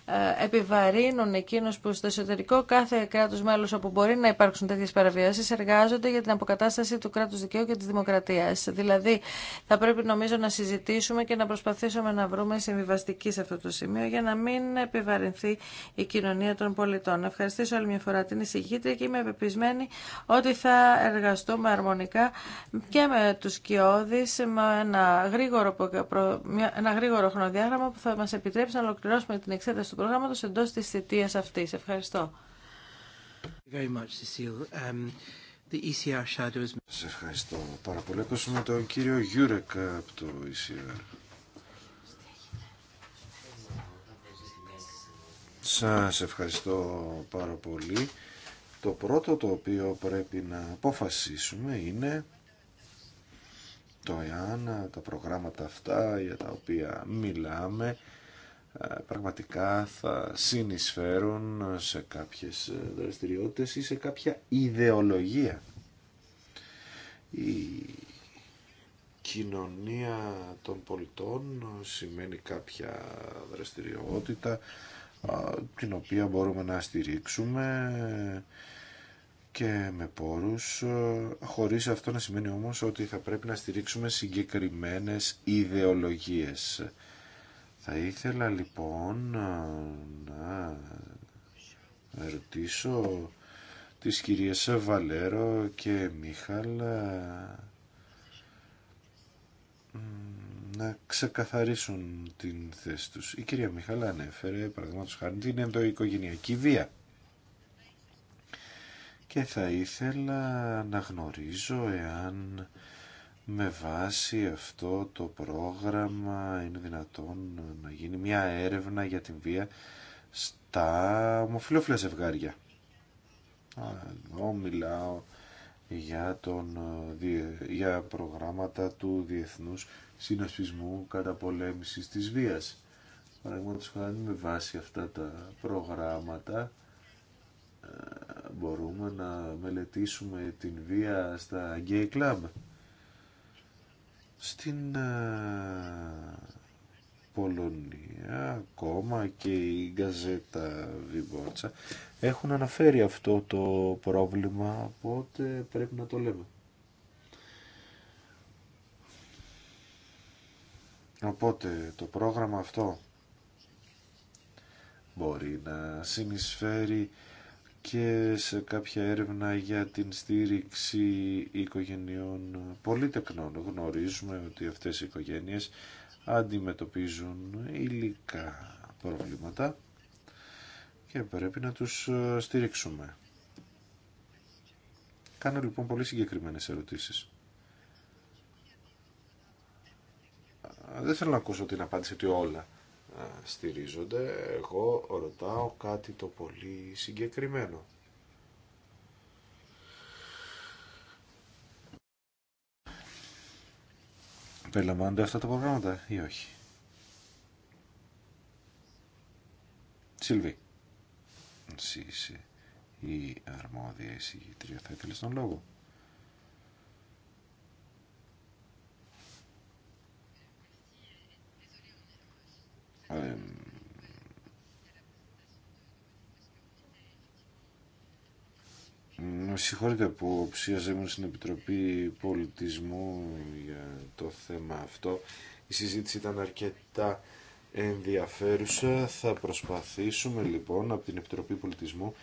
ε, επιβαρύνουν εκείνους που στο εσωτερικό κάθε κράτος μέλος όπου μπορεί να υπάρξουν τέτοιες παραβιάσεις εργάζονται για την αποκατάσταση του κράτους δικαίου και της δημοκρατίας. Δηλαδή θα πρέπει νομίζω να συζητήσουμε και να προσπαθήσουμε να βρούμε συμβιβαστική σε αυτό το σημείο για να μην επιβαρυνθεί η κοινωνία των πολιτών. Ευχαριστήσω άλλη μια φορά την εισηγήτρια και είμαι πεπισμένη ότι θα εργαστούμε αρμονικά και με τους κοιόδης με ένα γρήγορο, ένα γρήγορο χρονοδιάγραμμα που θα μας επιτρέψει να ολοκληρώσουμε την εξέταση του προγράμματος εντός της θητείας αυτής. Ευχαριστώ. Um, e Σας ευχαριστώ πάρα πολύ. Ακούσουμε τον κύριο Γιούρεκ από το ECR. Σας ευχαριστώ πάρα πολύ. Το πρώτο το οποίο πρέπει να αποφασίσουμε είναι το εάν τα προγράμματα αυτά για τα οποία μιλάμε πραγματικά θα συνεισφέρουν σε κάποιες ε, δραστηριότητες ή σε κάποια ιδεολογία. Η κοινωνία των πολιτών σημαίνει κάποια δραστηριότητα την οποία μπορούμε να στηρίξουμε και με πόρους, χωρίς αυτό να σημαίνει όμως ότι θα πρέπει να στηρίξουμε συγκεκριμένες ιδεολογίες. Θα ήθελα λοιπόν να ρωτήσω τις κυρίες Βαλέρο και Μίχαλ να ξεκαθαρίσουν την θέση τους. Η κυρία Μιχαλά ανέφερε, παραδείγματος χάρη, την ενδοοικογενειακή βία. Και θα ήθελα να γνωρίζω εάν με βάση αυτό το πρόγραμμα είναι δυνατόν να γίνει μια έρευνα για την βία στα ομοφιλόφιλα ζευγάρια. Εδώ μιλάω για, τον, ε, για προγράμματα του Διεθνούς συνασπισμού καταπολέμησης της βίας. Παραδείγματος χάρη με βάση αυτά τα προγράμματα ε, μπορούμε να μελετήσουμε την βία στα gay club. Στην ε, Πολωνία ακόμα και η γκαζέτα βιβότσα έχουν αναφέρει αυτό το πρόβλημα οπότε πρέπει να το λέμε. Οπότε το πρόγραμμα αυτό μπορεί να συνεισφέρει και σε κάποια έρευνα για την στήριξη οικογενειών πολυτεκνών. Γνωρίζουμε ότι αυτές οι οικογένειες αντιμετωπίζουν υλικά προβλήματα και πρέπει να τους ε, στηρίξουμε. Κάνω λοιπόν πολύ συγκεκριμένες ερωτήσεις. Δεν θέλω να ακούσω την απάντηση ότι όλα ε, στηρίζονται. Εγώ ρωτάω κάτι το πολύ συγκεκριμένο. Περιλαμβάνονται αυτά τα προγράμματα ή όχι. Σιλβί. Εσύ είσαι η αρμόδια εισηγήτρια. Θα ήθελες τον λόγο. Ε, με συγχωρείτε που ψίαζα ήμουν στην Επιτροπή Πολιτισμού για το θέμα αυτό. Η συζήτηση ήταν αρκετά ενδιαφέρουσα. Θα προσπαθήσουμε λοιπόν από την Επιτροπή Πολιτισμού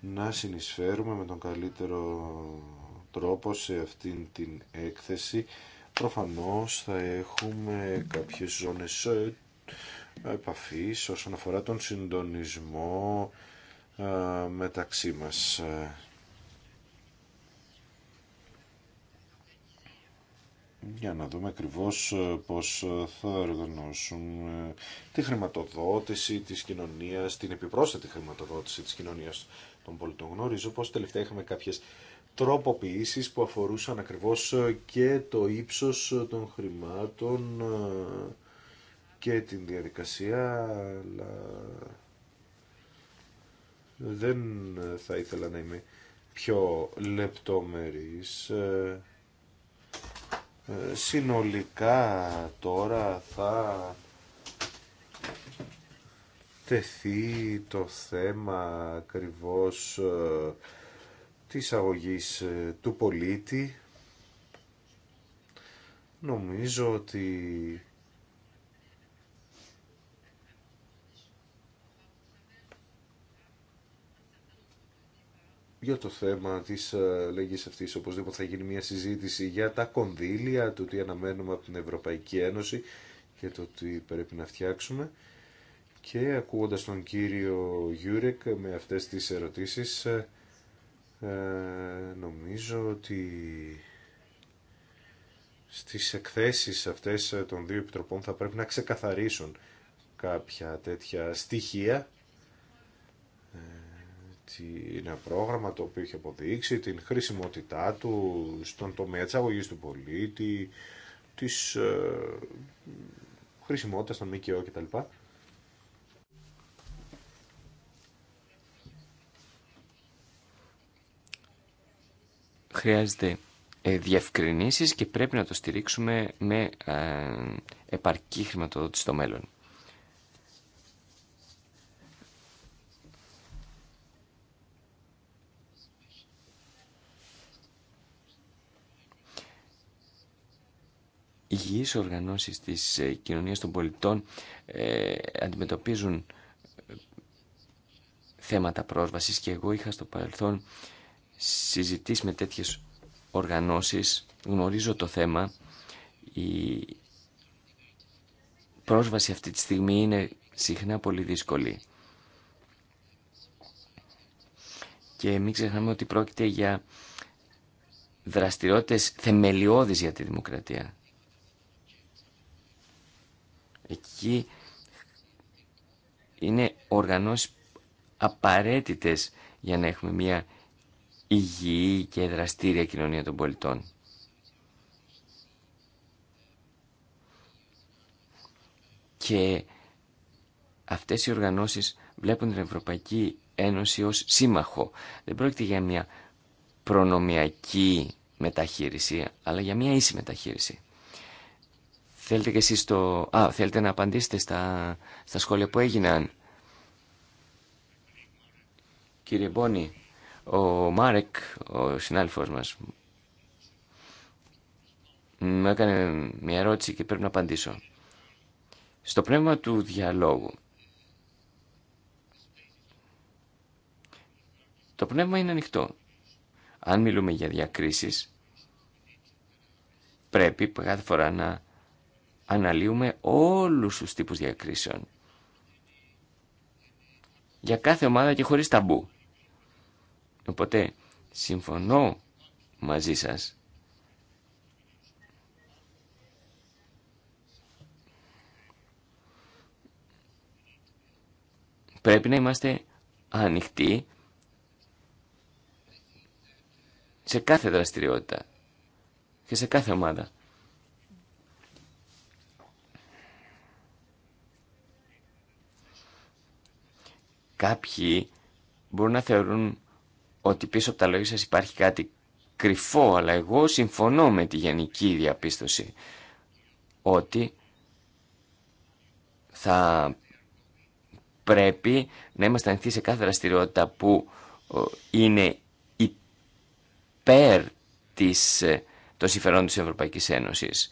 να συνεισφέρουμε με τον καλύτερο τρόπο σε αυτήν την έκθεση. Προφανώς θα έχουμε κάποιες ζώνες ε, επαφής όσον αφορά τον συντονισμό ε, μεταξύ μας. Για να δούμε ακριβώς ε, πώς θα οργανώσουν τη χρηματοδότηση της κοινωνίας, την επιπρόσθετη χρηματοδότηση της κοινωνίας των πολιτών. Γνωρίζω πως τελευταία είχαμε κάποιες τροποποιήσεις που αφορούσαν ακριβώς και το ύψος των χρημάτων ε, και την διαδικασία, αλλά δεν θα ήθελα να είμαι πιο λεπτομερής. Ε, ε, συνολικά τώρα θα τεθεί το θέμα ακριβώς ε, της αγωγής του πολίτη. Νομίζω ότι για το θέμα της ε, λέγης αυτής. Οπωσδήποτε θα γίνει μια συζήτηση για τα κονδύλια, το τι αναμένουμε από την Ευρωπαϊκή Ένωση και το τι πρέπει να φτιάξουμε. Και ακούγοντας τον κύριο Γιούρεκ με αυτές τις ερωτήσεις, ε, ε, νομίζω ότι στις εκθέσεις αυτές των δύο επιτροπών θα πρέπει να ξεκαθαρίσουν κάποια τέτοια στοιχεία τι ένα πρόγραμμα το οποίο έχει αποδείξει την χρησιμότητά του στον τομέα της αγωγής του πολίτη, της ε, χρησιμότητας των ΜΚΟ κτλ. Χρειάζεται ε, διευκρινήσεις και πρέπει να το στηρίξουμε με ε, επαρκή χρηματοδότηση στο μέλλον. υγιείς οργανώσεις της ε, κοινωνίας των πολιτών ε, αντιμετωπίζουν ε, θέματα πρόσβασης και εγώ είχα στο παρελθόν συζητήσει με τέτοιες οργανώσεις, γνωρίζω το θέμα. Η πρόσβαση αυτή τη στιγμή είναι συχνά πολύ δύσκολη. Και μην ξεχνάμε ότι πρόκειται για δραστηριότητες θεμελιώδεις για τη δημοκρατία. Εκεί είναι οργανώσεις απαραίτητες για να έχουμε μια υγιή και δραστήρια κοινωνία των πολιτών. Και αυτές οι οργανώσεις βλέπουν την Ευρωπαϊκή Ένωση ως σύμμαχο. Δεν πρόκειται για μια προνομιακή μεταχείριση, αλλά για μια ίση μεταχείριση. Θέλετε και εσείς το... να απαντήσετε στα, στα σχόλια που έγιναν. Κύριε Μπόνι, ο Μάρεκ, ο συνάδελφός μας, μου έκανε μια ερώτηση και πρέπει να απαντήσω. Στο πνεύμα του διαλόγου, το πνεύμα είναι ανοιχτό. Αν μιλούμε για διακρίσεις, πρέπει κάθε φορά να αναλύουμε όλους τους τύπους διακρίσεων. Για κάθε ομάδα και χωρίς ταμπού. Οπότε, συμφωνώ μαζί σας. Πρέπει να είμαστε ανοιχτοί σε κάθε δραστηριότητα και σε κάθε ομάδα. Κάποιοι μπορούν να θεωρούν ότι πίσω από τα λόγια σας υπάρχει κάτι κρυφό, αλλά εγώ συμφωνώ με τη γενική διαπίστωση ότι θα πρέπει να είμαστε ανοιχτοί σε κάθε δραστηριότητα που είναι υπέρ της, των συμφερόντων της Ευρωπαϊκής Ένωσης,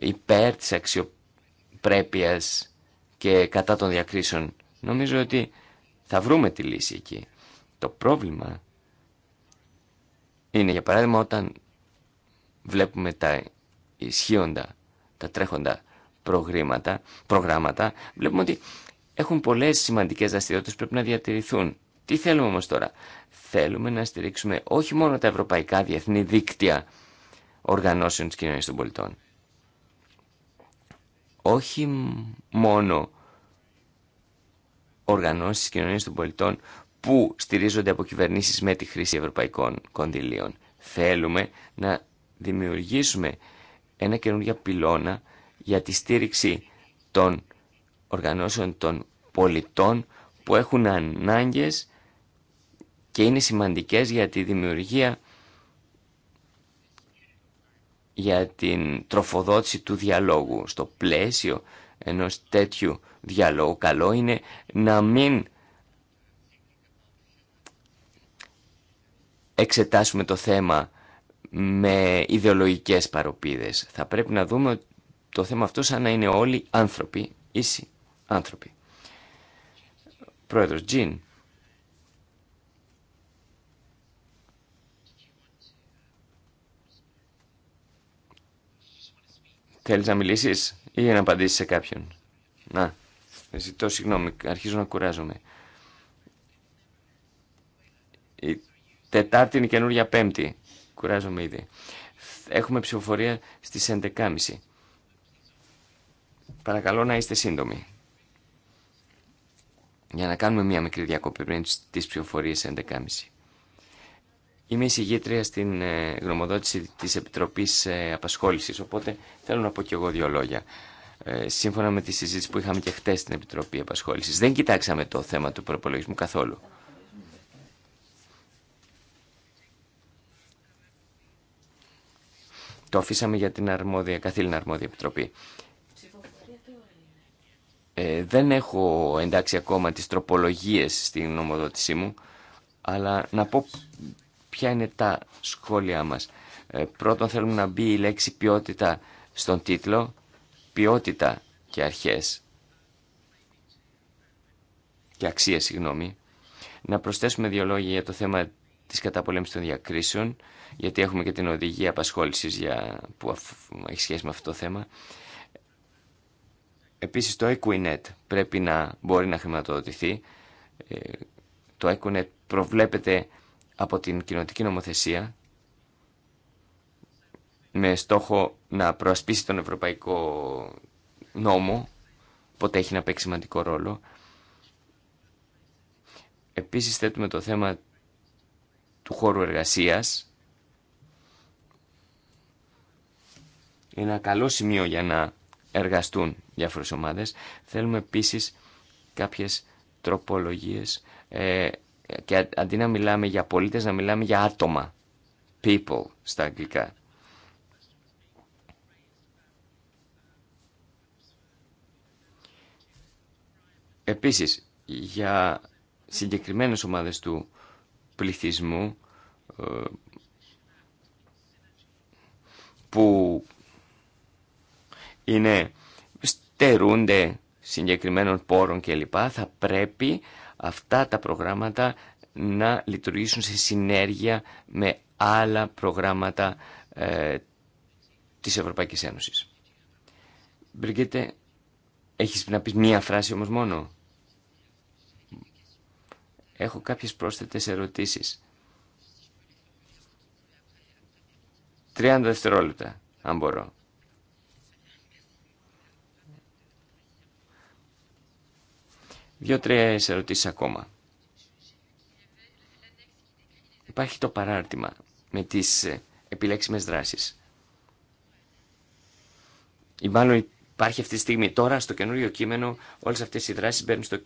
υπέρ της αξιοπρέπειας και κατά των διακρίσεων. Νομίζω ότι θα βρούμε τη λύση εκεί. Το πρόβλημα είναι για παράδειγμα όταν βλέπουμε τα ισχύοντα, τα τρέχοντα προγράμματα, προγράμματα βλέπουμε ότι έχουν πολλές σημαντικές δραστηριότητε που πρέπει να διατηρηθούν. Τι θέλουμε όμως τώρα. Θέλουμε να στηρίξουμε όχι μόνο τα ευρωπαϊκά διεθνή δίκτυα οργανώσεων της κοινωνίας των πολιτών. Όχι μόνο οργανώσεις κοινωνία των πολιτών που στηρίζονται από κυβερνήσεις με τη χρήση ευρωπαϊκών κονδυλίων. Θέλουμε να δημιουργήσουμε ένα καινούργια πυλώνα για τη στήριξη των οργανώσεων των πολιτών που έχουν ανάγκες και είναι σημαντικές για τη δημιουργία για την τροφοδότηση του διαλόγου στο πλαίσιο ενός τέτοιου διαλόγου καλό είναι να μην εξετάσουμε το θέμα με ιδεολογικές παροπίδες. Θα πρέπει να δούμε το θέμα αυτό σαν να είναι όλοι άνθρωποι, ίσοι άνθρωποι. Πρόεδρος Τζιν. Θέλεις να μιλήσεις? Ή για να απαντήσει σε κάποιον. Να, ζητώ συγγνώμη, αρχίζω να κουράζομαι. Η Τετάρτη είναι η καινούργια Πέμπτη. Κουράζομαι ήδη. Έχουμε ψηφοφορία στις 11.30. Παρακαλώ να είστε σύντομοι. Για να κάνουμε μία μικρή διακοπή πριν τις ψηφοφορίες 11.30. Είμαι εισηγήτρια στην ε, γνωμοδότηση της Επιτροπής ε, Απασχόλησης, οπότε θέλω να πω και εγώ δύο λόγια. Ε, σύμφωνα με τη συζήτηση που είχαμε και χτες στην Επιτροπή Απασχόλησης, δεν κοιτάξαμε το θέμα του προπολογισμού καθόλου. Το αφήσαμε για την αρμόδια, καθήλυνα αρμόδια επιτροπή. Ε, δεν έχω εντάξει ακόμα τις τροπολογίες στην νομοδότησή μου, αλλά να πω ποια είναι τα σχόλιά μας. Ε, πρώτον θέλουμε να μπει η λέξη ποιότητα στον τίτλο, ποιότητα και αρχές και αξία, συγγνώμη. Να προσθέσουμε δύο λόγια για το θέμα της καταπολέμησης των διακρίσεων, γιατί έχουμε και την οδηγία απασχόλησης για, που έχει σχέση με αυτό το θέμα. Επίσης το Equinet πρέπει να μπορεί να χρηματοδοτηθεί. Ε, το Equinet προβλέπεται από την κοινοτική νομοθεσία με στόχο να προασπίσει τον ευρωπαϊκό νόμο, ποτέ έχει να παίξει σημαντικό ρόλο. Επίσης θέτουμε το θέμα του χώρου εργασίας. Είναι ένα καλό σημείο για να εργαστούν διάφορες ομάδες. Θέλουμε επίσης κάποιες τροπολογίες ε, και αντί να μιλάμε για πολίτες να μιλάμε για άτομα people στα αγγλικά Επίσης για συγκεκριμένες ομάδες του πληθυσμού ε, που είναι στερούνται συγκεκριμένων πόρων κλπ θα πρέπει αυτά τα προγράμματα να λειτουργήσουν σε συνέργεια με άλλα προγράμματα ε, της Ευρωπαϊκής Ένωσης. Μπριγκέτε, έχεις να πεις μία φράση όμως μόνο. Έχω κάποιες πρόσθετες ερωτήσεις. 30 δευτερόλεπτα, αν μπορώ. Δύο-τρία ερωτήσει ακόμα. Υπάρχει το παράρτημα με τις ε, επιλέξιμες δράσεις. Ή μάλλον υπάρχει αυτή τη στιγμή τώρα στο καινούριο κείμενο όλες αυτές οι δράσεις μπαίνουν στο,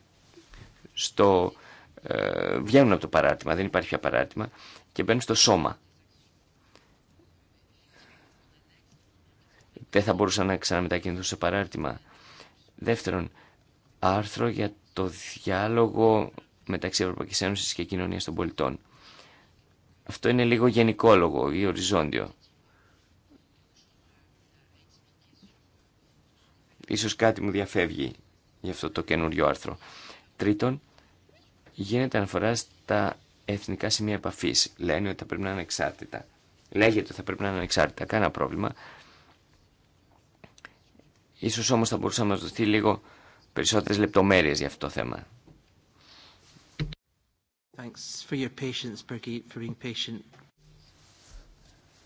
στο ε, βγαίνουν από το παράρτημα, δεν υπάρχει πια παράρτημα και μπαίνουν στο σώμα. Δεν θα μπορούσα να ξαναμετακινηθώ σε παράρτημα. Δεύτερον, άρθρο για το διάλογο μεταξύ Ευρωπαϊκής Ένωσης και κοινωνία των πολιτών. Αυτό είναι λίγο γενικόλογο ή οριζόντιο. Ίσως κάτι μου διαφεύγει για αυτό το καινούριο άρθρο. Τρίτον, γίνεται αναφορά στα εθνικά σημεία επαφή. Λένε ότι θα πρέπει να είναι ανεξάρτητα. Λέγεται ότι θα πρέπει να είναι ανεξάρτητα. Κάνα πρόβλημα. Ίσως όμως θα μπορούσαμε να δοθεί λίγο περισσότερες λεπτομέρειες για αυτό το θέμα.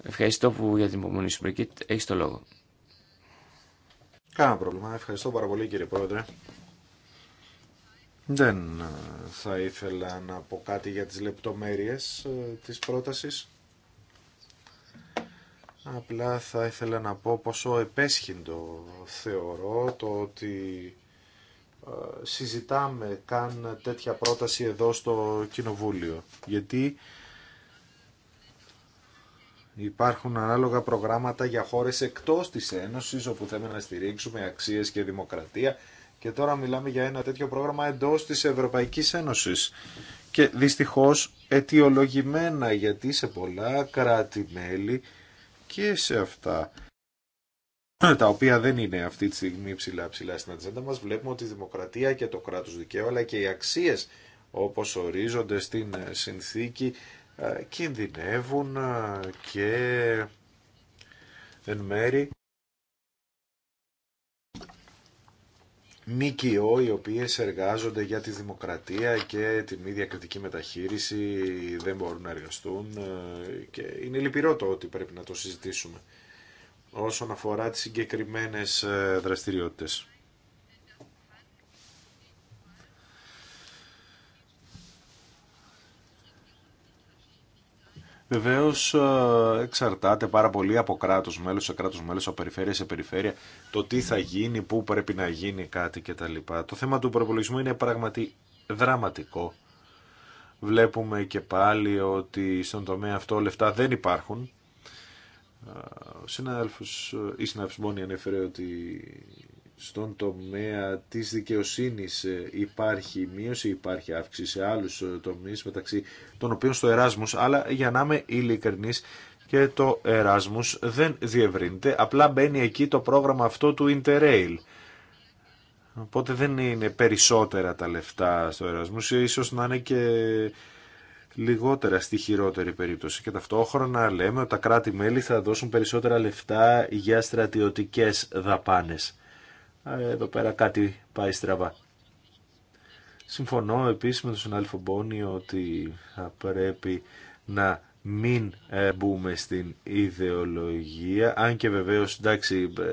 Ευχαριστώ που για την υπομονή σου, Μπρικίτ. Έχεις το λόγο. Κάνα πρόβλημα. Ευχαριστώ πάρα πολύ, κύριε Πρόεδρε. Δεν ε, θα ήθελα να πω κάτι για τις λεπτομέρειες ε, της πρότασης. Απλά θα ήθελα να πω πόσο επέσχυντο θεωρώ το ότι ε, συζητάμε καν τέτοια πρόταση εδώ στο Κοινοβούλιο. Γιατί υπάρχουν ανάλογα προγράμματα για χώρες εκτός της Ένωσης όπου θέλουμε να στηρίξουμε αξίες και δημοκρατία και τώρα μιλάμε για ένα τέτοιο πρόγραμμα εντός της Ευρωπαϊκής Ένωσης. Και δυστυχώς αιτιολογημένα γιατί σε πολλά κράτη-μέλη και σε αυτά ε, τα οποία δεν είναι αυτή τη στιγμή ψηλά ψηλά στην ατζέντα μας, βλέπουμε ότι η δημοκρατία και το κράτος δικαίου, αλλά και οι αξίες όπως ορίζονται στην ε, συνθήκη, ε, κινδυνεύουν και εν μέρη ΜΚΟ οι οποίες εργάζονται για τη δημοκρατία και την μη διακριτική μεταχείριση δεν μπορούν να εργαστούν και είναι λυπηρό το ότι πρέπει να το συζητήσουμε όσον αφορά τις συγκεκριμένες ε, δραστηριότητες. Βεβαίω ε, εξαρτάται πάρα πολύ από κράτο μέλο σε κράτος μέλο, από περιφέρεια σε περιφέρεια, το τι θα γίνει, πού πρέπει να γίνει κάτι κτλ. Το θέμα του προπολογισμού είναι πραγματι δραματικό. Βλέπουμε και πάλι ότι στον τομέα αυτό λεφτά δεν υπάρχουν. Ε, συνάδελφος ή συνάδελφος ανέφερε ότι στον τομέα της δικαιοσύνης ε, υπάρχει μείωση, υπάρχει αύξηση σε άλλους ε, τομείς μεταξύ των οποίων στο Εράσμους, αλλά για να είμαι ειλικρινής και το Εράσμους δεν διευρύνεται, απλά μπαίνει εκεί το πρόγραμμα αυτό του Interrail. Οπότε δεν είναι περισσότερα τα λεφτά στο Εράσμους, ίσως να είναι και λιγότερα στη χειρότερη περίπτωση. Και ταυτόχρονα λέμε ότι τα κράτη-μέλη θα δώσουν περισσότερα λεφτά για στρατιωτικές δαπάνες. Εδώ πέρα κάτι πάει στραβά. Συμφωνώ επίσης με τον συνάδελφο Μπόνι ότι θα πρέπει να μην ε, μπούμε στην ιδεολογία, αν και βεβαίως εντάξει, ε,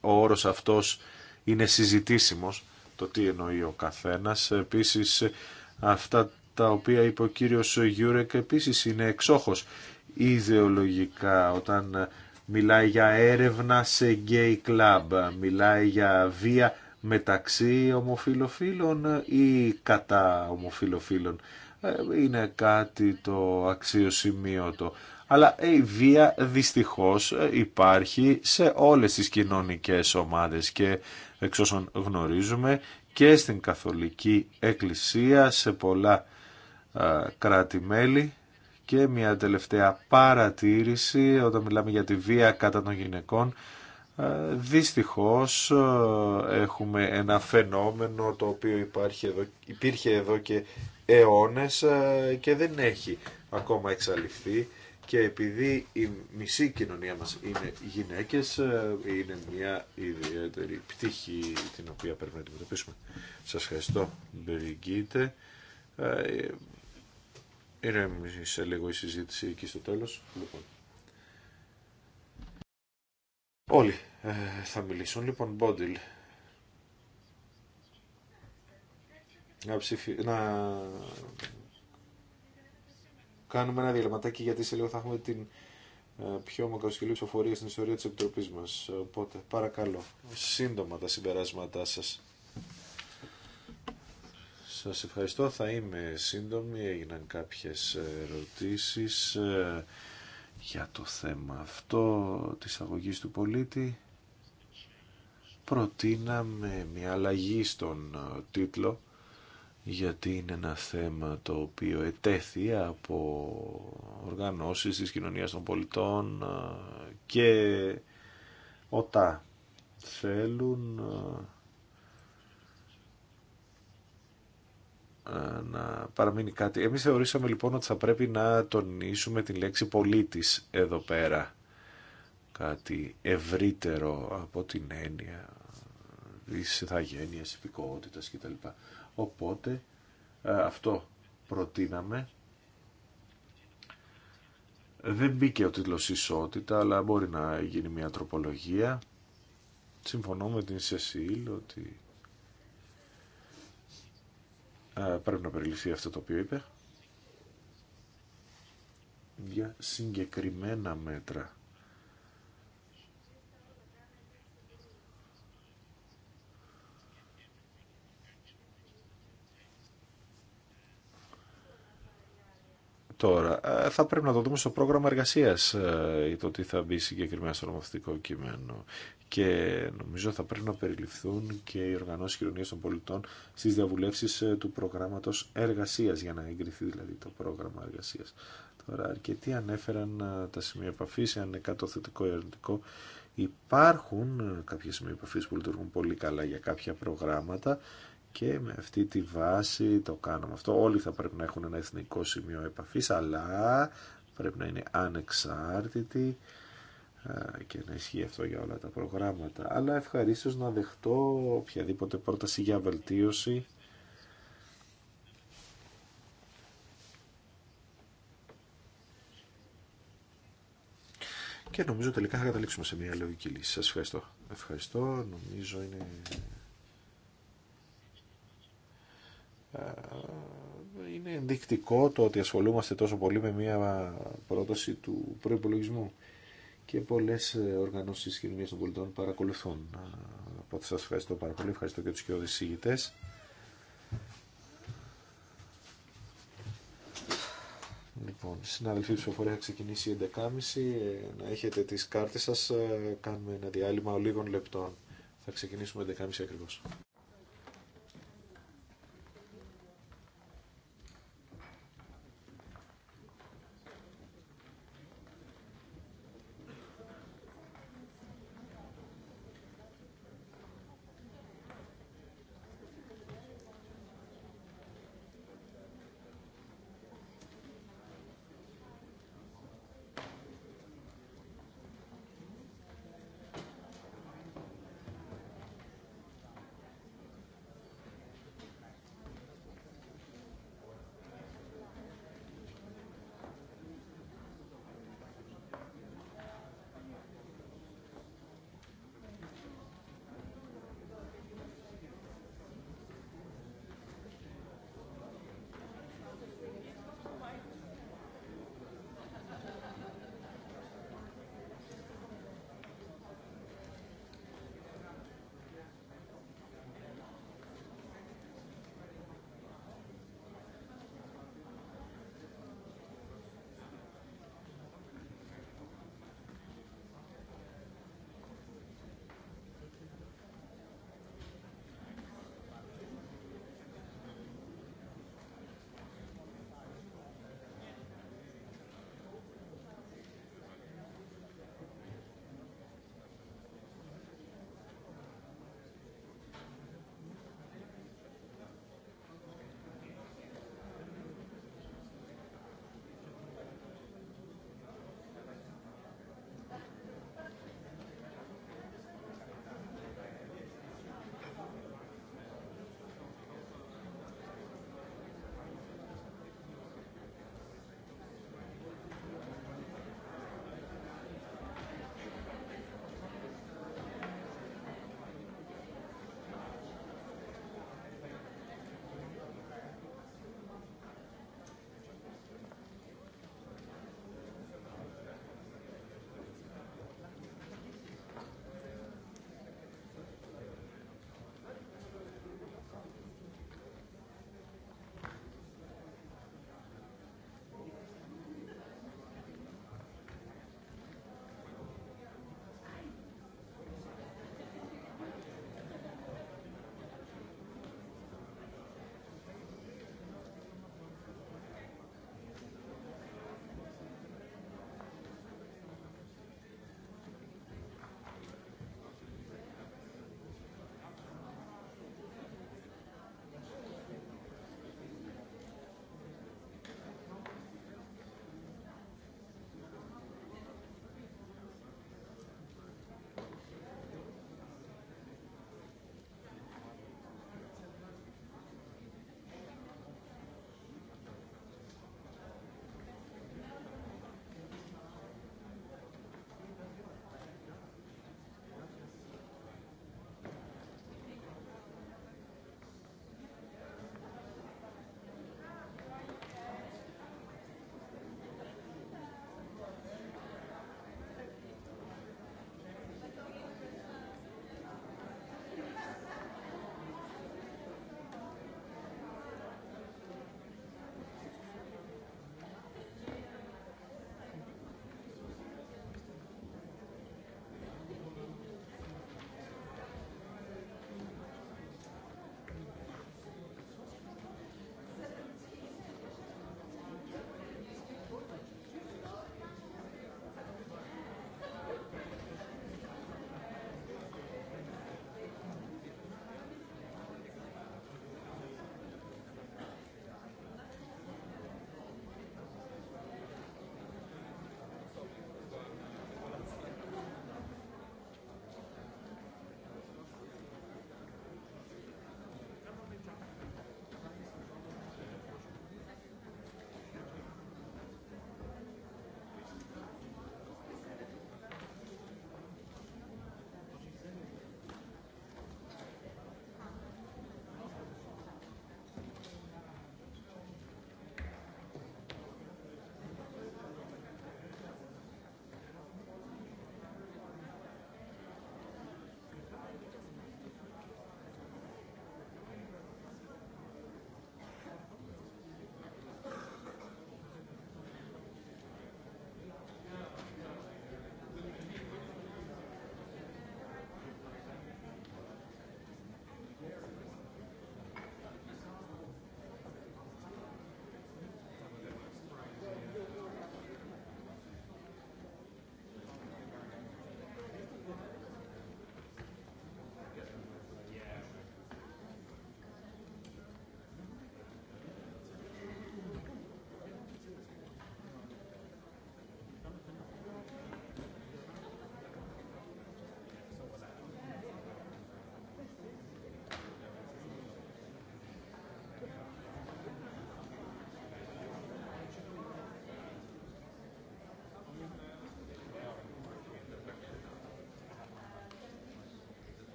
ο όρος αυτός είναι συζητήσιμος, το τι εννοεί ο καθένας. Επίσης αυτά τα οποία είπε ο κύριος Γιούρεκ επίσης είναι εξόχως ιδεολογικά όταν μιλάει για έρευνα σε γκέι κλαμπ, μιλάει για βία μεταξύ ομοφιλοφίλων ή κατά ομοφιλοφίλων. Ε, είναι κάτι το αξιοσημείωτο. Αλλά ε, η βία δυστυχώς ε, υπάρχει σε όλες τις κοινωνικές ομάδες και εξ όσων γνωρίζουμε και στην Καθολική Εκκλησία σε πολλά κράτη-μέλη. Και μια τελευταία παρατήρηση όταν μιλάμε για τη βία κατά των γυναικών. Δυστυχώς έχουμε ένα φαινόμενο το οποίο υπάρχει εδώ, υπήρχε εδώ και αιώνες και δεν έχει ακόμα εξαλειφθεί και επειδή η μισή κοινωνία μας είναι γυναίκες είναι μια ιδιαίτερη πτύχη την οποία πρέπει να αντιμετωπίσουμε. Σας ευχαριστώ Μπριγκίτε. Ηρέμησε λίγο η συζήτηση εκεί στο τέλος. Λοιπόν. Όλοι ε, θα μιλήσουν. Λοιπόν, Μπόντιλ. Να, ψηφι... να κάνουμε ένα διαλυματάκι γιατί σε λίγο θα έχουμε την ε, πιο μακροσκελή ψηφοφορία στην ιστορία της Επιτροπής μας. Οπότε, παρακαλώ, σύντομα τα συμπεράσματά σας. Σας ευχαριστώ. Θα είμαι σύντομη. Έγιναν κάποιες ερωτήσεις ε, για το θέμα αυτό της αγωγής του πολίτη. Προτείναμε μια αλλαγή στον ε, τίτλο γιατί είναι ένα θέμα το οποίο ετέθη από οργανώσεις της κοινωνίας των πολιτών ε, και όταν θέλουν Ε, να παραμείνει κάτι. Εμείς θεωρήσαμε λοιπόν ότι θα πρέπει να τονίσουμε τη λέξη πολίτης εδώ πέρα. Κάτι ευρύτερο από την έννοια της ηθαγένειας, υπηκότητας κτλ. Οπότε ε, αυτό προτείναμε. Δεν μπήκε ο τίτλος ισότητα, αλλά μπορεί να γίνει μια τροπολογία. Συμφωνώ με την Σεσίλ ότι πρέπει να περιληφθεί αυτό το οποίο είπε για συγκεκριμένα μέτρα τώρα. Ε, θα πρέπει να το δούμε στο πρόγραμμα εργασία ε, ή το τι θα μπει συγκεκριμένα στο νομοθετικό κείμενο. Και νομίζω θα πρέπει να περιληφθούν και οι οργανώσει κοινωνία των πολιτών στι διαβουλεύσεις ε, του προγράμματο εργασία για να εγκριθεί δηλαδή το πρόγραμμα εργασία. Τώρα, αρκετοί ανέφεραν τα σημεία επαφή, αν είναι κάτω θετικό ή αρνητικό. Υπάρχουν κάποια σημεία επαφή που λειτουργούν πολύ καλά για κάποια προγράμματα και με αυτή τη βάση το κάνουμε αυτό. Όλοι θα πρέπει να έχουν ένα εθνικό σημείο επαφής, αλλά πρέπει να είναι ανεξάρτητοι ε, και να ισχύει αυτό για όλα τα προγράμματα. Αλλά ευχαρίστως να δεχτώ οποιαδήποτε πρόταση για βελτίωση. Και νομίζω τελικά θα καταλήξουμε σε μια λογική λύση. Σας ευχαριστώ. Ευχαριστώ. Νομίζω είναι Ε, είναι ενδεικτικό το ότι ασχολούμαστε τόσο πολύ με μια πρόταση του προϋπολογισμού και πολλές ε, οργανώσεις της κοινωνίας των πολιτών παρακολουθούν. Οπότε ε, σας ευχαριστώ πάρα πολύ, ευχαριστώ και τους κοιόδης συγητές. Λοιπόν, συναδελφοί ψηφοφορία θα ξεκινήσει 11.30. Να έχετε τις κάρτες σας. Κάνουμε ένα διάλειμμα λίγων λεπτών. Θα ξεκινήσουμε 11.30 ακριβώς.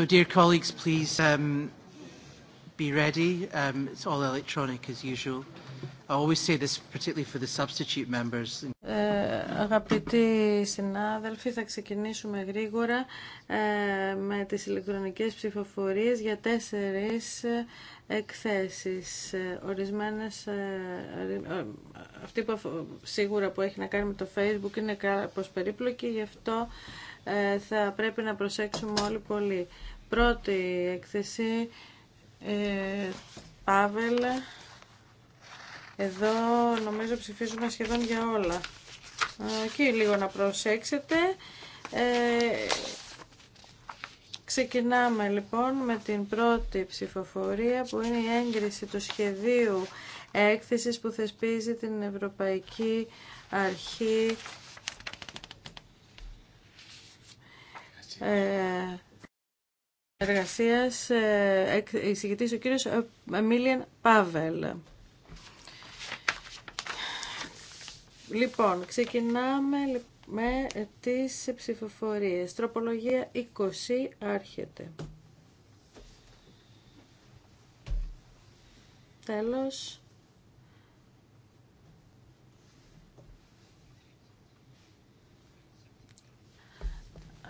So, dear colleagues, please um, be ready. Um, it's all electronic as usual. I always say this particularly for the substitute members. Ε, αγαπητοί συνάδελφοι, θα ξεκινήσουμε γρήγορα ε, με τις ηλεκτρονικές ψηφοφορίες για τέσσερις εκθέσεις. Ορισμένες, ε, ε, ε αυτή που σίγουρα που έχει να κάνει με το Facebook είναι κάπως περίπλοκη, γι' αυτό... Ε, θα πρέπει να προσέξουμε όλοι πολύ. Πρώτη έκθεση, ε, Πάβελ, εδώ νομίζω ψηφίζουμε σχεδόν για όλα. Εκεί λίγο να προσέξετε. Ε, ξεκινάμε λοιπόν με την πρώτη ψηφοφορία που είναι η έγκριση του σχεδίου έκθεσης που θεσπίζει την Ευρωπαϊκή Αρχή Ε, εργασίας ε, εισηγητής ο κύριος Εμίλιαν Πάβελ. Λοιπόν, ξεκινάμε με ε, τις ψηφοφορίες. Τροπολογία 20 άρχεται. Τέλος.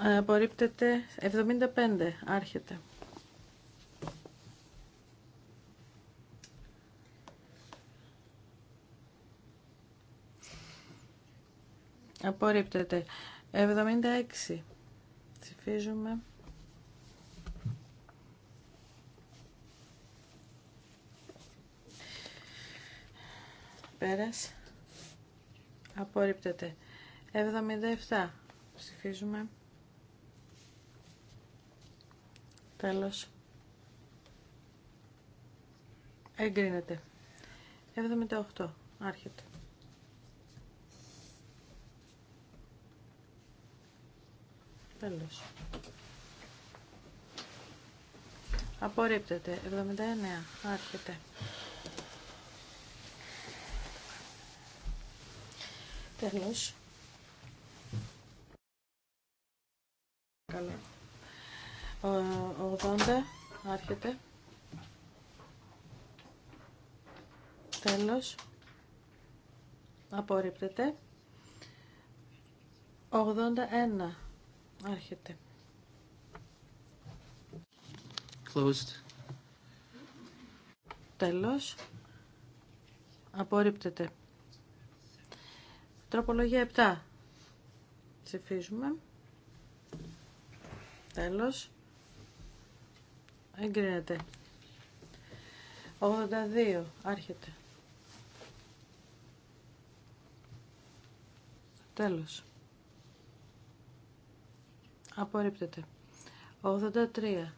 Απορρίπτεται 75. Άρχεται. Απορρίπτεται 76. Ψηφίζουμε. Πέρας. Απορρίπτεται 77. Ψηφίζουμε. Τέλος. Εγκρίνεται. 78. Άρχεται. Τέλος. Απορρίπτεται. 79. Άρχεται. Τέλος. Καλά. 80 άρχεται. Τέλος. Απορρίπτεται. 81 άρχεται. Closed. Τέλος. Απορρίπτεται. Τροπολογία 7. Ψηφίζουμε. Τέλος. Εγκρίνεται. 82. Άρχεται. Τέλος. Απορρίπτεται. 83.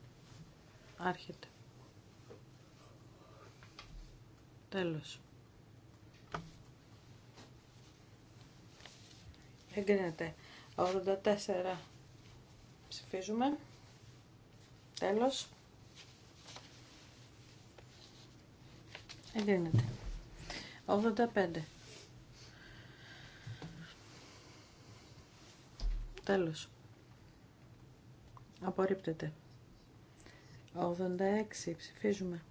Άρχεται. Τέλος. Εγκρίνεται. 84. Ψηφίζουμε. Τέλος. Εγκρίνεται. 85. Τέλος. Απορρίπτεται. 86. Ψηφίζουμε.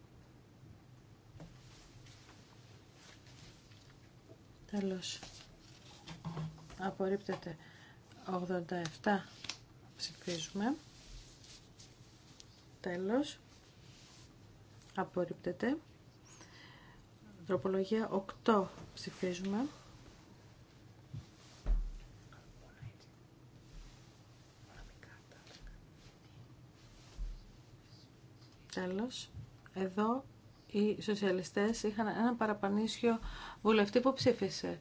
Τέλος. Απορρίπτεται. 87. Ψηφίζουμε. Τέλος. Απορρίπτεται. Τροπολογία 8 ψηφίζουμε. Τέλος. Εδώ οι σοσιαλιστές είχαν ένα παραπανίσιο βουλευτή που ψήφισε.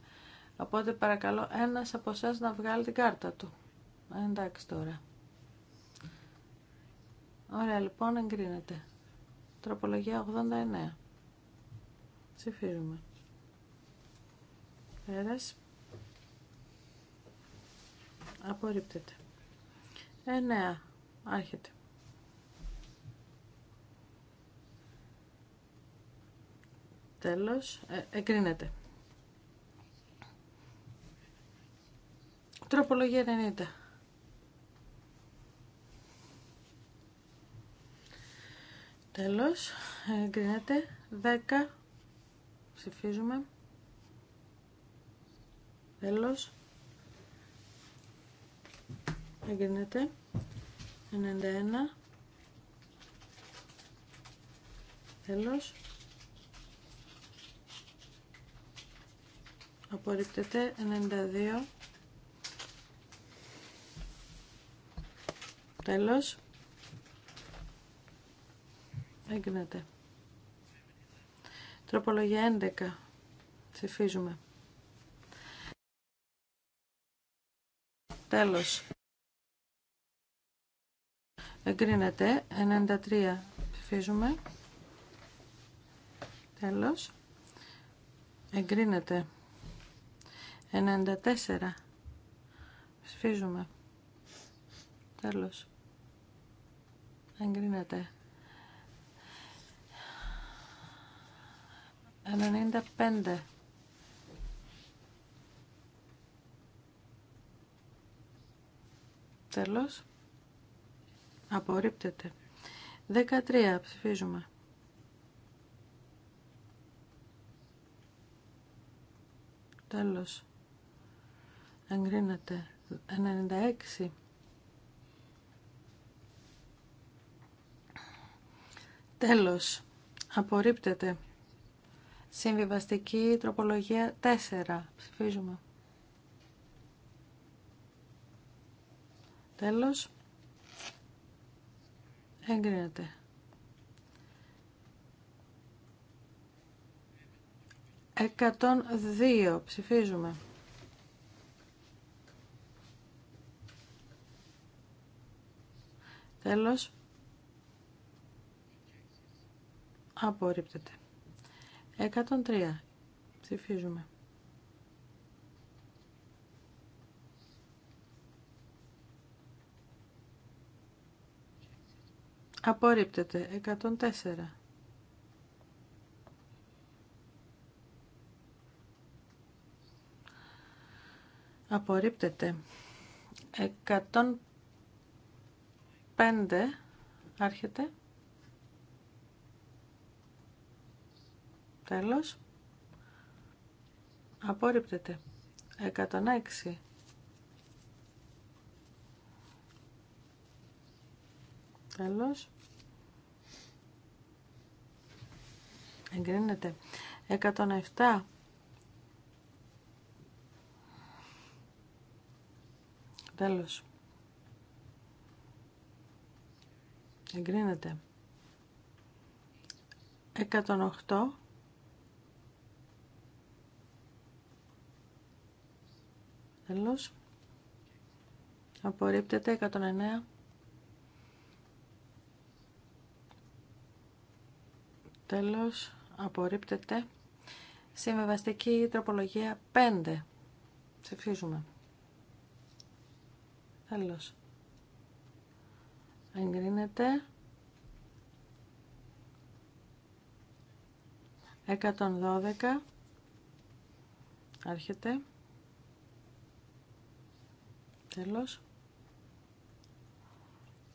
Οπότε παρακαλώ ένας από εσά να βγάλει την κάρτα του. Εντάξει τώρα. Ωραία λοιπόν εγκρίνεται. Τροπολογία 89. Ψηφίζουμε. Πέρας. Απορρίπτεται. 9. Άρχεται. Τέλος. Ε, εγκρίνεται. Τροπολογία 90. Τέλος, εγκρίνεται 10 Ψηφίζουμε. Τέλος. Εγκρίνεται. 91. Τέλος. Απορρίπτεται. 92. Τέλος. Έγκρινεται. Τροπολογία 11. Ψηφίζουμε. Τέλος. Εγκρίνεται. 93. Ψηφίζουμε. Τέλος. Εγκρίνεται. 94. Ψηφίζουμε. Τέλος. Εγκρίνεται. 95. Τέλος. Απορρίπτεται. 13. Ψηφίζουμε. Τέλος. Εγκρίνεται. 96. Τέλος. Απορρίπτεται. Συμβιβαστική τροπολογία 4. Ψηφίζουμε. Τέλος. Εγκρίνεται. Εκατόν δύο. Ψηφίζουμε. Τέλος. Απορρίπτεται. 103. Ψηφίζουμε. Απορρίπτεται. 104. Απορρίπτεται. 105. Άρχεται. Τέλος. Απόρριπτεται. 106. Τέλος. Εγκρίνεται. 107. Τέλος. Εγκρίνεται. 108. Τέλος. Απορρίπτεται 109. Τέλος. Απορρίπτεται. Συμβεβαστική τροπολογία 5. Ψηφίζουμε. Τέλος. Εγκρίνεται. 112. Άρχεται. Τέλος.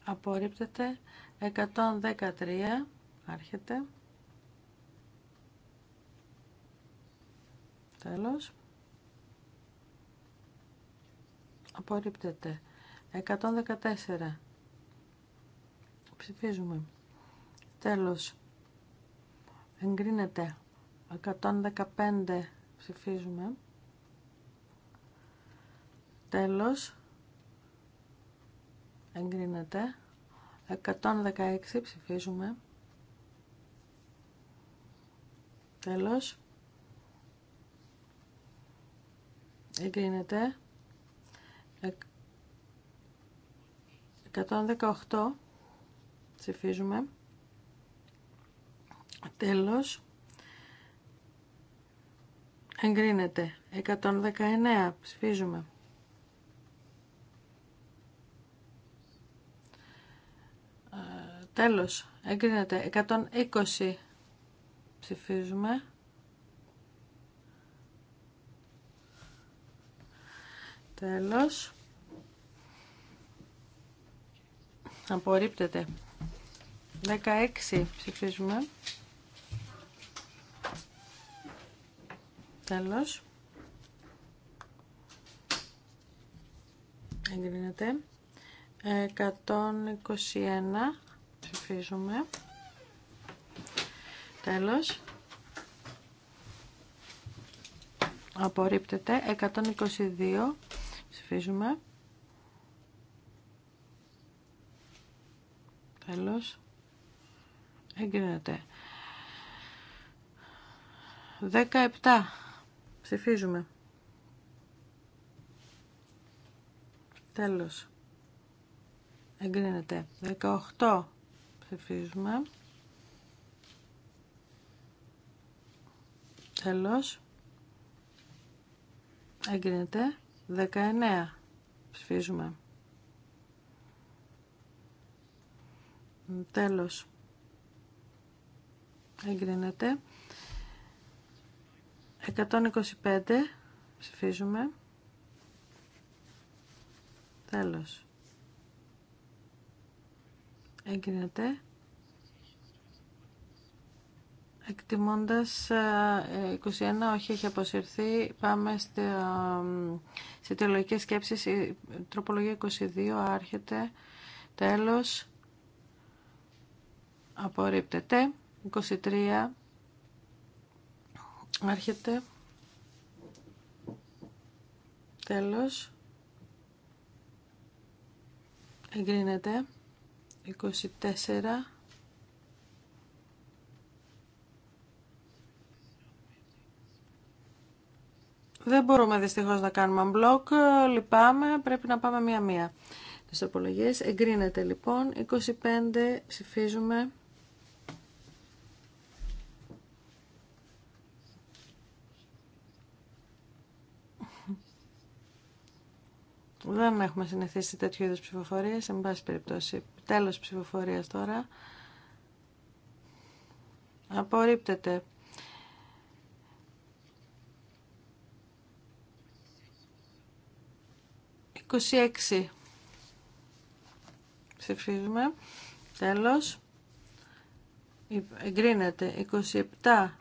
Απορρίπτεται 113. Άρχεται. Τέλος. Απορρίπτεται 114. Ψηφίζουμε. Τέλος. Εγκρίνεται 115. Ψηφίζουμε. Τέλος εγκρίνεται 116 ψηφίζουμε τέλος εγκρίνεται 118 ψηφίζουμε τέλος εγκρίνεται 119 ψηφίζουμε Τέλος. Εγκρίνεται. 120. Ψηφίζουμε. Τέλος. Απορρίπτεται. 16. Ψηφίζουμε. Τέλος. Εγκρίνεται. 121 ψηφίζουμε. Τέλος. Απορρίπτεται. 122 ψηφίζουμε. Τέλος. Εγκρίνεται. 17 ψηφίζουμε. Τέλος. Εγκρίνεται. 18. Ψηφίζουμε. Τέλος. Έγκρινεται. 19. Ψηφίζουμε. Τέλος. Εγκρίνεται. 125. Ψηφίζουμε. Τέλος. Εγκρίνεται. Εκτιμώντας 21, ε, όχι έχει αποσυρθεί, πάμε σε θεολογικές σκέψεις, τροπολογία 22 άρχεται, τέλος, απορρίπτεται, 23 άρχεται, τέλος, εγκρίνεται. 24 Δεν μπορούμε δυστυχώς να κάνουμε μπλοκ, λυπάμαι, πρέπει να πάμε μία-μία. Τις απολογίες. εγκρίνεται λοιπόν, 25 ψηφίζουμε. Δεν έχουμε συνηθίσει τέτοιου είδους ψηφοφορίες, εν πάση περιπτώσει Τέλος ψηφοφορίας τώρα. Απορρίπτεται. 26. Ψηφίζουμε. Τέλος. Εγκρίνεται. 27.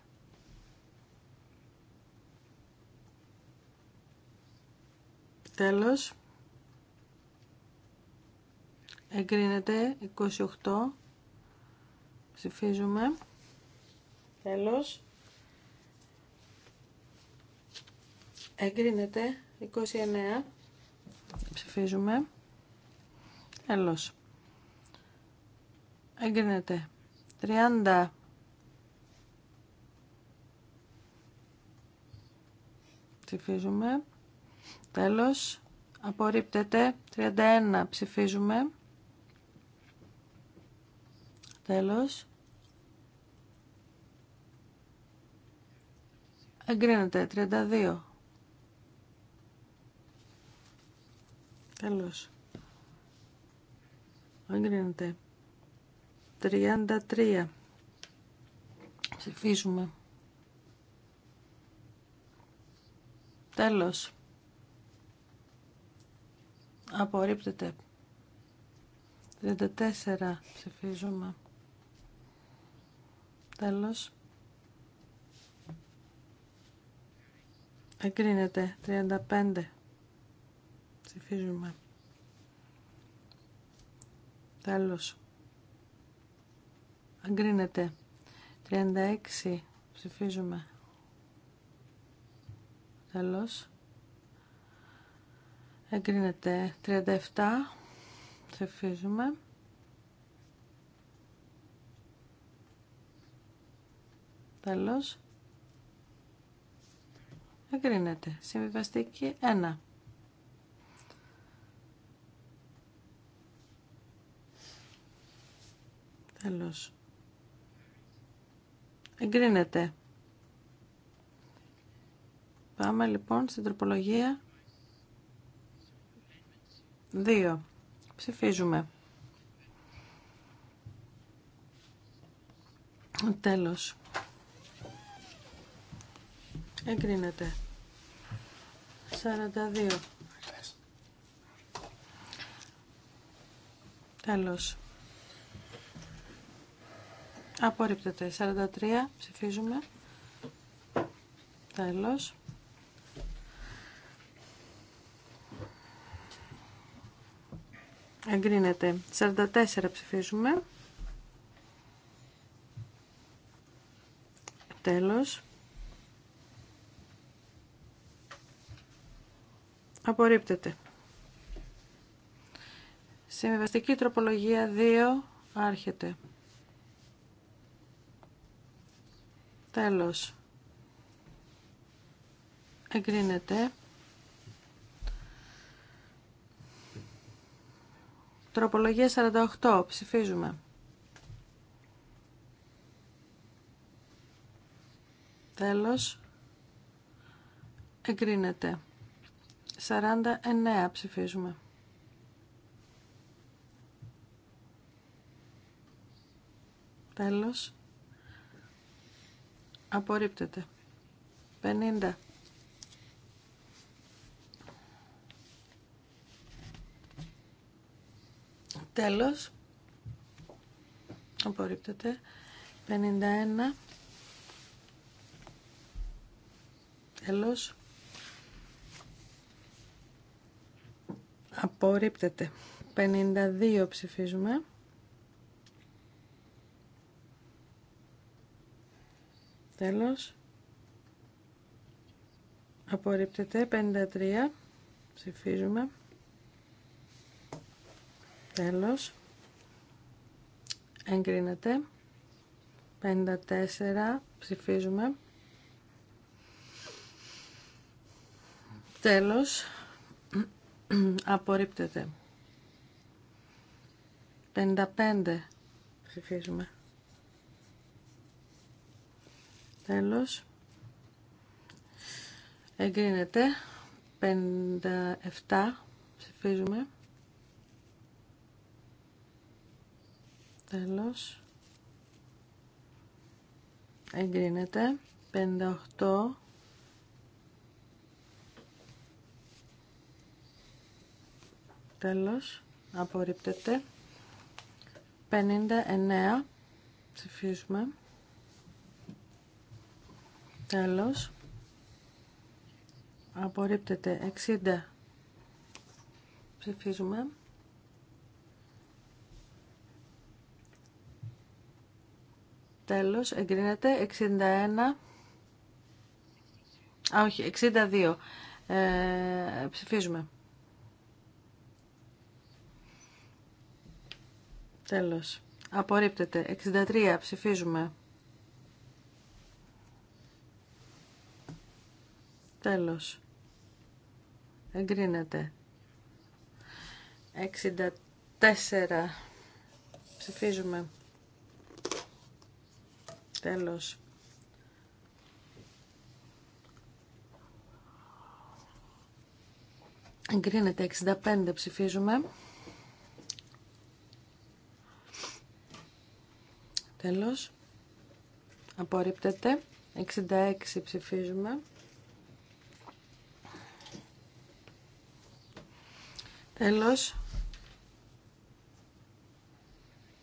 Τέλος. Εγκρίνεται 28. Ψηφίζουμε. Τέλος. Εγκρίνεται 29. Ψηφίζουμε. Τέλος. Εγκρίνεται 30. Ψηφίζουμε. Τέλος. Απορρίπτεται 31. Ψηφίζουμε. Τέλος. Εγκρίνεται. 32. Τέλος. Εγκρίνεται. 33. Ψηφίζουμε. Τέλος. Απορρίπτεται. 34 ψηφίζουμε. Τέλος. Εγκρίνεται. 35. Ψηφίζουμε. Τέλος. Εγκρίνεται. 36. Ψηφίζουμε. Τέλος. Εγκρίνεται. 37. Ψηφίζουμε. Τέλος. Εγκρίνεται. Συμβιβαστική 1. Τέλος. Εγκρίνεται. Πάμε λοιπόν στην τροπολογία 2. Ψηφίζουμε. Τέλος. Εγκρίνεται. 42. Τέλος. Απορρίπτεται. 43. Ψηφίζουμε. Τέλος. Εγκρίνεται. 44 ψηφίζουμε. Τέλος. Απορρίπτεται. Συμβιβαστική τροπολογία 2 άρχεται. Τέλος. Εγκρίνεται. Τροπολογία 48. Ψηφίζουμε. Τέλος. Εγκρίνεται. 49 ψηφίζουμε. Τέλος. Απορρίπτεται. 50. Τέλος. Απορρίπτεται. 51. Τέλος. Απορρίπτεται. 52 ψηφίζουμε. Τέλος. Απορρίπτεται. 53 ψηφίζουμε. Τέλος. Εγκρίνεται. 54 ψηφίζουμε. Τέλος. Απορρίπτεται. 55 ψηφίζουμε. Τέλος. Εγκρίνεται. 57 ψηφίζουμε. Τέλος. Εγκρίνεται. 58 Τέλος. Απορρίπτεται. 59. Ψηφίζουμε. Τέλος. Απορρίπτεται. 60. Ψηφίζουμε. Τέλος. Εγκρίνεται. 61. Α, όχι, 62. Ε, ψηφίζουμε. Τέλος. Απορρίπτεται. 63. Ψηφίζουμε. Τέλος. Εγκρίνεται. 64. Ψηφίζουμε. Τέλος. Εγκρίνεται. 65. Ψηφίζουμε. Τέλος. Απορρίπτεται. 66 ψηφίζουμε. Τέλος.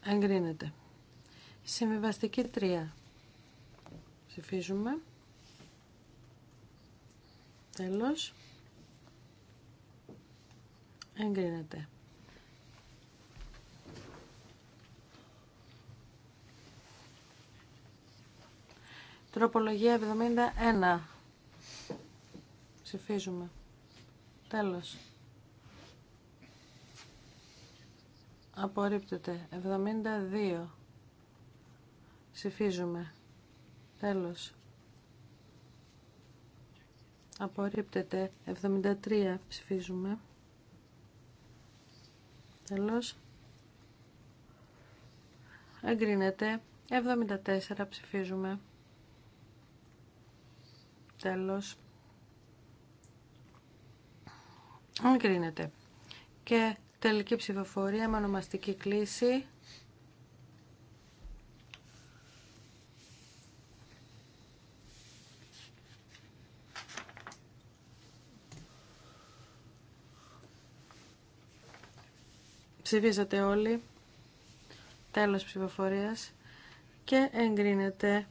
Εγκρίνεται. Συμβιβαστική 3. Ψηφίζουμε. Τέλος. Εγκρίνεται. Τροπολογία 71. Ψηφίζουμε. Τέλος. Απορρίπτεται. 72. Ψηφίζουμε. Τέλος. Απορρίπτεται. 73. Ψηφίζουμε. Τέλος. Εγκρίνεται. 74. Ψηφίζουμε. Τέλος. Αν κρίνεται. Και τελική ψηφοφορία με ονομαστική κλίση. Ψηφίζατε όλοι. Τέλος ψηφοφορίας. Και εγκρίνεται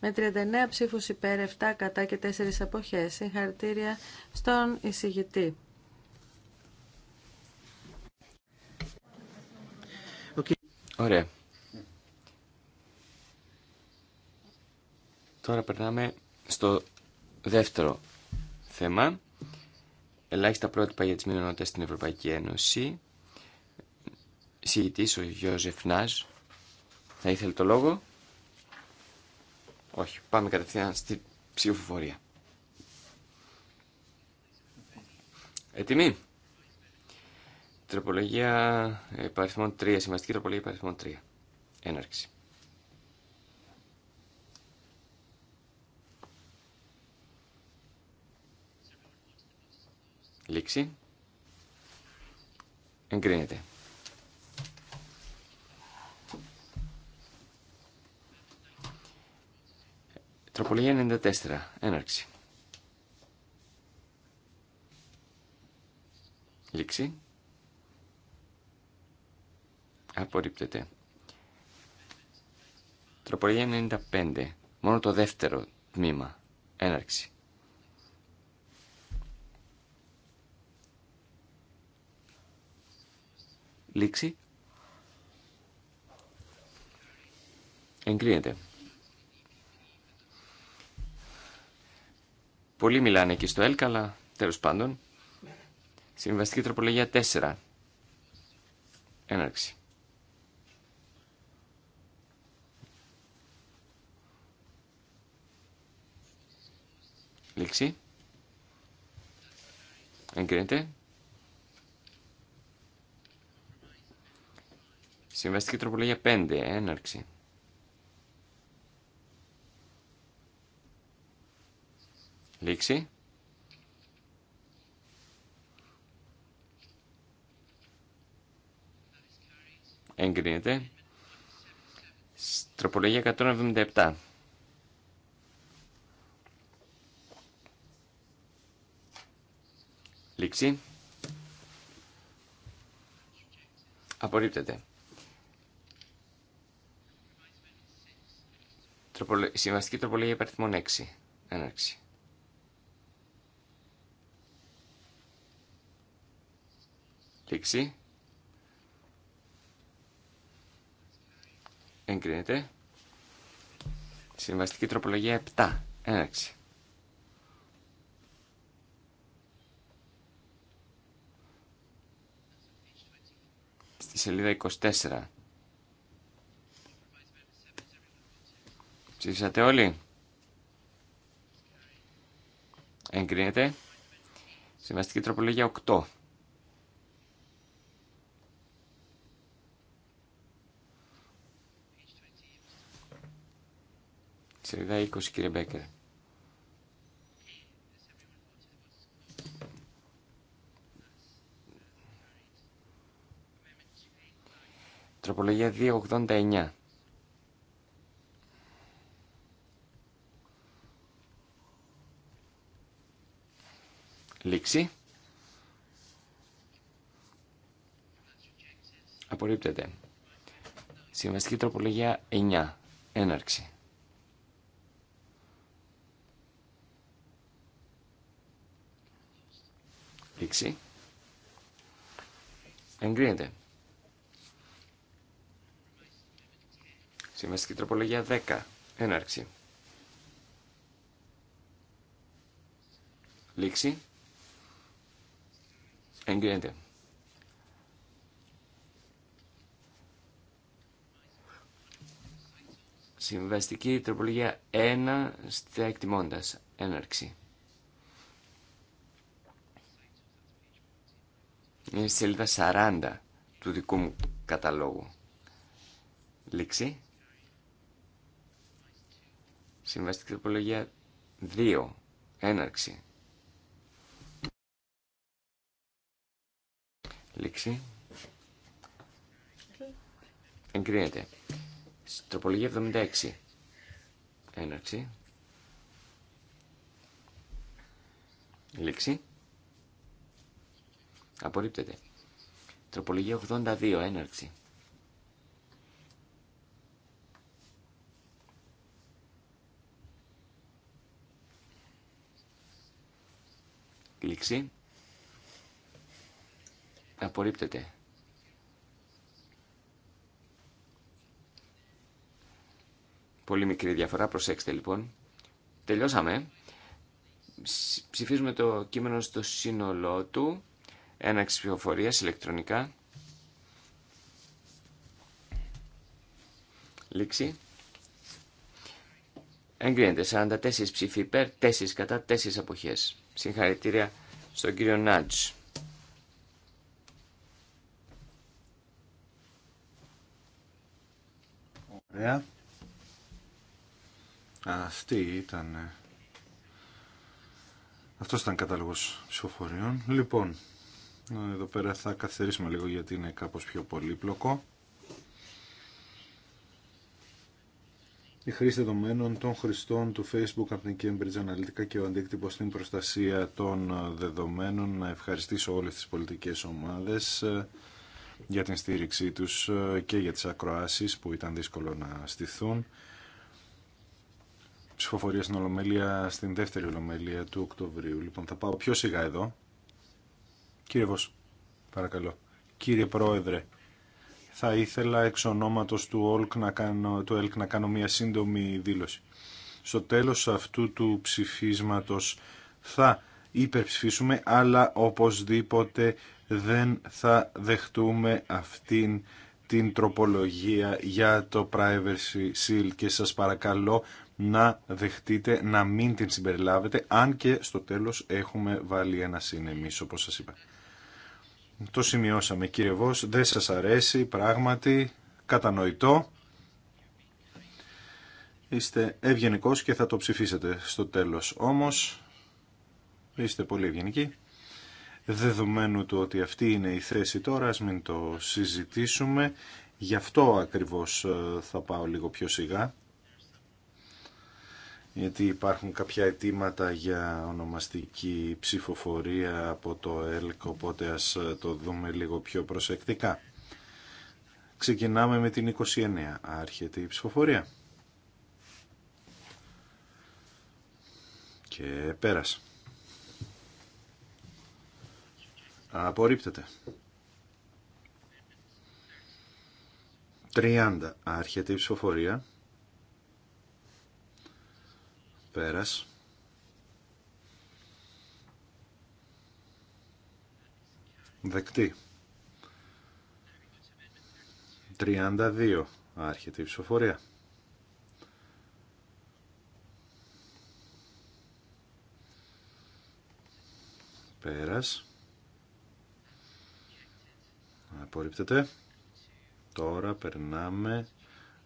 με 39 ψήφους υπέρ, 7 κατά και 4 αποχές. Συγχαρητήρια στον εισηγητή. Okay. Ωραία. Τώρα περνάμε στο δεύτερο θέμα. Ελάχιστα πρότυπα για τις μειονότητε στην Ευρωπαϊκή Ένωση. Συγητής ο Γιώζεφ Νάζ. Θα ήθελε το λόγο. Όχι, πάμε κατευθείαν στη ψηφοφορία. Ετοιμή. Τροπολογία υπαριθμών 3. Σημαντική τροπολογία υπαριθμών 3. Έναρξη. Λήξη. Εγκρίνεται. Τροπολογία 94. Έναρξη. Λήξη. Απορρίπτεται. Τροπολογία 95. Μόνο το δεύτερο τμήμα. Έναρξη. Λήξη. Εγκρίνεται. Πολλοί μιλάνε εκεί στο ΕΛΚΑ, αλλά τέλο πάντων. Συμβαστική τροπολογία 4. Έναρξη. Λήξη. Εγκρίνεται. Συμβαστική τροπολογία 5. Έναρξη. Λήξη. Εγκρίνεται. Τροπολογία 177. Λήξη. Απορρίπτεται. Συμβαστική τροπολογία υπερθυμών 6. Έναρξη. Λήξη. Εγκρίνεται. Συμβαστική τροπολογία 7. Έναξη. Στη σελίδα 24. Ψήφισατε όλοι. Εγκρίνεται. Συμβαστική τροπολογία 8. Σελίδα 20 κύριε Μπέκερ. Τροπολογία 289. Λήξη. Απορρίπτεται. Συμβαστική τροπολογία 9. Έναρξη. Λήξη. Εγκρίνεται. Συμβαστική τροπολογία 10. Έναρξη. Λήξη. Εγκρίνεται. Συμβαστική τροπολογία 1 στα εκτιμώντας. Έναρξη. Είναι στη σελίδα 40 του δικού μου καταλόγου. Λήξη. Συμβαστική τροπολογία 2. Έναρξη. Λήξη. Εγκρίνεται. Τροπολογία 76. Έναρξη. Λήξη. Απορρίπτεται. Τροπολογία 82. Έναρξη. Λήξη. Απορρίπτεται. Πολύ μικρή διαφορά. Προσέξτε λοιπόν. Τελειώσαμε. Ψηφίζουμε το κείμενο στο σύνολό του. Έναξη ψηφοφορία ηλεκτρονικά. Λήξη. Εγκρίνεται 44 ψήφοι υπέρ, 4 κατά, 4 αποχές. Συγχαρητήρια στον κύριο Νάτζ. Ωραία. Αυτή ήταν... Ε, αυτός ήταν κατάλογος ψηφοφοριών. Λοιπόν, εδώ πέρα θα καθαρίσουμε λίγο γιατί είναι κάπως πιο πολύπλοκο. Η χρήση δεδομένων των χρηστών του Facebook από την Cambridge Analytica και ο αντίκτυπος στην προστασία των ε, δεδομένων. Να ευχαριστήσω όλες τις πολιτικές ομάδες ε, για την στήριξή τους ε, και για τις ακροάσεις που ήταν δύσκολο να στηθούν. Ψηφοφορία στην Ολομέλεια, στην δεύτερη Ολομέλεια του Οκτωβρίου. Λοιπόν, θα πάω πιο σιγά εδώ. Κύριε Βος, παρακαλώ. Κύριε Πρόεδρε, θα ήθελα εξ ονόματος του, ΟΛΚ να κάνω, του ΕΛΚ να κάνω μια σύντομη δήλωση. Στο τέλος αυτού του ψηφίσματος θα υπερψηφίσουμε, αλλά οπωσδήποτε δεν θα δεχτούμε αυτήν την τροπολογία για το Privacy Shield και σας παρακαλώ να δεχτείτε να μην την συμπεριλάβετε, αν και στο τέλος έχουμε βάλει ένα σύν όπως σας είπα. Το σημειώσαμε κύριε Βος, δεν σας αρέσει πράγματι, κατανοητό. Είστε ευγενικό και θα το ψηφίσετε στο τέλος. Όμως, είστε πολύ ευγενικοί. Δεδομένου του ότι αυτή είναι η θέση τώρα, ας μην το συζητήσουμε. Γι' αυτό ακριβώς ε, θα πάω λίγο πιο σιγά γιατί υπάρχουν κάποια αιτήματα για ονομαστική ψηφοφορία από το ΕΛΚ, οπότε ας ε, το δούμε λίγο πιο προσεκτικά. Ξεκινάμε με την 29. Άρχεται η ψηφοφορία. Και πέρασε. Απορρίπτεται. 30. Άρχεται η ψηφοφορία. Πέρας. Δεκτή. 32. Άρχεται η ψηφοφορία. Πέρας. Απορρίπτεται. Τώρα περνάμε...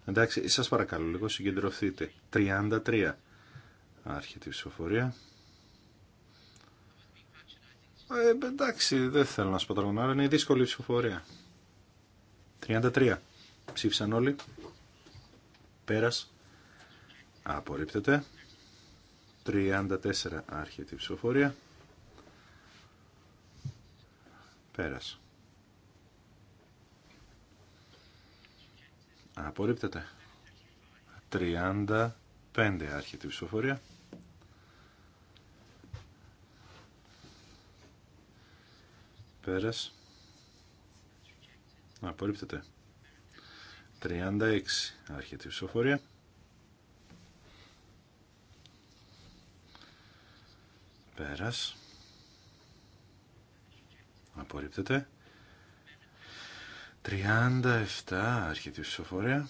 Εντάξει, σας παρακαλώ λίγο συγκεντρωθείτε. 33. Άρχεται τη ψηφοφορία. Ε, εντάξει, δεν θέλω να σου πω αλλά είναι δύσκολη ψηφοφορία. 33. Ψήφισαν όλοι. Πέρας. Απορρίπτεται. 34. Άρχεται τη ψηφοφορία. Πέρας. Απορρίπτεται. 35. Άρχεται η ψηφοφορία. πέρας απορρίπτεται 36 άρχεται η ψηφοφορία πέρας απορρίπτεται 37 άρχεται ψηφοφορία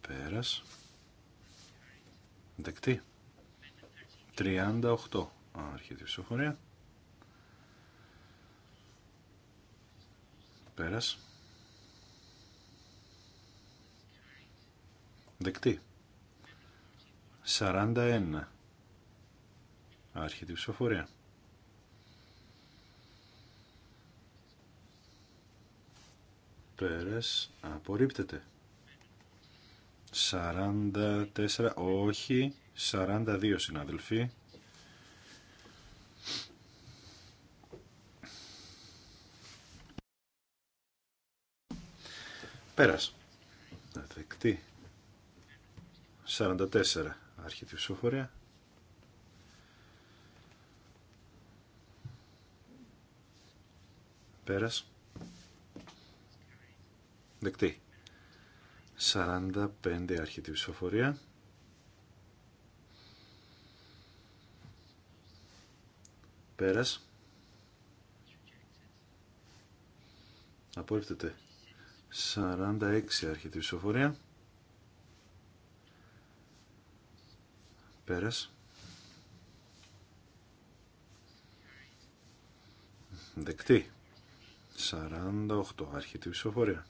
πέρας δεκτή 38 άρχεται ψηφοφορία. Πέρας. Δεκτή. 41 άρχεται ψηφοφορία. Πέρας. Απορρίπτεται. 44 όχι. 42 συναδελφοί. Πέρας. Δεκτή. 44 αρχιτιψοφορία. Πέρας. Δεκτή. 45 αρχιτιψοφορία. Πέρας Πέρας. Απορρίπτεται. 46 έξι, αρχιτεί ψηφοφορία. Πέρας. Δεκτή. 48 οχτώ, αρχιτεί ψηφοφορία.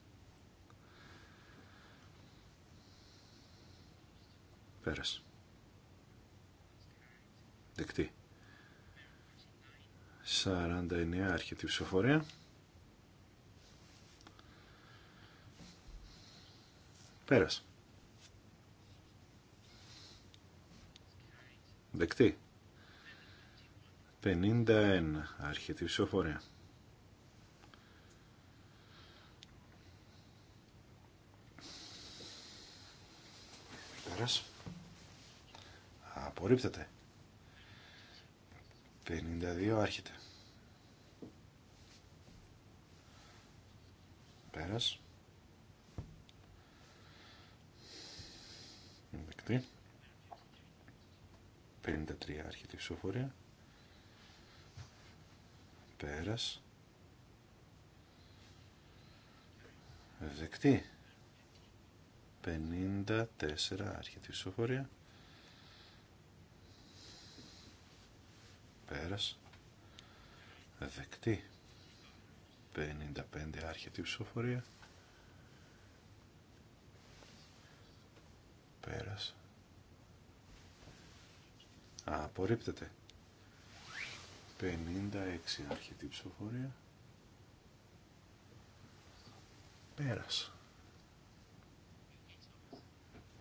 Πέρας. Δεκτή. 49 άρχεται η ψηφοφορία. Πέρασε. Δεκτή. 51 άρχεται η ψηφοφορία. Πέρασε. Απορρίπτεται. 52 άρχεται. Πέρας. Δεκτή. 53 άρχεται η ψηφοφορία. Πέρας. Δεκτή. 54 άρχεται η ψηφοφορία. Πέρας. Δεκτή. 55 άρχεται ψηφοφορία. Πέρας. απορρίπτεται. 56 άρχεται η ψηφοφορία. Πέρας.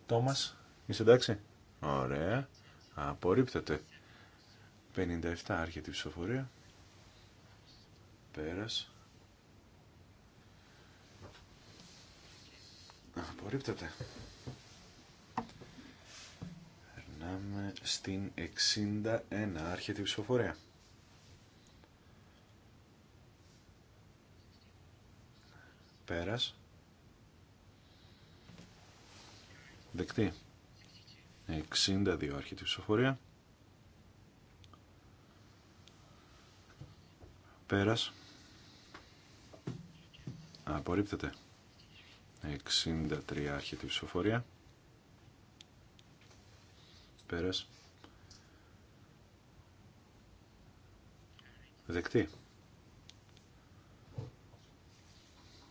Τόμας, είσαι εντάξει. Ωραία. Απορρίπτεται. 57 άρχεται η ψηφοφορία. Πέρας. Απορρίπτεται. Περνάμε στην 61 άρχεται η ψηφοφορία. Πέρας. Δεκτή. 62 άρχεται η ψηφοφορία. Πέρας. Απορρίπτεται. 63 άρχεται η ψηφοφορία. Πέρας. Δεκτή.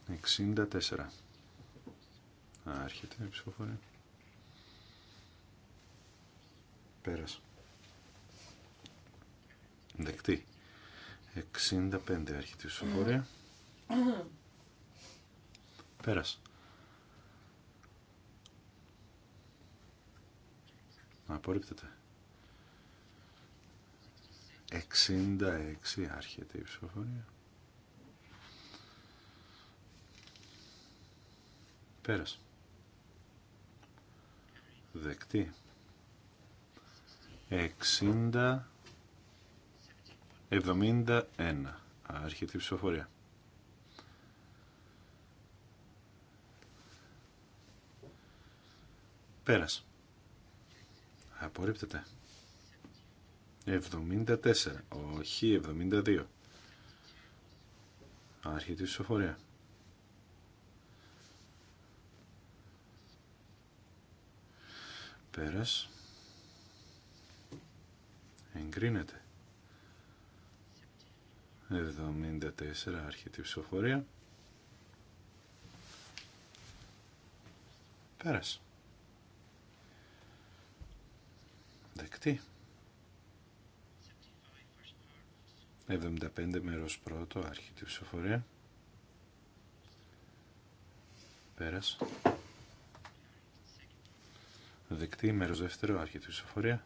64. Άρχεται η ψηφοφορία. Πέρας. Δεκτή. 65 έρχεται η ψηφοφορία. Πέρασε. Απορρίπτεται. 66 άρχεται η ψηφοφορία. Πέρασε. Δεκτή. 60 71. Έρχεται η ψηφοφορία. Πέρας. Απορρίπτεται. 74. Όχι, 72. Έρχεται η ψηφοφορία. Πέρας. Εγκρίνεται. 74 αρχιτή ψηφοφορία. Πέρασε. Δεκτή. 75 μέρος πρώτο αρχιτή ψηφοφορία. Πέρασε. Δεκτή μέρος δεύτερο αρχή ψηφοφορία.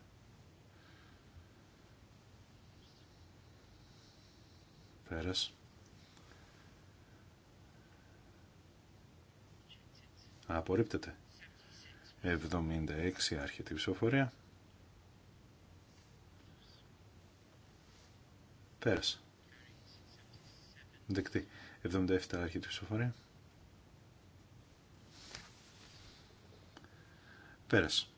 Πέρας. Απορρίπτεται. 76 άρχεται η ψηφοφορία. Πέρας. Δεκτή. 77 άρχεται η ψηφοφορία. Πέρας.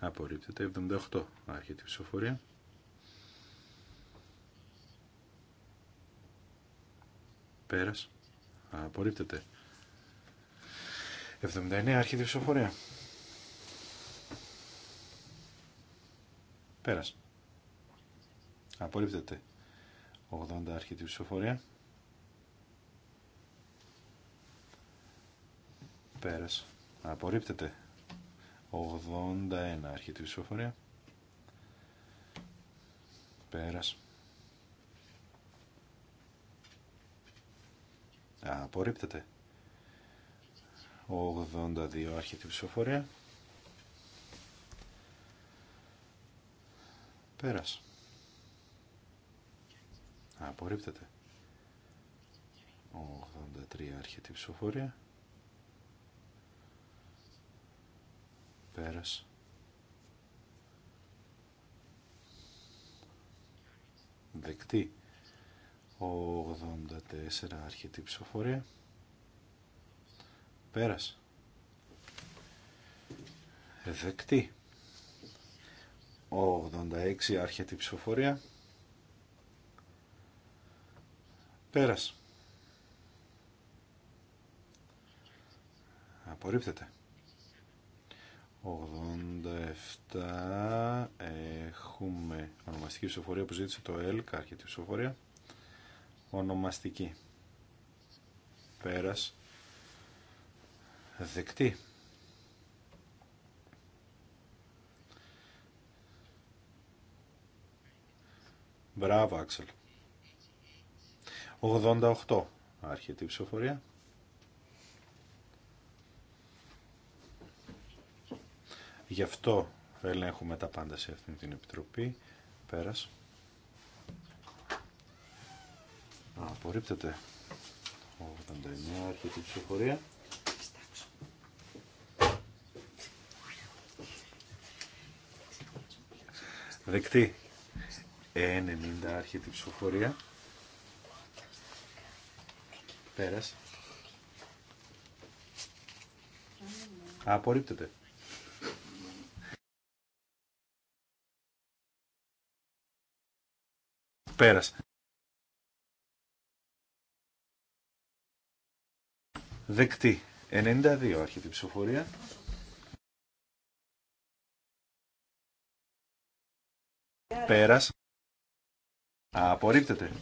Απορρίπτεται. 78 άρχεται η ψηφοφορία. Πέρας. Απορρίπτεται. 79. Άρχιδη ψηφοφορία. Πέρας. Απορρίπτεται. 80. Άρχιδη ψηφοφορία. Πέρας. Απορρίπτεται. 81. Άρχιδη ψηφοφορία. Πέρας. Απορρίπτεται. 82 άρχεται η ψηφοφορία. Πέρας. Απορρίπτεται. 83 άρχεται η ψηφοφορία. Πέρας. Δεκτή. 84 αρχιτή ψηφοφορία. Πέρασε. Δεκτή. 86 αρχιτή ψηφοφορία. Πέρασε. Απορρίπτεται. 87 έχουμε ονομαστική ψηφοφορία που ζήτησε το ΕΛΚ, αρχιτή ψηφοφορία ονομαστική. Πέρας. Δεκτή. Μπράβο, Άξελ. 88. Άρχεται η ψηφοφορία. Γι' αυτό ελέγχουμε τα πάντα σε αυτή την επιτροπή. Πέρας. Απορρίπτεται. 89 άρχεται η ψηφοφορία. Δεκτή. 90 άρχεται η ψηφοφορία. Πέρας. Απορρίπτεται. Πέρασε. Δεκτή. 92 αρχή η ψηφοφορία. Πέρας. Απορρίπτεται.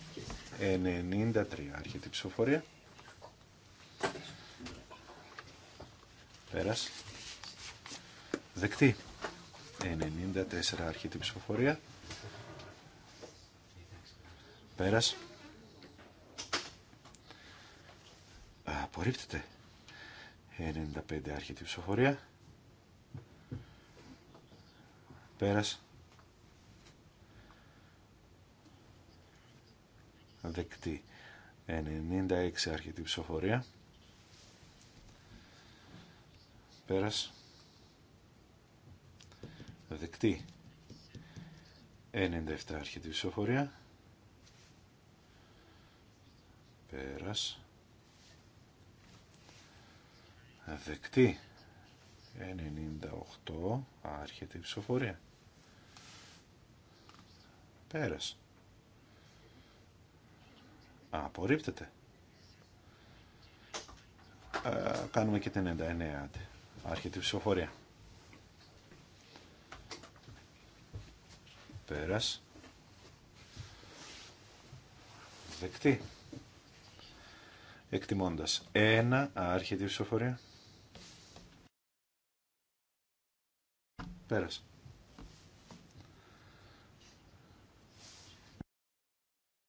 93 αρχή η ψηφοφορία. Πέρας. Δεκτή. 94 αρχή η ψηφοφορία. Πέρας. Απορρίπτεται. 95 άρχεται η ψηφοφορία. Πέρας. Δεκτή. 96 άρχεται η ψηφοφορία. Πέρας. Δεκτή. 97 άρχεται η ψηφοφορία. Πέρας δεκτή 98 άρχεται η ψηφοφορία πέρας απορρίπτεται ε, κάνουμε και την 99 άρχεται η ψηφοφορία πέρας δεκτή εκτιμώντας 1 άρχεται η ψηφοφορία Πέρασε.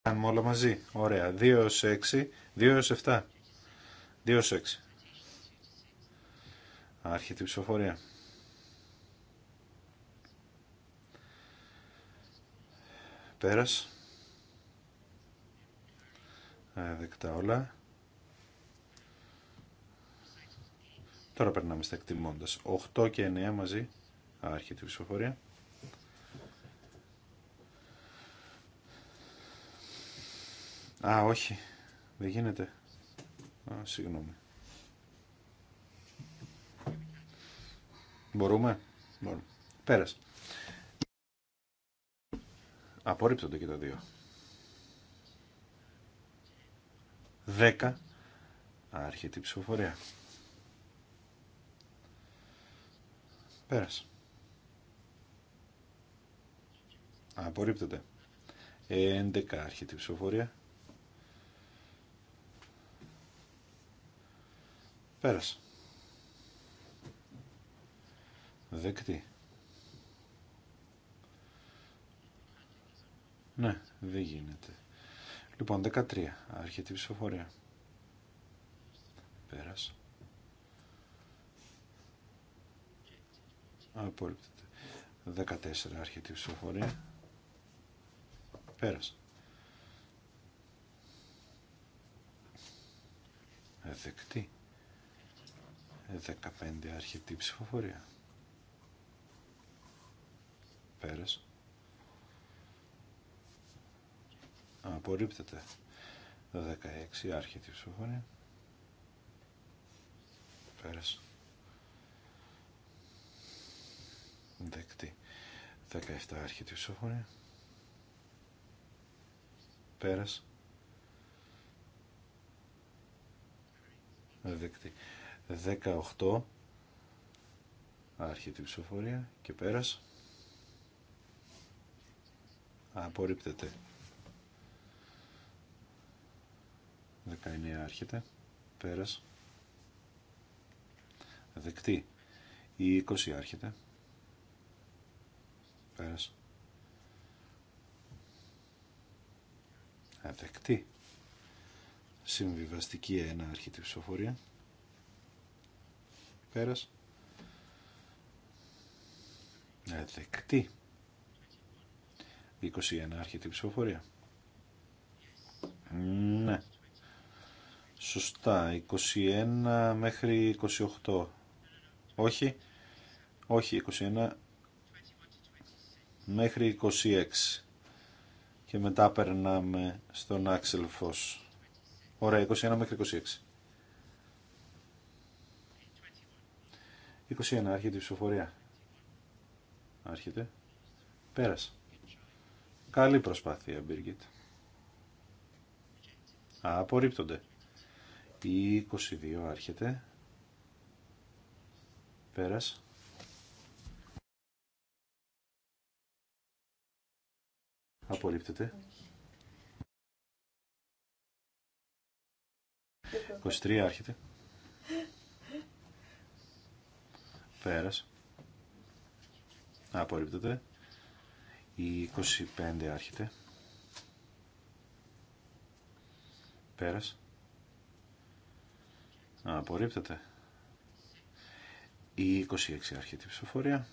Κάνουμε όλα μαζί. Ωραία. 2 έως 6, 2 έως 7. 2 έως 6. Άρχεται η ψηφοφορία. Πέρασε. Δεκτά όλα. Τώρα περνάμε στα εκτιμώντα. 8 και 9 μαζί. Άρχεται η ψηφοφορία. Α, όχι. Δεν γίνεται. Α, συγγνώμη. Μπορούμε. Μπορούμε. Πέρασε. Απορρίπτονται και τα δύο. Δέκα. Άρχεται η ψηφοφορία. Πέρασε. Απορρίπτεται. 11 άρχεται η ψηφοφορία. Πέρασε. Δεκτή. Ναι, δεν γίνεται. Λοιπόν, 13. Άρχεται η ψηφοφορία. Πέρασε. Απορρίπτεται. 14. Άρχεται ψηφοφορία. Πέρασε. Δεκτή. Δεκαπέντε. αρχιτή ψηφοφορία. Πέρασε. Απορρίπτεται. Δεκαέξι. άρχιτη ψηφοφορία. Πέρασε. Δεκτή. 17 άρχιτη ψηφοφορία. Πέρας. Δεκτή. 18. Άρχεται η ψηφοφορία και πέρας. Απορρίπτεται. 19 άρχεται. Πέρας. Δεκτή. Η 20 άρχεται. Πέρας. Αδεκτή. Συμβιβαστική 1 αρχιτή ψηφοφορία. Πέρας. Αδεκτή. 21 αρχιτή ψηφοφορία. Ναι. Σωστά. 21 μέχρι 28. Όχι. Όχι, 21 μέχρι 26 και μετά περνάμε στον Άξελ Φως. Ωραία, 21 μέχρι 26. 21, άρχεται η ψηφοφορία. Άρχεται. Πέρασε. Καλή προσπάθεια, Μπίργκιτ. Απορρίπτονται. 22 άρχεται. Πέρασε. Απορρίπτεται. 23 άρχεται. Πέρας. Απορρίπτεται. Η 25 άρχεται. Πέρας. Απορρίπτεται. Η 26 άρχεται η ψηφοφορία.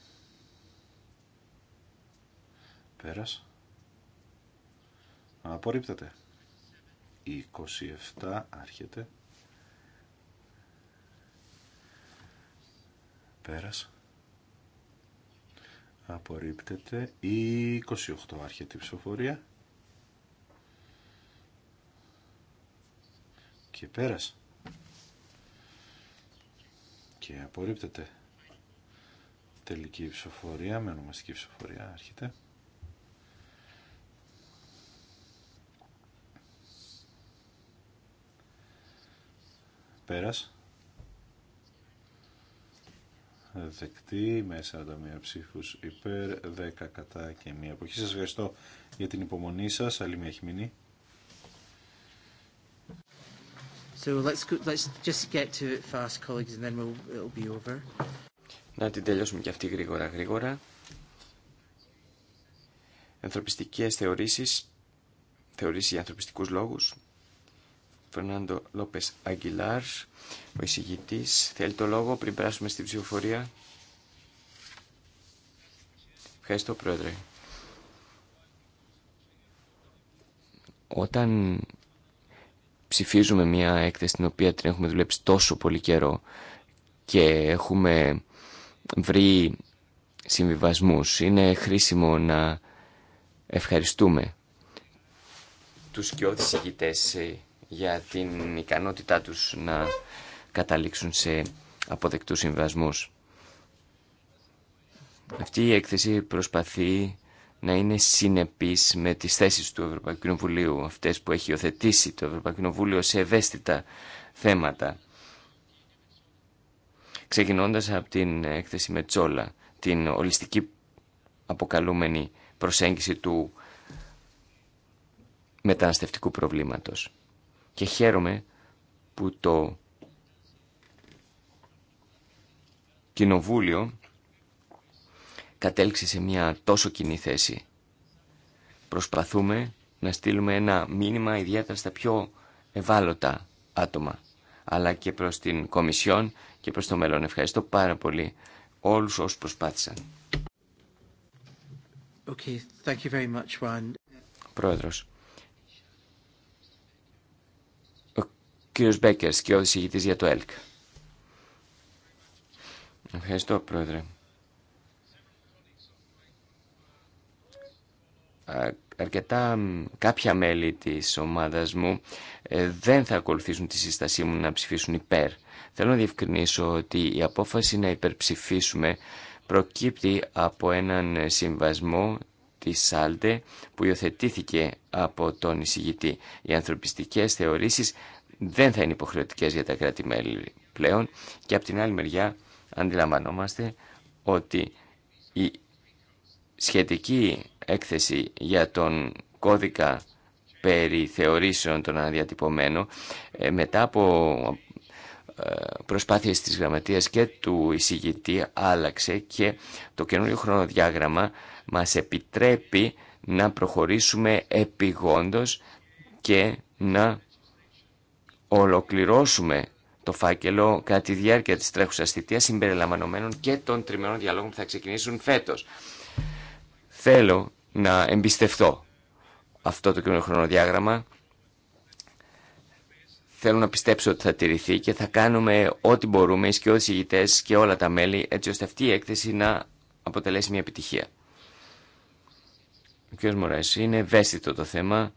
Πέρας. Απορρίπτεται. 27 άρχεται. Πέρας. Απορρίπτεται. 28 άρχεται η ψηφοφορία. Και πέρας. Και απορρίπτεται. Τελική ψηφοφορία με ονομαστική ψηφοφορία άρχεται. Πέρας. Δεκτή με 41 ψήφους υπέρ, 10 κατά και μία αποχή. Σας ευχαριστώ για την υπομονή σας. Άλλη μία έχει μείνει. So let's, go, let's just get to it fast, colleagues, and then we'll, it'll be over. Να την τελειώσουμε και αυτή γρήγορα γρήγορα. Ανθρωπιστικές θεωρήσεις, θεωρήσεις για ανθρωπιστικούς λόγους. Φερνάντο Λόπε Αγγιλάρ, ο εισηγητή. Θέλει το λόγο πριν περάσουμε στην ψηφοφορία. Ευχαριστώ, Πρόεδρε. Όταν ψηφίζουμε μια έκθεση την οποία την έχουμε δουλέψει τόσο πολύ καιρό και έχουμε βρει συμβιβασμούς, είναι χρήσιμο να ευχαριστούμε τους και ηγητές ε, για την ικανότητά τους να καταλήξουν σε αποδεκτούς συμβασμούς. Αυτή η έκθεση προσπαθεί να είναι συνεπής με τις θέσεις του Ευρωπαϊκού Κοινοβουλίου, αυτές που έχει υιοθετήσει το Ευρωπαϊκό Κοινοβούλιο σε ευαίσθητα θέματα. Ξεκινώντας από την έκθεση με τσόλα, την ολιστική αποκαλούμενη προσέγγιση του μεταναστευτικού προβλήματος και χαίρομαι που το Κοινοβούλιο κατέληξε σε μια τόσο κοινή θέση. Προσπαθούμε να στείλουμε ένα μήνυμα ιδιαίτερα στα πιο ευάλωτα άτομα, αλλά και προς την Κομισιόν και προς το μέλλον. Ευχαριστώ πάρα πολύ όλους όσους προσπάθησαν. Okay, thank you very much, Juan. Πρόεδρος, κύριος Μπέκερ, ο ηγητής για το ΕΛΚ. Ευχαριστώ, Πρόεδρε. αρκετά κάποια μέλη της ομάδας μου ε, δεν θα ακολουθήσουν τη σύστασή μου να ψηφίσουν υπέρ. Θέλω να διευκρινίσω ότι η απόφαση να υπερψηφίσουμε προκύπτει από έναν συμβασμό της ΣΑΛΤΕ που υιοθετήθηκε από τον εισηγητή. Οι ανθρωπιστικές θεωρήσεις δεν θα είναι υποχρεωτικές για τα κράτη-μέλη πλέον και από την άλλη μεριά αντιλαμβανόμαστε ότι η σχετική έκθεση για τον κώδικα περί θεωρήσεων των αναδιατυπωμένων ε, μετά από ε, προσπάθειες της γραμματείας και του εισηγητή άλλαξε και το καινούριο χρονοδιάγραμμα μας επιτρέπει να προχωρήσουμε επιγόντως και να ολοκληρώσουμε το φάκελο κατά τη διάρκεια της τρέχουσας θητείας συμπεριλαμβανομένων και των τριμερών διαλόγων που θα ξεκινήσουν φέτος. Θέλω να εμπιστευτώ αυτό το κοινό χρονοδιάγραμμα. Θέλω να πιστέψω ότι θα τηρηθεί και θα κάνουμε ό,τι μπορούμε, και όλοι οι και όλα τα μέλη, έτσι ώστε αυτή η έκθεση να αποτελέσει μια επιτυχία. Ο κ. Μωρέσης, είναι ευαίσθητο το θέμα.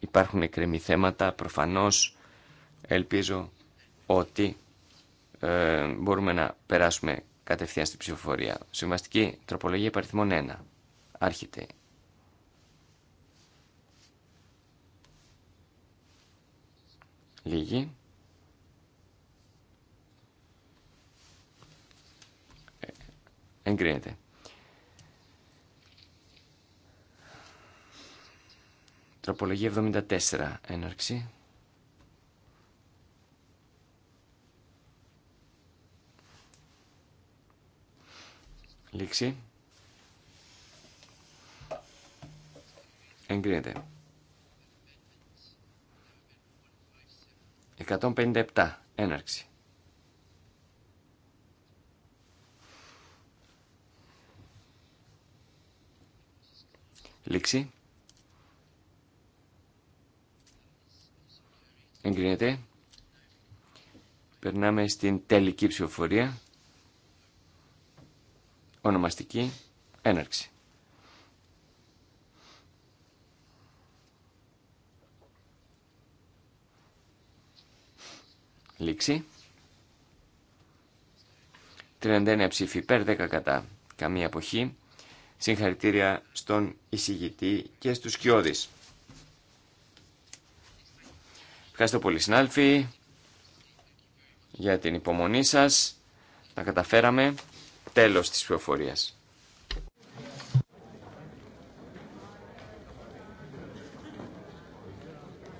Υπάρχουν εκκρεμή θέματα, προφανώς ελπίζω ότι ε, μπορούμε να περάσουμε κατευθείαν στην ψηφοφορία. Συμβαστική τροπολογία υπαριθμών 1. Άρχεται. Λίγη. Ε, εγκρίνεται. Τροπολογία 74. Έναρξη. Λήξη. Εγκρίνεται. 157. Έναρξη. Λήξη. Εγκρίνεται. Περνάμε στην τελική ψηφοφορία. Ονομαστική έναρξη. Λήξη. 39 ψήφοι υπέρ, 10 κατά. Καμία αποχή. Συγχαρητήρια στον εισηγητή και στους κοιόδης. Ευχαριστώ πολύ συνάλφοι για την υπομονή σας. να καταφέραμε. Τέλος της πληροφορίας.